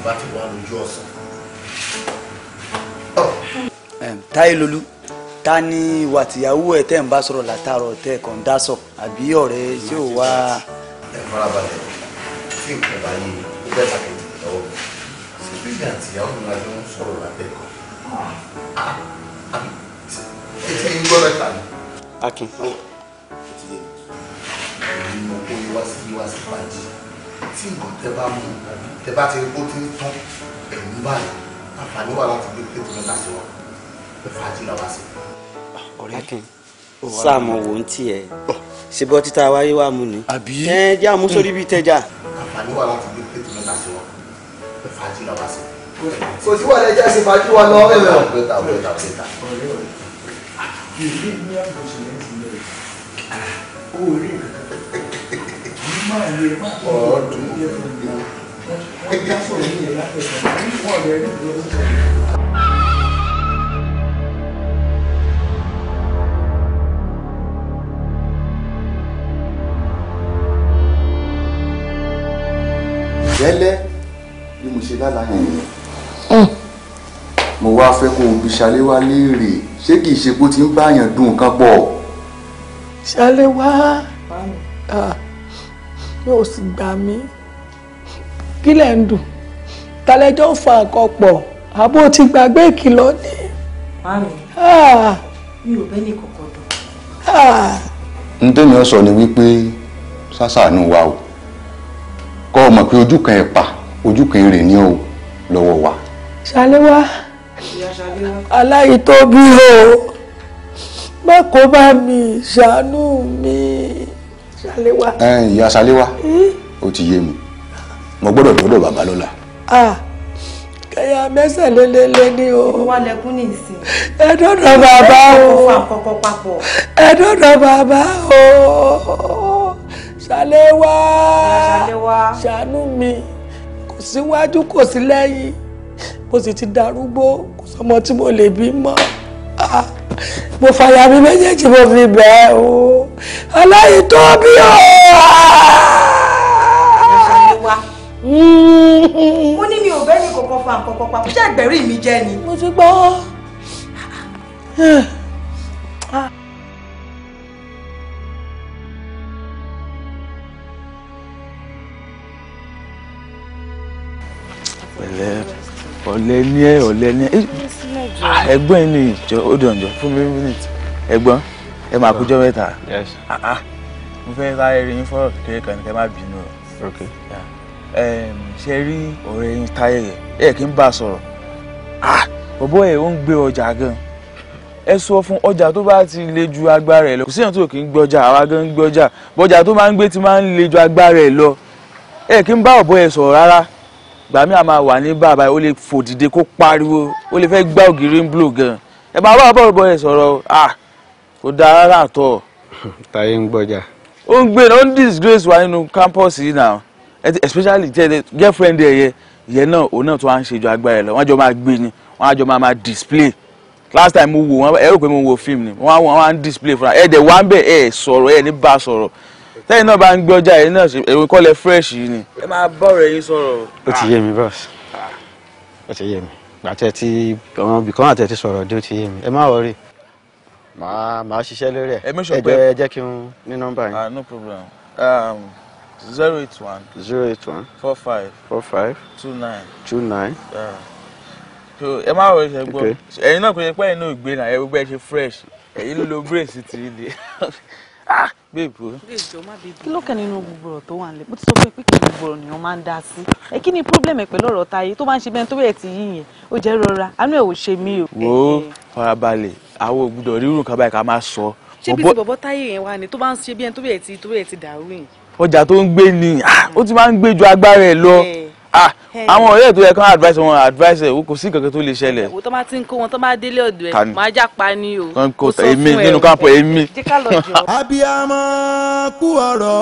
bá ti wà lójú ọ̀sán. táyé lolú ta ni ìwà tìyàwó ẹ tẹ́ ń bá sọ̀rọ̀ látàárọ̀ tẹ́ kàn dá sọ àbí ọ̀rẹ́ ṣé ò wá. ẹ fara balẹ̀ tí nǹkan bá yé ó bẹ́ẹ̀ bá kẹ́kẹ́ lọ́wọ́ ṣe bí ìyá àtìyàwó mi la ń sọ̀rọ̀ látẹ̀kọ̀. ẹ ti ń gbọ́ lẹ́tà ni. akin. mo mọ pé sí wá sí pàjì tí nǹkan tẹ bá mú tẹ bá ti rí kó ti ń tán ẹ̀rù ń báyìí àǹfààní wà láti gbé tètè mẹ́ta sí wa fàájì làwa sí. ọ̀rẹ́ kí sáàmù wò ń tiẹ̀ ṣe bọ́ títa wáyé wà mú ni. àbí ẹ jẹ́ àmú sórí bíi tẹ́jà. àǹfààní wà láti gbé tètè mẹ́ta sí wa fàájì làwa sí. kò sí wàlẹ̀ ẹja ṣe fàájì wa lọ ọ̀rẹ́ rẹ̀. pété pété pété. ọ̀rẹ́ rẹ̀ kì í ní àgbọ̀ṣẹ̀ lẹ́sìn rẹ̀ smile there. Oh, do. That's what we need. That's what we mo ṣe lálàá yẹn yẹn oh. mo wá fẹ́ kó o bi ṣaléwá léèrè ṣé kìí ṣe bó ti ń báyàn dùn nǹkan pọ̀. ṣaléwá. Ah. mi ò sì gbà mí kí lẹ̀ ń dùn tàlẹ́jọ́ fa nǹkan pọ̀ àbó ti gbàgbé ìkìlọ̀ ni. Ah. mi ah. ni wípé ṣàṣàánú wa o kọ́ ọ mọ̀ pé ojú kan ẹ̀ pa ojú kan rè ní ọ lọ́wọ́ wa. ṣàléwá aláìtóbi o bá mi ṣàánú mi. ṣàléwà. ìyá ṣàléwà hmm? ó ti yé mi mo gbọ́dọ̀ gbọ́dọ̀ bàbá lọ́la. kẹyà mẹsàlélélé ni o. wà lẹkùn ní ìsìn. ẹ dọ́dọ̀ bàbá o. ẹ dọ́dọ̀ bàbá o. ṣàléwà ṣàánú mi kò síwájú kò sí lẹ́yìn mo sì ti darúgbó kò sọmọ tí mo lè bí mọ́. Ah mo fàyà mi méjèèjì mo fi bẹ̀ ẹ́ o aláyìí tó bí o. mo ní mi ò bẹ́ẹ̀ ní kọ̀kọ́ fa nǹkan kan papọ̀ ṣé ẹgbẹ̀rí mi jẹ́ ni. mo ti gbọ́. ọ̀lẹ ni ẹ ọ̀lẹ ni ẹ ẹ̀gbọ́n inú ìjọ hold on jọ fún mi minute ẹ̀gbọ́n ẹ máa kújọ mẹ́ta ah, ah. mo fẹ́ sáré rí yín fọ́rọ̀ kékeré kan ní kẹ́ má bínú o ṣe rí ọ̀rẹ́ yín táyé yẹ ẹ kì í bá a sọ̀rọ̀ ah, bọ̀bọ̀ ẹ̀ ó ń gbé ọjà gan ẹ sọ fún ọjà tó bá ti le ju agbára ẹ lọ kò síyàn tó kì í gbé ọjà àwa gan ń gbé ọjà bọ́jà tó máa ń gbé ti máa ń le ju agbára ẹ lọ ẹ kì í bá ọ̀bọ̀ ẹ sọ̀rọ̀ rárá gbà mí àmà wà ní bàbá ó lè fò dìde kó pariwo ó lè fẹ́ gbá ògiri ń blò gan ẹ bá bá bọ̀ bọ̀ ẹ sọ̀rọ̀ à kò dáa rárá tọ̀. táyé ń gbọ́jà. ó ń gbé ó ń disgrace wa nínú campus yìí náà especially jẹ́ girlfriend ẹ̀ yẹ ìyẹn náà òun náà tó wá ń ṣe ju agbára ẹ̀ lọ wọ́n jọ máa gbé ni wọ́n á jọ máa máa display last time mo wò wọ́n ẹ rò pé mo wo film ni wọ́n á wọ́n á display fúnra ẹ̀ dẹ̀ wá ń bẹ̀ ẹ̀ sọ̀rọ̀ ẹ̀ ní bá sọ̀rọ̀ tẹ́yìn náà bá ń gbé ọjà yìí náà ṣe èwe kọ́lẹ̀ fresh yìí ni. ẹ máa bọ̀rọ̀ yín sọ̀rọ̀. ó ti yé mi bọ́s ó ti yé mi gbàtẹ́ tí ọmọ bìkan àtẹ ti sọ̀rọ̀ dé ó ti yé mi ẹ má wọrí màá màá ṣiṣẹ́ lórí ẹ̀ ẹ jẹ́ ẹ jẹ́ kí n ní nọ́mbà yín. ah no problem Um, zero eight one. zero eight one. four five. four five. two nine. two nine. ẹ má wọrí ṣe gbọ́ ẹ̀yin náà kò ṣe pé ẹ̀yin náà gbé náà ẹ gbogbo ẹ ṣe fresh ẹ̀yin ló lo brace tì í bẹ́ẹ̀bù ẹ. kí ló kẹ́ nínú gbogbo ọ̀rọ̀ tó wà nílẹ̀ mo ti sọ fún ẹ pé kí gbogbo ọ̀rọ̀ nìyẹn máa ń dá sí ẹ kí ni problem ẹ pẹ̀lú ọ̀rọ̀ táyé tó bá ń ṣe bẹ́ẹ̀ tó bẹ̀rẹ̀ ti yí yẹn ó jẹ́ rọra àánú ẹ̀ ò ṣe mí o. wò ó farabalẹ̀ àwọn ògbúdọ̀ rírun kan báyìí ká máa sọ. ṣé bí ti bọ̀bọ̀ táyé yẹn wà ní tó bá ń ṣe bí ẹni tó bẹ̀rẹ̀ ti tó bẹ̀rẹ̀ ti dàrú yìí. ọjà tó àwọn ọ̀rẹ́ tó yẹ kán advice wọn advice ẹ̀ kò sí kankan tó lè ṣẹlẹ̀. ìwò tó máa ti ń kó wọn tó máa délé ọ̀dọ̀ ẹ̀ máa já pa ni o. kàn kó èmi nínú kápọ̀ èmi. abiyamọ kú ọ̀rọ̀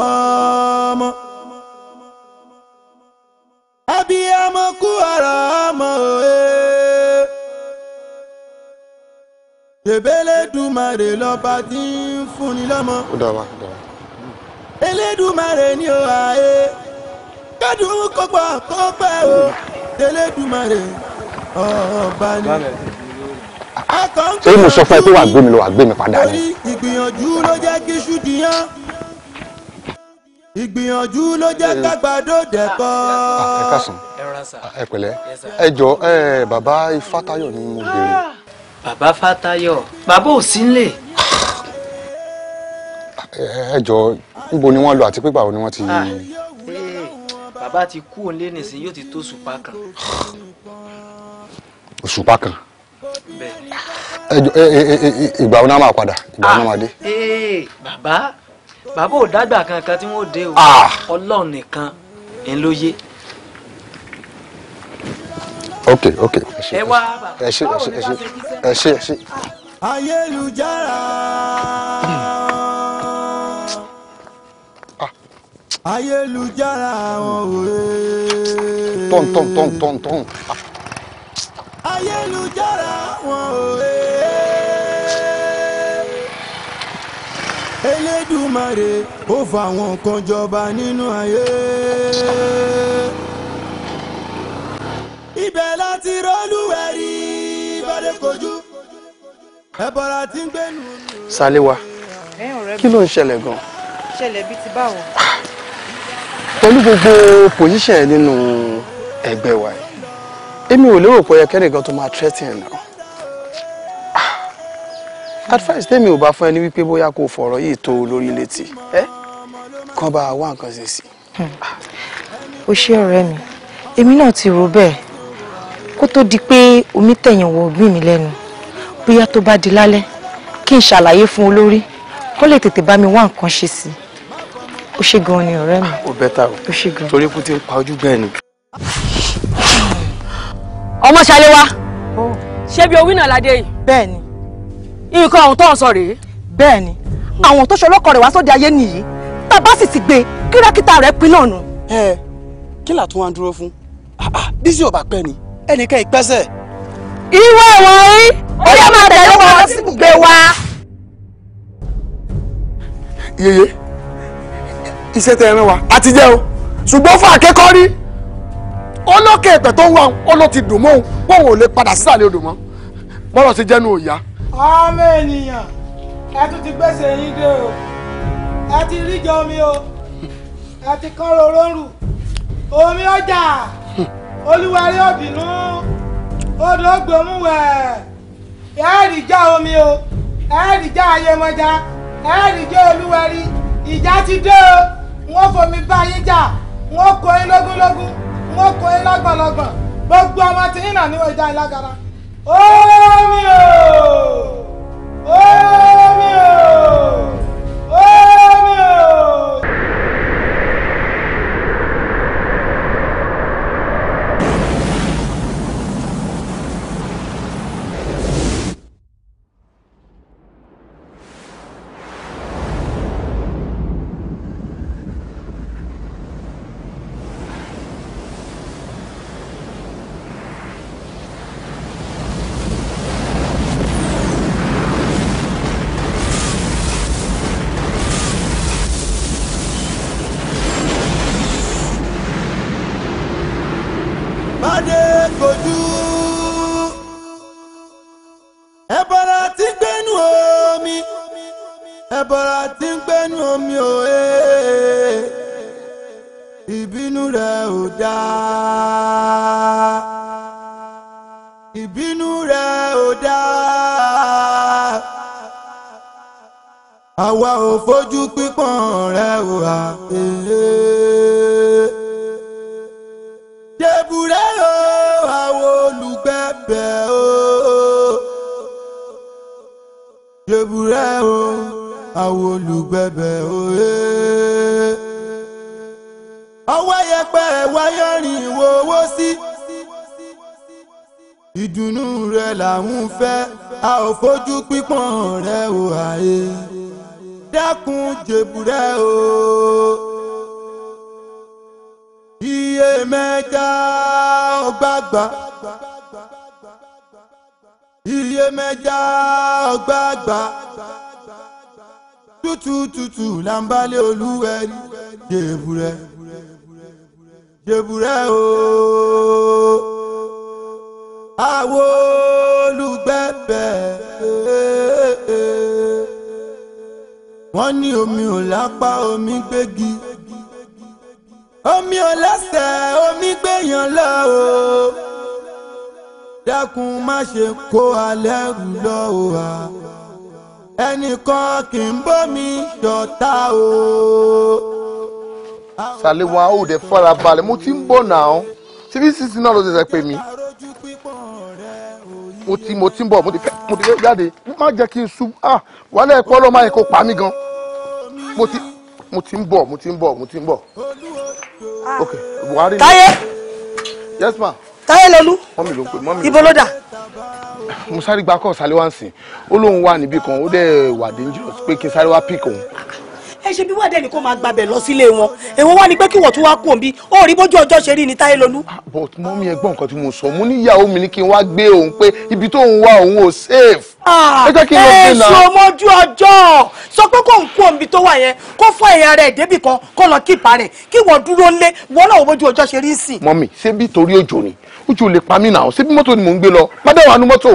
ọmọ abiyamọ kú ọ̀rọ̀ ọmọ òye ebeledumare lọba tí ń fúnni lọ́mọ. ó dà wá. elédùmarè ni kádùn kọ́gbà kọ́gbà o tẹ́lẹ̀dùmarè ọba ni. ṣé mo sọ fún ẹ pé wàá gbé mi lọ wàá gbé mi padà ni. ìgbìyànjú ló jẹ́ kí iṣu ìgbìyànjú ló jẹ́ kágbàdo dẹ̀kọ́. ẹ káàsán ẹ pẹ̀lẹ́ ẹ jọ bàbá Ifátayọ̀ ni mo béèrè. bàbá Fátayọ̀ bàbá ò sí nílé. ẹ jọ níbo ni wọ́n lọ àti pípa wo ni wọ́n ti. Ah, bàbá ti kú òun lé nìsín yóò ti tó òṣùpá kan. òṣùpá kan. bẹ́ẹ̀. ìgbà wo náà máa padà ìgbà wo náà máa dé. Ah, eh, eh, bàbá bàbá ò dágbà kankan tí wọ́n dé o ah! ọlọ́run nìkan ẹ̀ ló yé ok ok ẹ wá ẹ ṣe ẹ ṣe ẹ ṣe ẹ ṣe. ayélujára. ayélujára àwọn òwe. tọ́n tọ́n tọ́n tọ́n tọ́n. ayélujára àwọn òwe. elédùmarè ó fa àwọn kan jọba nínú ayé. ibẹ̀ láti rọ́lùwẹ̀rí ìbàdàn kojú ẹ̀bọ̀ra tí ń gbẹ́nu. Sàléwà kí ló ń ṣẹlẹ̀ gan-an. ṣẹlẹ̀ bíi ti báwo. Ah pẹ̀lú gbogbo position ẹ nínú ẹgbẹ́ wa yìí èmi ò lérò pé ẹkẹ́ nìkan tó máa threatening náà ah, advice tèmi ò bá fún ẹ ní wípé bóyá kò fọ̀rọ̀ yìí tó lórí létí ẹ kàn bá wá nǹkan ṣe sí. Hmm. o ṣé ọ̀rẹ́ mi èmi náà ti rò bẹ́ẹ̀ kó tó di pé omi tẹ̀yìn wọ ọ̀gbìn mi lẹ́nu bóyá tó bá di lálẹ́ kí n ṣàlàyé fún olórí kó lè tètè bá mi wá nǹkan ṣe sí i ó ṣe gan ni ọ̀rẹ́ mi. ó bẹ́tà o ó ṣe gan. torí kú ti pa ojú bẹ́ẹ̀ ni. ọmọ ṣalé wa ṣé bí owó náà ládé yìí. bẹ́ẹ̀ ni. nǹkan ọ̀hún tó ń sọ rèé. bẹ́ẹ̀ ni àwọn tó ṣọlọ́kọ̀ rẹ̀ wá sóde ayé nìyí tàbá sì ti gbé kírákítà rẹ̀ pin náà nù. ẹ kí là tún wá ń dúró fún ah, ah, bísí ò bá pẹ́ ni ẹnìkan ìpẹ́sẹ̀. ìwé wọ̀nyí ó yẹ máa tẹ̀lé wọn lọ sí ibùgbé wa. yeye iṣẹ́ tẹ ẹran wa àti jẹ́ o ṣùgbọ́n fún akẹ́kọ̀ọ́ rí olókè ẹ̀pẹ̀ tó ń wà ó ló ti dùn mọ́ òun wọn ò lè padà sísàlẹ̀ odò mọ́ bọ́lọ̀ ṣe jẹ́nu òòyà. àmì ènìyàn ẹ tún ti gbèsè yín dé o ẹ ti ríjọ mi o ẹ ti kán roró rù omi ọjà olúwarí òbínú odò ògbómùwẹ̀ ẹ̀ẹ́dìjà omi o ẹ̀ẹ́dìjà ayémọjà ẹ̀ẹ́dìjà olúwarí ìjà ti dé o. wọ́n fomi bá yín jà wọ́n kọ́ yín lógúnlógún wọ́n kọ́ yín lágbàlagbọ̀n gbogbo ọmọ tí yín nà ní ìjà ìlágara. ó mi ò ó mi ò. mọ́ mi ò ẹ́ ìbínú rẹ̀ ò dáa ìbínú rẹ̀ ò dáa àwa ò fojú pípọ́n rẹ̀ ò Eh. àwọn olùgbẹ̀bẹ̀ òye. ọwọ́ yẹpẹ́ wáyọ̀rìn wo owó sí. ìdùnnú rẹ làwọn fẹ́ a ò fojú pípọ́n rẹ ò àyè. dákun jèbù rẹ o. iye mẹ́ta ọgbàgbà iye mẹ́ta ọgbàgbà. Tutu tutu, là oluwe, bálé Jebure jèbùrẹ́ o àwo olùgbẹ́bẹ̀ wọ́n ní omi ò lápá omi gbégi omi ò lẹ́sẹ̀ omi gbéyàn lọ o dákun má ṣe kó alẹ́ rù lọ́wọ́ a ẹnìkan kì í bómi dọ̀tá o. sàlẹ̀wọ̀n àwọn òde fara balẹ̀ mo ti ń bọ̀ náà síbí sísí náà ló ṣẹ̀ṣẹ̀ pè mí mo ti mo ti ń bọ̀ mo ti fẹ́ jáde má jẹ́ kí n sùn ah wàhálà ẹ̀kọ́ ọlọ́mọ yẹn kò pa mí gan mo ti mo ti ń bọ̀ mo ti ń bọ̀ mo ti ń bọ̀ ok buhari ni. táyé yes ma. táyé lolú. mọ́mí ló ń pè mọ́mí ló ń pè. ibo ló dà mo sáré gba kọ́ọ̀ sálé wá ń sìn ó lóun wà níbì kan ó dẹ̀ wà dangerous pé kí n sáré wá pick òun. ẹ ṣe bí wàdẹ́ nìkan máa gbabẹ̀ lọ sílé wọn èwo wá ni pé kí wọ́n tún wá kú òun bí ó rí bójú ọjọ́ ṣe rí ni táyé lolú. Ah, but mọ́mí ẹ gbọ́ nǹkan tí mo sọ mo ní ìyàwó mi ní kí n wá gbé òun pé ibi tóun wà òun ò safe. Ah, ẹ jẹ́ kí n lọ gbé náà. èso mojú ọjọ́ sọ pé kò ń kú òun tó wà yẹn kó fọ ẹ̀yà rẹ̀ débì kan kó lọ kípa kí wọ́n dúró lé wọ́n náà wo bójú ọjọ́ ṣe rí sí. mọ́mí ṣé bí torí òjò ni ojú ò lè pa mí nà ó síbi mọ́tò ni mò ń gbé lọ mádàwà nu mọ́tò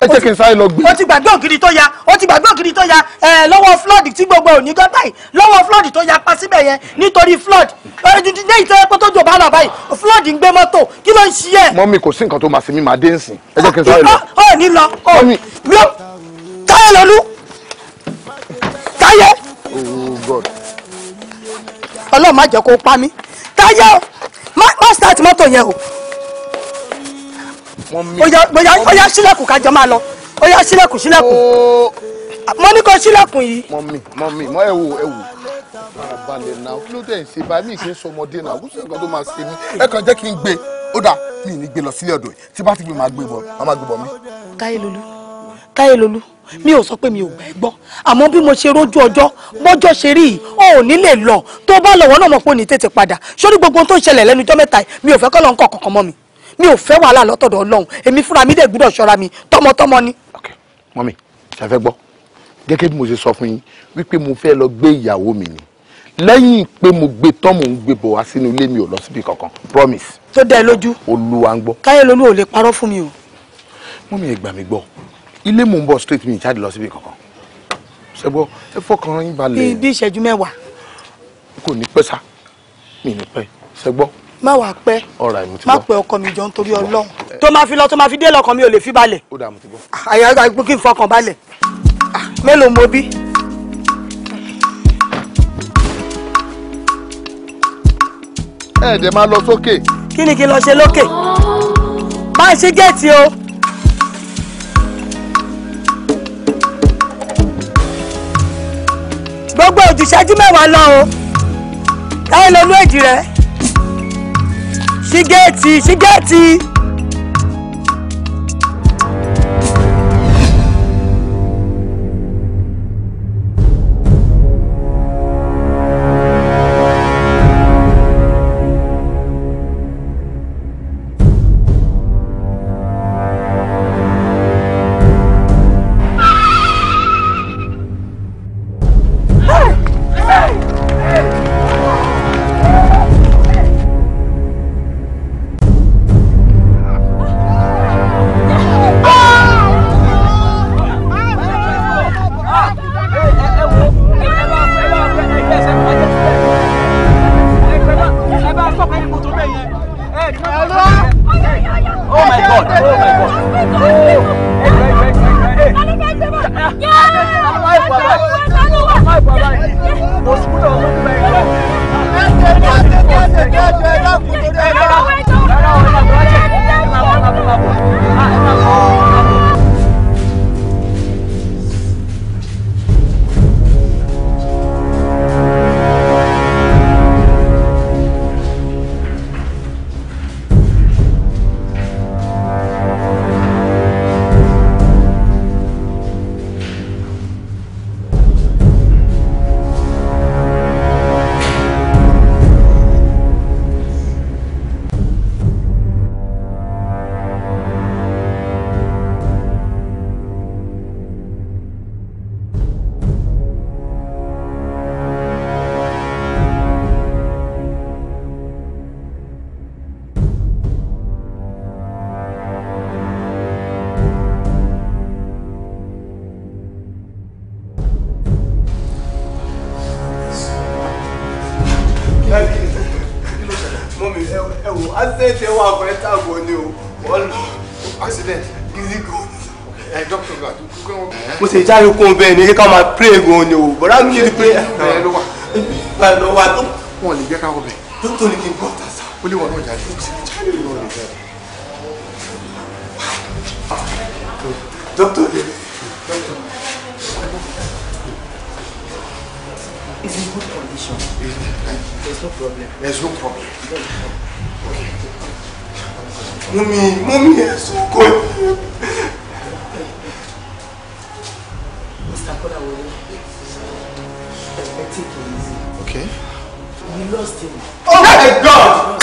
ẹ jẹ́ kí n sáré lọ gbé. ó ti gbàgbé ògiri tó ya ó ti gbàgbé ògiri tó ya ẹ lọ́wọ́ flood tí gbogbo òní gan báyìí lọ́wọ́ flood tó ya pa síbẹ̀ yẹn nítorí flood ní ìtẹ́ pé tó jò bá là báyìí flood ń gbé mọ́tò kí ló ń ṣí ẹ. mọ́mí kò sí nǹkan tó máa ṣe mí máa dé nsìn ẹ jẹ́ kí n sáré lọ. Ah, ó ní lọ ó ní lọ táyé lọ́lú táyé. Oh, ọlọ́run má jẹ́ kó pa mí táyé má start mọ́tò yẹn o bóyá bóyá bóyá sílẹ̀kùn kájọ máa lọ bóyá sílẹ̀kùn sílẹ̀kùn mo ní kó sílẹ̀kùn yìí. mọ̀mí mọ̀mí mọ̀ ẹ̀ wò ẹ̀ wò balẹ̀ náà kí ló dé ń ṣe báyìí mi kì í sọmọdé náà kó sì nǹkan tó máa ṣe mí ẹ kàn jẹ́ kí n gbé ó dà mí ní gbé lọ sílé ọ̀dọ̀ yìí tí bá ti gbé máa gbé bọ̀ máa gbé bọ̀ mí. káyélolú káyélolú mi ò sọ pé mi ò gbẹ́ gbọ́ àmọ́ bí mo ṣe rójú ọjọ́ bọ́jọ́ ṣe rí i ò ní lè lọ tó bá lọ́wọ́ náà mọ̀ pé ò ní tètè padà sórí gbogbo ohun tó ń ṣẹlẹ̀ lẹ́nu ọjọ́ mẹ́ta mi ò fẹ́ kọ́ lọ́n kọ́ kankan mọ́ mi mi ò fẹ́ wàhálà lọ́tọ̀dọ̀ ọlọ́run èmi fúnra mi dẹ̀ gbúdọ̀ ṣọ́ra mi tọmọtọmọ ni. ok mọ́mí ṣàfẹ́ gbọ́ gẹ́gẹ́ bí mo ṣe sọ fún yín wípé mo fẹ́ lọ gbé ìyàwó mi ni lẹ́yìn pé mo gbé tán mò ń gbé bọ̀ wá sínú ilé mi ò lọ síbi kankan promise. tó dẹ lójú. olúwa ń gbọ́. káyọ̀ lolú ò lè parọ́ fún mi o. mọ́mí ẹ gbà mí gbọ́ ilé mò ń bọ̀ straight mi ìjáde lọ síbi kankan ṣẹ́gbọ́ ẹ fọkàn yín balẹ̀. bí bí ìṣẹ́jú mẹ́wàá. kò ní pẹ́ sá mi ní pẹ́ ṣẹ́gbọ́ má wàá pẹ́ má pẹ́ ọkọ mi jọ nítorí ọlọ́run tó máa fi lọ tó máa fi dé lọ́kàn mi ò lè fi balẹ̀ àyà gbọ́ kí n fọkàn balẹ̀ ah, mélòó mo bí. ẹ̀ẹ́dẹ̀ máa lọ sókè. kí ni kí n lọ ṣe lókè bá ń ṣe géètì o. gbogbo òjìṣẹ́jú mẹ́wàá lọ o ẹ lọ lú èjì ṣí géètì ṣí géètì. jáde kún bẹ́ẹ̀ ni kíkọ́ máa pray gan ni o bọ́dá mi kiri pray. bẹ́ẹ̀ ló wà bẹ́ẹ̀ ló wà tó. wọn lè jẹ́ ká wọ bẹ̀. dókítà ní kí n bọ́ ọ̀tà sá. ó lè wọ náà jáde. jáde ló lè jáde. dókítà lè. It's in good condition. There's no problem. There's no problem. Okay. Mummy, mummy, it's so good. lost him. Oh my God!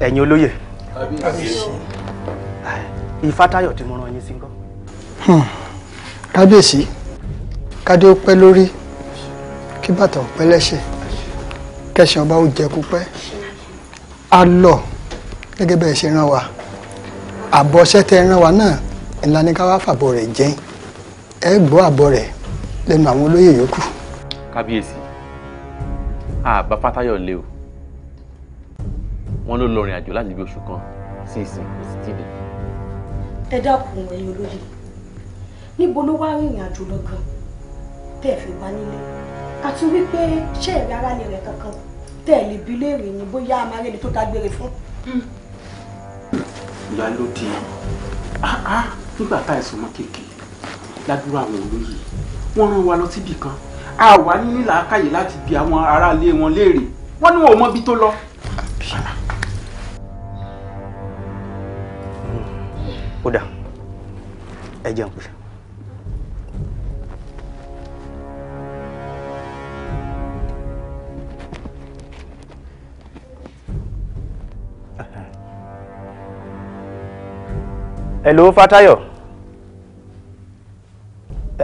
ẹ̀yin olóyè ìfátayọ̀ tí mo rán yín sí ń kọ́. Hmm. kábíyèsí kádé ó pẹ́ lórí kí bàtà ó pẹ́ lẹ́sẹ̀ kẹsàn ọba ó jẹ kúpẹ́ a lọ gẹ́gẹ́ bẹ́ẹ̀ ṣe rán wa àbọ̀ṣẹ́ tẹ rán wa náà ńlá ní ká wá fàbọ̀ rẹ̀ jẹ́ ẹ gbọ́ àbọ̀ rẹ̀ lẹ́nu àwọn olóyè yòókù. kábíyèsí àbá fátayọ̀ lé o wọn ló lọ rìn àjò láti ibi oṣù kan sí ìsìn kò sì tí ì dé. ẹ dákun ẹ̀yin olóyè níbo ló wá rìnrìn àjò lọ gan tẹ́ ẹ fi wá nílé àti wípé ṣé ẹ̀rí ara lè rẹ̀ kankan tẹ̀lé bí léèrè ni bóyá amárẹ́ni tó dágbére fún. ìyálóde ah, ah, nígbà tá àìsàn ọmọ kékeré ládùúrà àwọn olóyè wọ́n rán wa lọ síbì kan a wà ní làákàyè láti bi àwọn aráalé wọn léèrè wọ́n ní wọn ò mọbi tó lọ. ó dà ẹ jẹun kùsà. hello Fatayo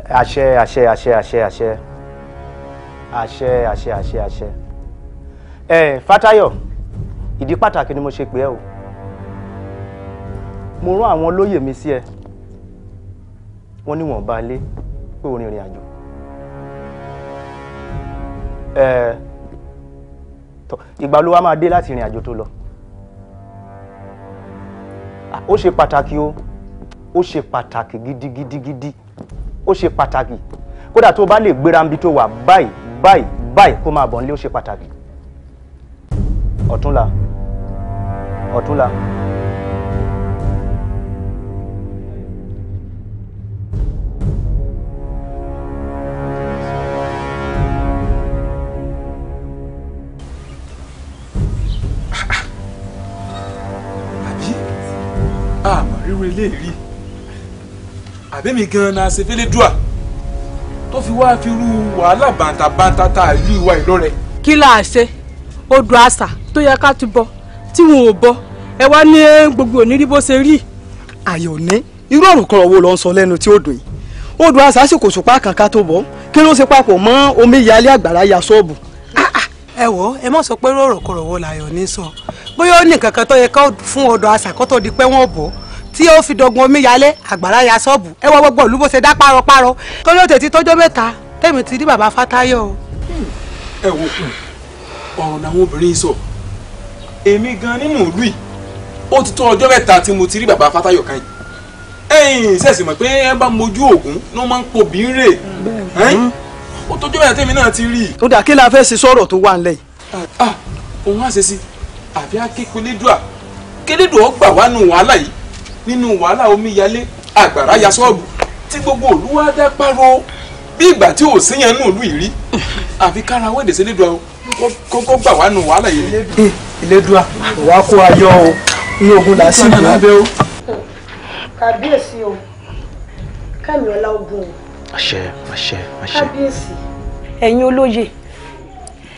àṣẹ àṣẹ àṣẹ àṣẹ àṣẹ àṣẹ àṣẹ àṣẹ àṣẹ ẹ Fatayo ìdí pàtàkì ni mo ṣe pè ẹ́ o mo rán àwọn olóyè mi sí ẹ wọ́n ní wọ́n bá lé pé o rìnrìn àjò ẹ tọ ìgbà ló wá máa dé láti rìn àjò tó lọ ó ṣe pàtàkì o ó ṣe pàtàkì gidigidigidi ó ṣe pàtàkì kódà tó o bá lè gbéra níbi tó wà báyìí báyìí báyìí kó máa bọ̀ nílé ó ṣe pàtàkì ọ̀túnla ọ̀túnla. àmọ́ ríro eléyìí àbẹ́mi gan-an náà ṣe fẹ́lẹ́ dùà tó fi wá fi rú wàhálà bàǹtàbàǹtà tá a ìlú ìwà ìlọrẹ. kí là á ṣe odò àṣà tó yẹ ká ti bọ tí wọn ò bọ ẹ wá ní gbogbo òní bó ṣe rí. àyọ̀ní irú ọ̀rọ̀ kan wo ló ń sọ lẹ́nu tí ó dùn yìí odò àṣà sì kò sùpá kankan tó bọ̀ kí ló ṣe papọ̀ mọ́ omi ìyálé àgbàrá ya ṣọ́ọ̀bù. Ah, ah, ẹ wò ẹ má sọ pé ọ̀rọ̀ kọ̀rọ̀ wo làyọ̀ ní sọ bóyá ó ní nǹkan kan tó yẹ ká fún odò àṣà kó tó di pé wọ́n bọ̀ tí ó fi dọ̀gbọ̀n omi yalé àgbàrá ya ṣọ́ọ̀bù ẹ wọ gbogbo ìlú bó ṣe dá párọpárọ torí ó tètè tọjọ́ mẹ́ta tẹ̀mí ti rí bàbá Fátáyọ̀ o. ẹ wo ọ̀rọ̀ làwọn obìnrin sọ èmi gan nínú ìlú yìí ó ti tó ọjọ́ mẹ́ta tí mo ti rí bàbá Fátáyọ̀ kan yìí ẹ̀yin ṣẹ̀sì mọ̀ pé ẹ bá mojú òògùn ní wọ́n máa ń pobì ń rè ó tọjọ́ mẹ́ta tẹ̀mí náà ti rí i. ó dà kí la fẹ́ ṣe sọ̀rọ̀ tó wà ńlẹ̀ yìí. òun á ṣe sí àbí akékulédùà kélédùà ó gbà wá nù wàhálà yìí nínú wàhálà omíyalé àgbàrá ya ṣọ́ọ̀bù tí gbogbo òlu wa dá páró bí ìgbà tí ò síyàn nù lù yìí rí àfi kára wẹ́ẹ̀dẹ̀ sí lédùá o kókó gbà wá nù wàhálà yìí. ìlédùá wàá kó ayọ̀ o ní ogun là á sì dùn abẹ́ o. kàbíyèsí o kẹ́mi ọlá ogun o. àṣẹ àṣẹ àṣẹ. kábíyèsí ẹ̀yin olóye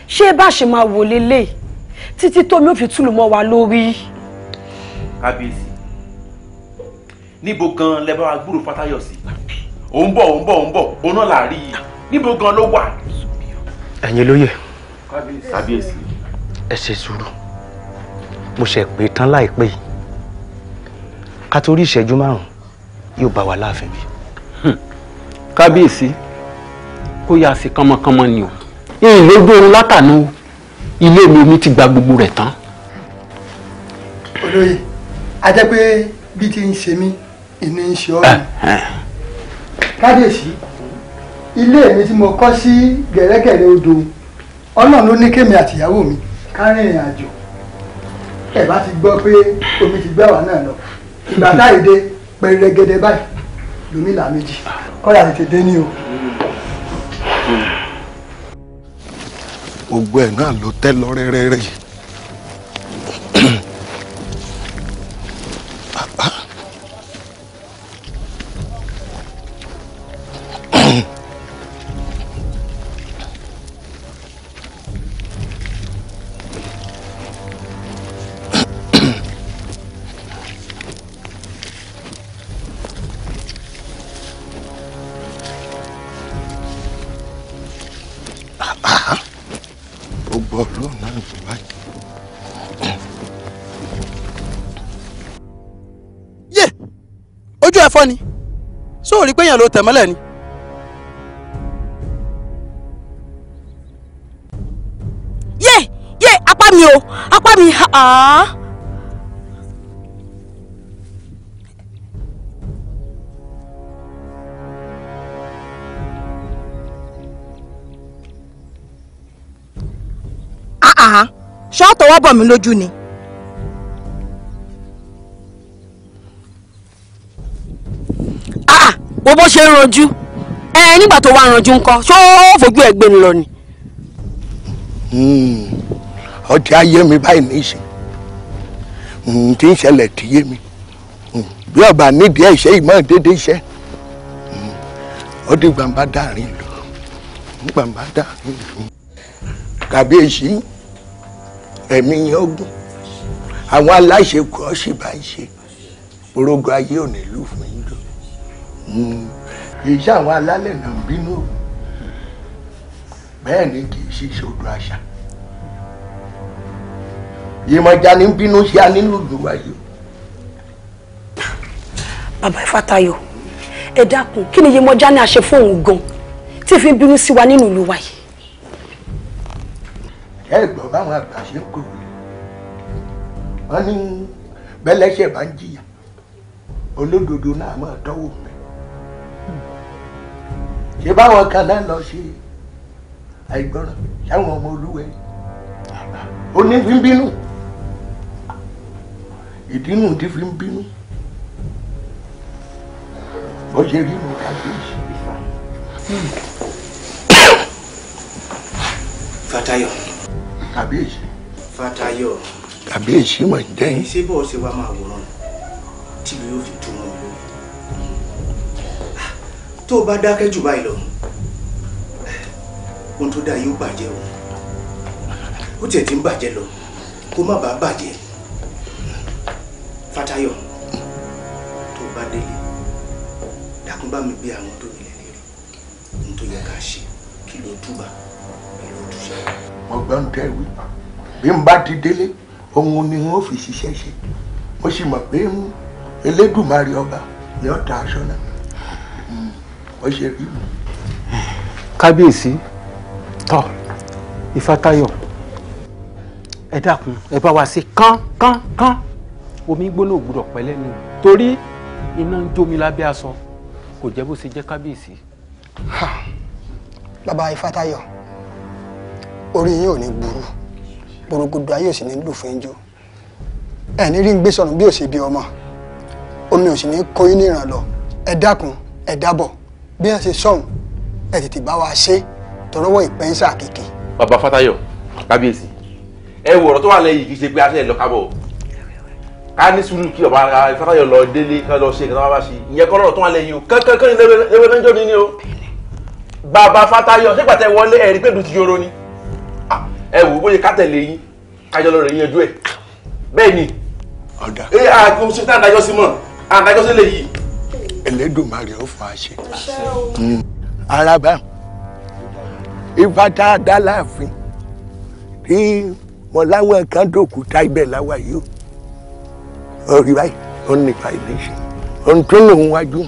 ṣé bá a ṣe máa wò lélẹ̀ títí tómi ò fi túlù mọ́ wa lórí. kábíyèsí níbo gan lẹ bá wa gbúrò Fátayọ̀ sí òun bọ̀ òun bọ̀ òun bọ̀ òun náà là rí i níbo gan ló wà. ẹ̀yin lóye kábíyèsí ẹ ṣe sùúrù mo ṣe pé tán láìpẹ́ yìí ká torí ìṣẹ́jú márùn yóò bá wa láàfin bí. kábíyèsí kó yá sí kánmọ́kánmọ́ ni o ìyìn ló gbé ohun látànú ilé mi omi ti gba gbogbo rẹ̀ tán. olóyè a jẹ́ pé bí ti ń ṣe mí ìní ń ṣe ọ́nù kábíyèsí ilé mi tí mo kọ́ sí gẹ̀rẹ́gẹ̀rẹ́ odò ọlọ́run ló ní kémi àtìyàwó mi ká rìnrìn àjò ẹ̀ bá ti gbọ́ pé omi ti gbá wà náà lọ ìgbà táyì dé pẹ̀rẹ̀gẹ̀dẹ̀ báyìí lómi là méjì kọ́ra tètè dé ní o. gbogbo ẹ̀ náà ló tẹ́ lọ yìí pé èèyàn ló tẹ̀ mọ́lẹ̀ ni. yé yé apá mi o apá mi hàn. ṣọ́ọ̀tọ̀ wá bọ̀ mí lójú ni. bó ṣe ń ranjú ẹ nígbà tó wá ranjú ńkọ́ ṣó fojú ẹ gbé ni lọ ni. Hmm. ọtí ayé mi báyìí ní í ṣe hmm, tí ń ṣẹlẹ̀ tí yé mi hmm, bí ọba nídìí ẹ̀ ṣe ìmọ̀ déédéé iṣẹ́ ó di gbàǹbá dàrin ìlú gbàǹbá dàrin ìlú kàbíyèsí ẹ̀mí yẹn ogún àwọn aláṣẹ kù ọ́ sì bá ń ṣe orogo ayé ò ní lù fún òun iṣẹ́ àwọn alálẹ̀ náà ń bínú bẹ́ẹ̀ ni kì í ṣe ìṣòro àṣà Yemọja ní bínú ṣe a nílùú ìdùnwá yìí. bàbá Ifátayọ̀ ẹ dákun kí ni Yemọja ní àṣẹ fún òun gan tí fi bínú sí wa nínú ìlú wa yìí. ẹ gbọ́ báwọn àgbà ṣe ń pè wọ́n ní bẹ́lẹ́ṣẹ̀ bá ń jìyà olódodo náà máa dánwò mi ṣé báwọn kan náà lọ ṣe àìgbọràn sáwọn ọmọ olúwẹ onífínbínú ìdínú tí fi ń bínú bó ṣe rí mo kábíyèsí. Fatayo. Kábíyèsí. Fatayo. Kábíyèsí mà ń jẹ́yìn. Ṣé bọ́ọ̀ ṣe wá máa wòran tí mi yóò fi dùn wọn? tó o bá dákẹ́ jù báyìí lọ ohun tó dáa yóò bàjẹ́ o ó tiẹ̀ ti ń bàjẹ́ lọ kó má bàa bàjẹ́ Fátayọ̀ tó o bá délé dákun bá mi bí àwọn tó nílẹ̀ lérí ohun tó yẹ ká ṣe kí ló túbà kí ló túṣe. mo gbọ́ ń tẹ́ ìwé bí n bá ti délé òun ni wọ́n fi ṣiṣẹ́ ṣe mo sì mọ̀ pé elédùnmarè ọba ni ó aṣọ náà. wọ́n ṣe rí kábíyèsí tọ ìfàtàyọ ẹ ẹ bá wa ṣe omi gbóná ò gbúdọ̀ ni torí iná ń jómi lábẹ́ aṣọ kò jẹ́ bó ṣe jẹ́ kábíyèsí. bàbá ìfàtàyọ orí yín ò ní burú gbòrògbòdò ayé ò sì ní lù ẹ ní rí ń gbé omi ò sì ní kó yín ní bí wọ́n ṣe sọ̀hún ẹ tètè bá wa ṣe tọrọwọ́ ìpẹ́ńsà kìkì. bàbá Fátayọ̀ kábíyèsí ẹ wò ọ̀rọ̀ tó wà lẹ́yìn kì í ṣe pé aṣẹ́ ẹ̀ lọ kábọ̀ ká ní sùúrù kí ọba Fátayọ̀ lọ délé ká lọ ṣe nǹkan tó bá ṣe ìyẹn kọ́ lọ́rọ̀ tó wà lẹ́yìn o kankan lẹ́wẹ́ lẹ́jọ́ ni ni o bàbá Fátayọ̀ ṣé pàtẹ́ wọlé ẹ̀rí pé dùtù yoro ni ẹ wò bóyá ká tẹ̀lé yín kájọ lọ rẹ̀ Elédùmarè ó fún àṣẹ. araba ifá tá a dá láàfin tí wọn láwọn kan dòkú tá ibẹ̀ láwa yìí ó rí báyìí ó ní ipa ìlú ṣe ohun tó lòun wájú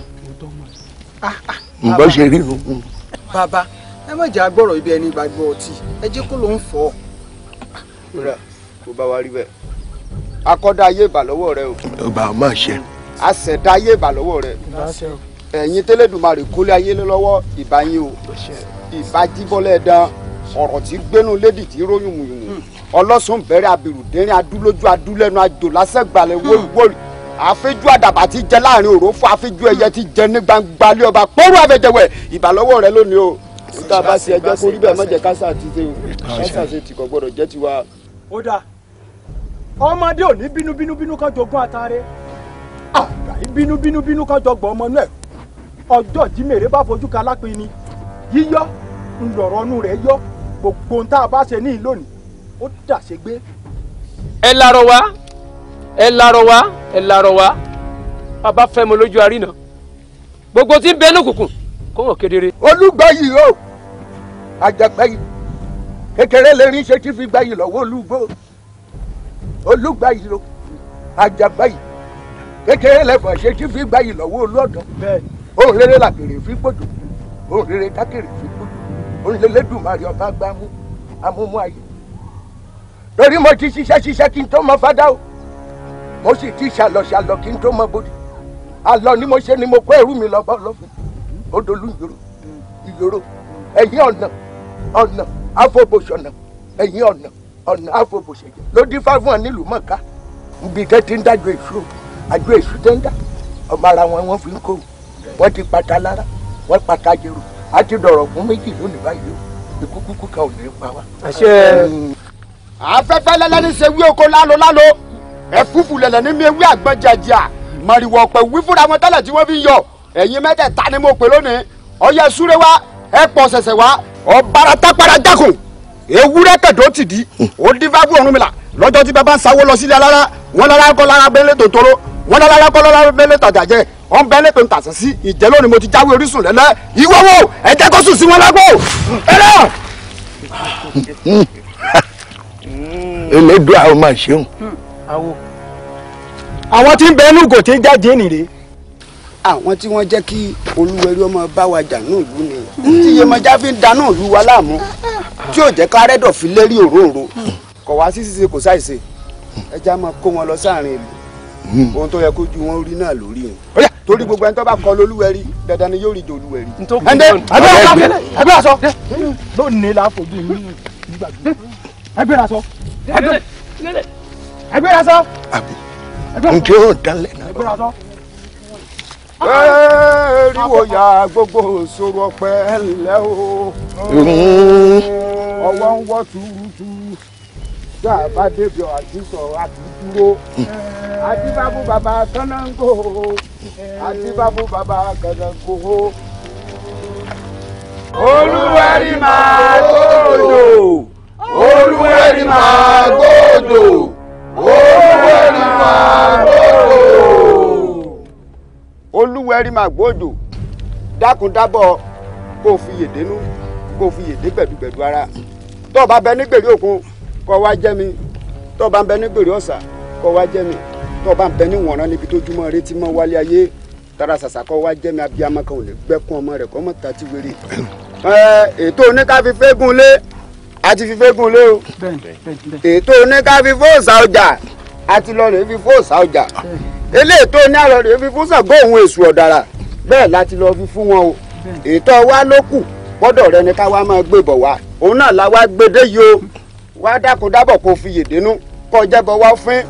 nbọ ṣe rí nu. bàbá ẹ má jà gbọ́rọ̀ ibi ẹni gbàgbọ́ ọtí ẹ jẹ́ kó ló ń fọ́. kó bá wa rí bẹ́ẹ̀ akọ́dá ayé ìbàlọ́wọ́ rẹ o. ọba ò ṣe àṣẹ̀dá ayé ìbà lọ́wọ́ rẹ̀ ẹ̀yin tẹ́lẹ̀dùmarè kólé ayé lọ́wọ́ ìbá yín o ìbá jíbọ́lẹ̀ dán ọ̀rọ̀ tí gbénu lédì tí róyún mùyùmù hmm. ọlọ́sùn bẹ̀rẹ̀ abirù dẹ́rìn adúlójú adúlẹ́nu àjò lásẹ̀gbàlẹ̀ hmm. wólúwólú àfẹ́jú àdàbà ti jẹ láàrin òrófó àfẹ́jú ẹyẹ ti jẹ ní gbangba lé ọba pọ́rú àfẹjẹwẹ̀ ìbàlọ́wọ́ rẹ lónìí o tá a bá ṣe ẹjọ́ kó rí bẹ́ẹ̀ má jẹ́ kásá ti ṣe o ṣe tìkọ̀ gbọ́dọ̀ jẹ́ tiwa. ó dáa ọmọdé ò ní bínú bínú kan jogún àtàrẹ àgbà bínú bínú bínú kan jọ gbọ́ ọmọ náà ọjọ́ jímèrè bá fojú ka lápin ni yíyọ́ ńlọrọ́nù rẹ̀ yọ gbogbo ohun tá a bá ṣe ní ìlónìí ó dàṣe gbé. ẹ larọ wa ẹ larọ wa ẹ larọ wa bàbá fẹ́ mo lójú gbogbo tí ń bẹ ní òkùnkùn kó hàn kedere. olùgbàyì o àjàgbàyì kékeré lè rí ṣe tí fi gbàyì lọ́wọ́ olùgbò olùgbàyì o àjàgbàyì kékeré lẹ́fọ̀ọ́ ṣe tí fi gbáyìí lọ́wọ́ olóòdàn òun rere làkèrè fi gbòdò òun rere dákèrè fi gbòdò òun lélẹ́dùnmarè ọba gbámú amúmú ayé torí mo ti ṣiṣẹ́ ṣiṣẹ́ kí n tó mọ fádá o mo sì ti ṣàlọ̀ṣàlọ̀ kí n tó mọ bòdì àlọ́ ni mo ṣe ni mo kó ẹrú mi lọ́bọ̀ lọ́fun odolú ìyòrò ìyòrò ẹ̀yìn ọ̀nà ọ̀nà àfọ̀bọ̀ṣọ̀nà ẹ̀yìn ọ̀nà ọ̀nà àfọ̀bọ̀ṣẹ̀jẹ̀ ló dín fáfún ọ nílùú mọ̀ká ibi tẹ́ ti ń dájọ́ ìṣòro àjọ èṣù tẹ́ńdà ọmọ ara wọn wọ́n fi ń kó wọ́n ti pata lára wọ́n pata jèrò a ti dọ̀rọ̀ fún méjì lónìí báyìí o ikú kúkú kan ò ní pa wá. afẹ́fẹ́ lẹ́lẹ́ ní ṣe wí oko lálo lálo ẹ̀fúfù lẹ̀lẹ̀ ní mi ewé àgbọn jẹjẹ màrìwò ọ̀pẹ wí fúnra wọn tẹ́lẹ̀ tí wọ́n fi ń yọ ẹ̀yin mẹ́tẹ̀ẹ̀ta ni mo pè lónìí ọyẹ súré wa ẹ pọ̀ ṣẹ̀ṣẹ̀ wa ọ̀bára tápára jákùn ewúrẹ́ kẹ̀dọ́ ti di ó dín fáfún ọ̀run mi là lọ́jọ́ tí bàbá ń sáwó lọ sílé alára wọn lára kọ́ lára abẹ́lé tòótọ́rọ́ wọn lọ́la kọ́lọ́la mẹ́lẹ́ tàjà jẹ wọn bẹ lẹ́pẹ̀ ń tàṣẹ sí ìjẹ́ lónìí mo ti jáwé orísun lẹ́lẹ́ ìwọ́ wo ẹ jẹ́ kó sùn sí wọn lágbo ẹ lọ. elédùn àwọn máa ṣeun. àwọn tí ń bẹ inú gòtè jáde nìyẹn àwọn tí wọ́n jẹ́ kí olúwẹ̀rí ọmọ bá wa jà náà lù ní tí Yemọja fi ń da náà lù wa láàmú tí ò jẹ́ ká rẹ́dọ̀ fi lérí òróǹro kọ̀ wá sí ṣíṣe kò ṣàìṣe ẹja máa kó wọn lọ sáàrin ìlú ohun tó yẹ kó ju wọn rí náà lórí o torí gbogbo ẹni tó bá kọ lólúwẹrí dandan ni yóò rí dolúwẹrí. ẹnde ẹgbẹ́ aṣọ ẹgbẹ́ aṣọ lónìí la fojú yín nígbàgbọ́ ẹgbẹ́ aṣọ ẹgbẹ́ aṣọ. ǹjẹ́ ò dalẹ̀ náà. ẹgbẹ́ aṣọ. eriwo gbogbo sọ̀rọ̀ pẹ́ o ọwọ́ ń wọ́ tuurutu tá a bá débi ọ̀hún sọ̀rọ̀ àti dúró àti bábú bàbá kánáńgò àti bábú bàbá kánáńgò. olúwẹ̀rí máa gbòdò olúwẹ̀rí máa gbòdò olúwẹ̀rí máa gbòdò. olúwẹ̀rí máa gbòdò dákúndábọ̀ kó fi yèdénú kó fi yèdé gbẹ̀dúgbẹ̀dú ara tó o bá bẹ ní gbèrè òkun kọ́ wá jẹ́ mi tó bá ń bẹ ní gbèrè ọ̀sà kọ́ wá jẹ́ mi tó bá ń bẹ ní wọ̀nrán níbi tó júmọ́ retí mọ́ wálé ayé tara sàṣà kọ́ wá jẹ́ mi abiyamọ kan ò lè gbẹ́kún ọmọ rẹ̀ kọ́ mọ́ ta ti wéré. ètò oníká fi fẹ́gun lé àti fi fẹ́gun lé o ètò oníká fi fóòsà ọjà àti lọ rèé fi fóòsà ọjà eléyìí tó ní àlọ́ rèé fi fóòsà gbóhùn èṣù ọ̀dàrà bẹ́ẹ̀ láti lọ fi fún wọn o ètò wa ló kù gbọ́dọ̀ rẹ ni ká wá máa gbé bọ̀ wá òun náà la wá gbé dé yìí o wá dákun dábọ̀ kó fi yèdénú kó jẹ́bọ wá fín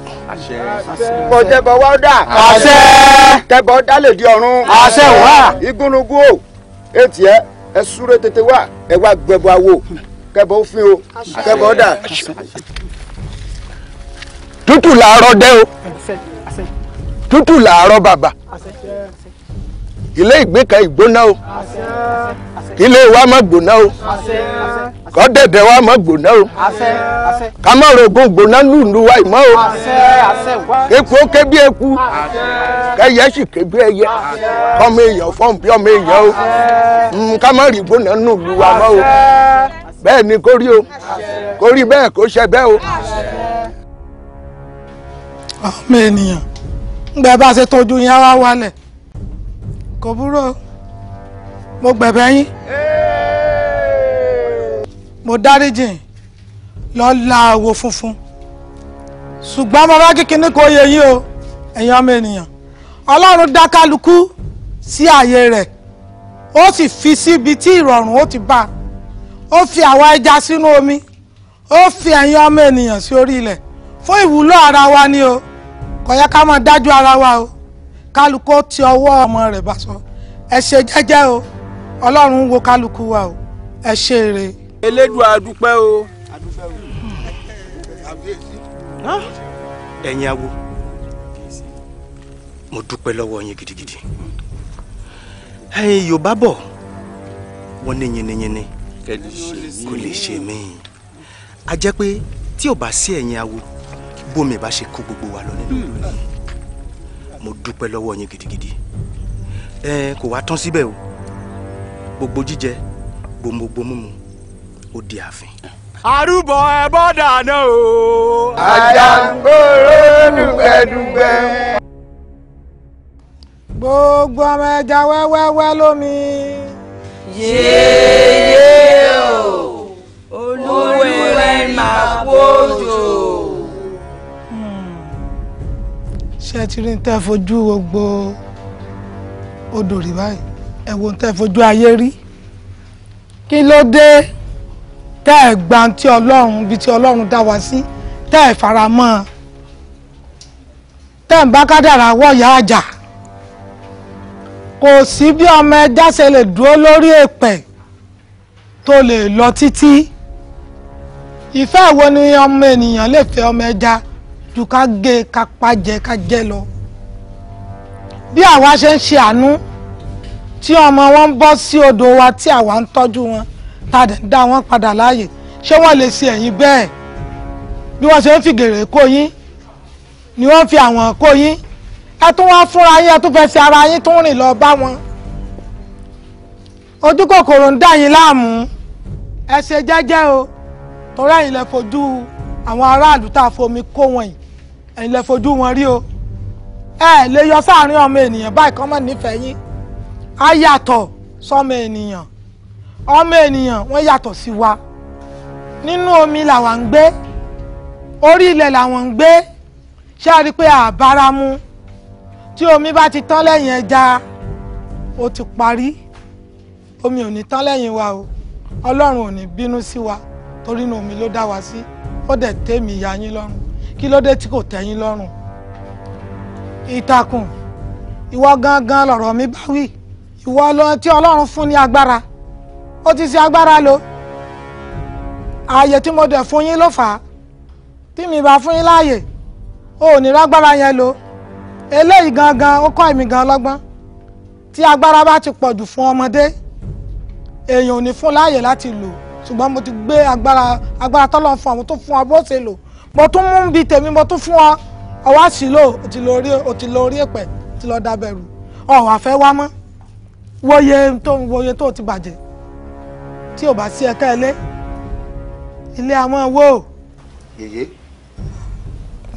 kó jẹ́bọ wá dà àṣẹ dálè di ọ̀run àṣẹ o etí ẹ ẹ súré tètè wá ẹ wá gbẹbọ awo kẹbọ fín o kẹbọ dà tútù làárọ̀ dẹ́ o tútù làárọ̀ bàbà. ilé ìgbé ka ìgbóná o wa má gbóná o kọ́ wa má gbóná o gbóná lùlù wa ìmọ̀ o eku ó eku kẹyẹ sì ẹyẹ ọmọ èèyàn fọ́n bí ọmọ èèyàn o mm, gbóná o bẹ́ẹ̀ ni o bẹ́ẹ̀ kó o. ọmọ ènìyàn ń a ṣe toju yín á wá wálẹ̀. kò búrò mo gbẹ̀bẹ̀ yín mo dáríjì lọ́ọ́ la àwo funfun ṣùgbọ́n mo bá kíkiní kò yẹ yín o ẹ̀yin ọmọ ènìyàn ọlọ́run dá kálukú sí ààyè rẹ̀ ó sì fi síbi tí ìrọ̀rùn ó ti bá ó fi àwa ẹja sínú omi ó fi ẹ̀yin ọmọ ènìyàn sí orí ilẹ̀ fún ìwúlò ara wa ni o kò ká máa dájú ara wa o kálukú ó ti ọwọ́ ọmọ rẹ̀ bá sọ ẹ ṣe jẹ́jẹ́ o ọlọ́run wo kálukú wa o ẹ ṣe eré. elédùn àdúpẹ́ o. ẹ̀yin awo mo dúpẹ́ lọ́wọ́ yín gidigidi ẹ̀yin yorùbá bọ̀ wọ́n ní yinniyinni kò lè ṣe mí a jẹ́ pé tí ò bá sí ẹ̀yin awo bómi bá ṣe kó gbogbo wa lọ nínú ìlú mo dúpẹ́ lọ́wọ́ yín gidigidi ẹ kò wá tán síbẹ̀ o gbogbo jíjẹ gbogbo mímu ó di ààfin. arúbọ ẹbọ dáná o. àjà ń gbòòrò dùgbẹ́dùgbẹ́. gbogbo ọmọ ẹja wẹ́wẹ́wẹ́ lómi. yéèyé o olúwẹ̀ẹ́ máa wọ́jú. ṣé ti rí tẹ́ fojú gbogbo odò rí báyìí ẹ wo tẹ́ fojú ayé rí kí ló dé tẹ́ ẹ̀ gba ti ọlọ́run bíi ti ọlọ́run dá wa sí tẹ́ ẹ̀ fara mọ́ ọ tẹ́ ń bá kádàrá wọ̀yá àjà kò sí bí ọmọ ẹja ṣe lè dúró lórí èpẹ̀ tó lè lọ títí ìfẹ́ wo ni ọmọ ènìyàn lè fẹ́ ọmọ ẹja ju ká gé ká pàjẹ́ ká jẹ́ lọ bí àwa ṣe ń ṣe àánú tí ọmọ wọn ń bọ́ sí odò wa tí àwa ń tọ́jú wọn t'a dẹ̀ ń dá wọn padà láàyè ṣé wọ́n lè ṣe ẹ̀yìn bẹ́ẹ̀ bí wọ́n ṣe ń fi gèrè kó yín ni wọ́n fi àwọn kó yín ẹ tún wá fúnra yín ẹ tún fẹ́ ṣe ara yín tún rìn lọ bá wọn ojú kòkòrò ń dà yín láàmú ẹ ṣe jẹ́jẹ́ o torí ẹ̀yin fojú àwọn aráàlú tá a fomi kó wọn yìí ẹ̀yin lè fojú wọn rí o ẹ lè yọ sáàrin ọmọ ènìyàn báyìí kọ́ mọ̀ nífẹ̀ẹ́ yín á yàtọ̀ sọmọ ènìyàn ọmọ ènìyàn wọ́n yàtọ̀ sí wa nínú omi làwọn ń gbé orí ilẹ̀ làwọn ń gbé ṣé a rí i pé àbára mu tí omi bá ti tán lẹ́yìn ẹja ó ti parí omi ò ní tán lẹ́yìn wa o ọlọ́run ò ní bínú sí wa torí inú omi ló dá wa sí. Si ó dẹ̀ tẹ́mi ìyá yín lọ́rùn kí ló dé tí kò tẹ́yín lọ́rùn ìtàkùn ìwọ gangan lọ̀rọ̀ mi bá wí ìwọ lọ́n tí ọlọ́run fún ní agbára ó ti ṣe agbára lò ààyè tí mo dẹ̀ fún yín ló fà á tí mi bá fún yín láàyè o ò ní lágbára yẹn lò eléyìí gangan ó kọ́ èmi gan lọ́gbọ́n tí agbára bá ti pọ̀jù fún ọmọdé èèyàn ò ní fún láàyè láti lò ṣùgbọ́n mo ti gbé agbára agbára tọ́lọ̀ fún àwọn tó fún wa bó ṣe lò mo tún mú bíi tèmi mo tún fún wa ọwọ́ àṣìlò ò ti lọ orí èpẹ̀ ti lọ dábẹ̀rù ọ̀hún àfẹ́ wá mọ́ wòye tó wòye tó ti bàjẹ́ tí ò bá sí ẹ̀ka ilé ilé àwọn wo. yèyé.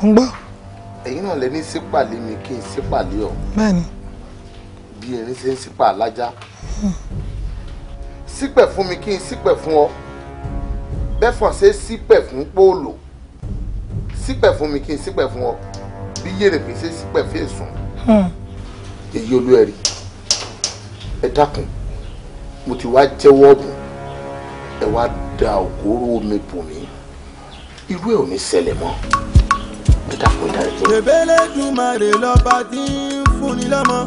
ń gbọ́. ẹ̀yin náà lè ní sípàlì mi kí n sípàlì ọ̀. bẹ́ẹ̀ni. bí erin ṣe ń sípà sípẹ̀ fún mi kí n sípẹ̀ fún ọ bẹ́fọ̀n ṣe sípẹ̀ fún póòlò sípẹ̀ fún mi kí n sípẹ̀ fún ọ bí yèrèpè ṣe sípẹ̀ fún èsùn hmm. èyí olú ẹ dákun mo ti wá jẹ́wọ́ ọ̀dùn ẹ wá da òkúrò omi bù mí irú ẹ̀ ò ní ṣẹlẹ̀ mọ́ ẹ dákun ìdarí jẹ́. Elédùmarè lọ́ba tí ń fúnni lọ́mọ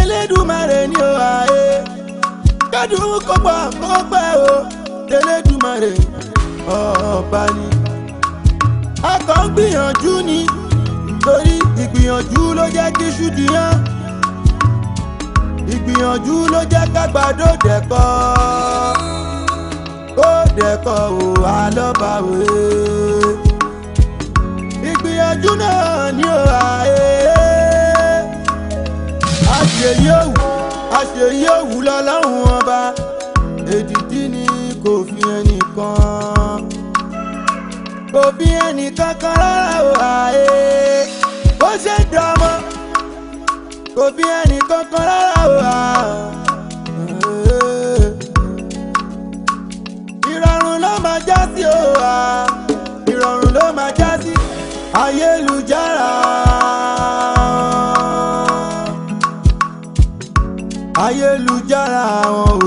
Elédùmarè ni ó wà é. Eh kádùn kó pọ̀ kó pẹ́ o Elédùmarè ọba ni. a kàn ń gbìyànjú ni torí ìgbìyànjú ló jẹ́ kí iṣu dìyàn ìgbìyànjú ló jẹ́ kágbàdo dẹ̀kọ́ kó dẹ̀kọ́ o àlọ́bàwé ìgbìyànjú náà ni ó hà é eh. àṣeyọ̀wò ṣe yóò wù lọ́lọ́run ọba èdìdí ni kò fi ẹnìkan kò fi ẹnìkan kan rárá o àyè bó ṣe ń dọmọ kò fi ẹnìkan kan rárá o àyè ìrọ̀rùn ló máa já o àyè ìrọ̀rùn ló máa já ayélu. ayélujára wọn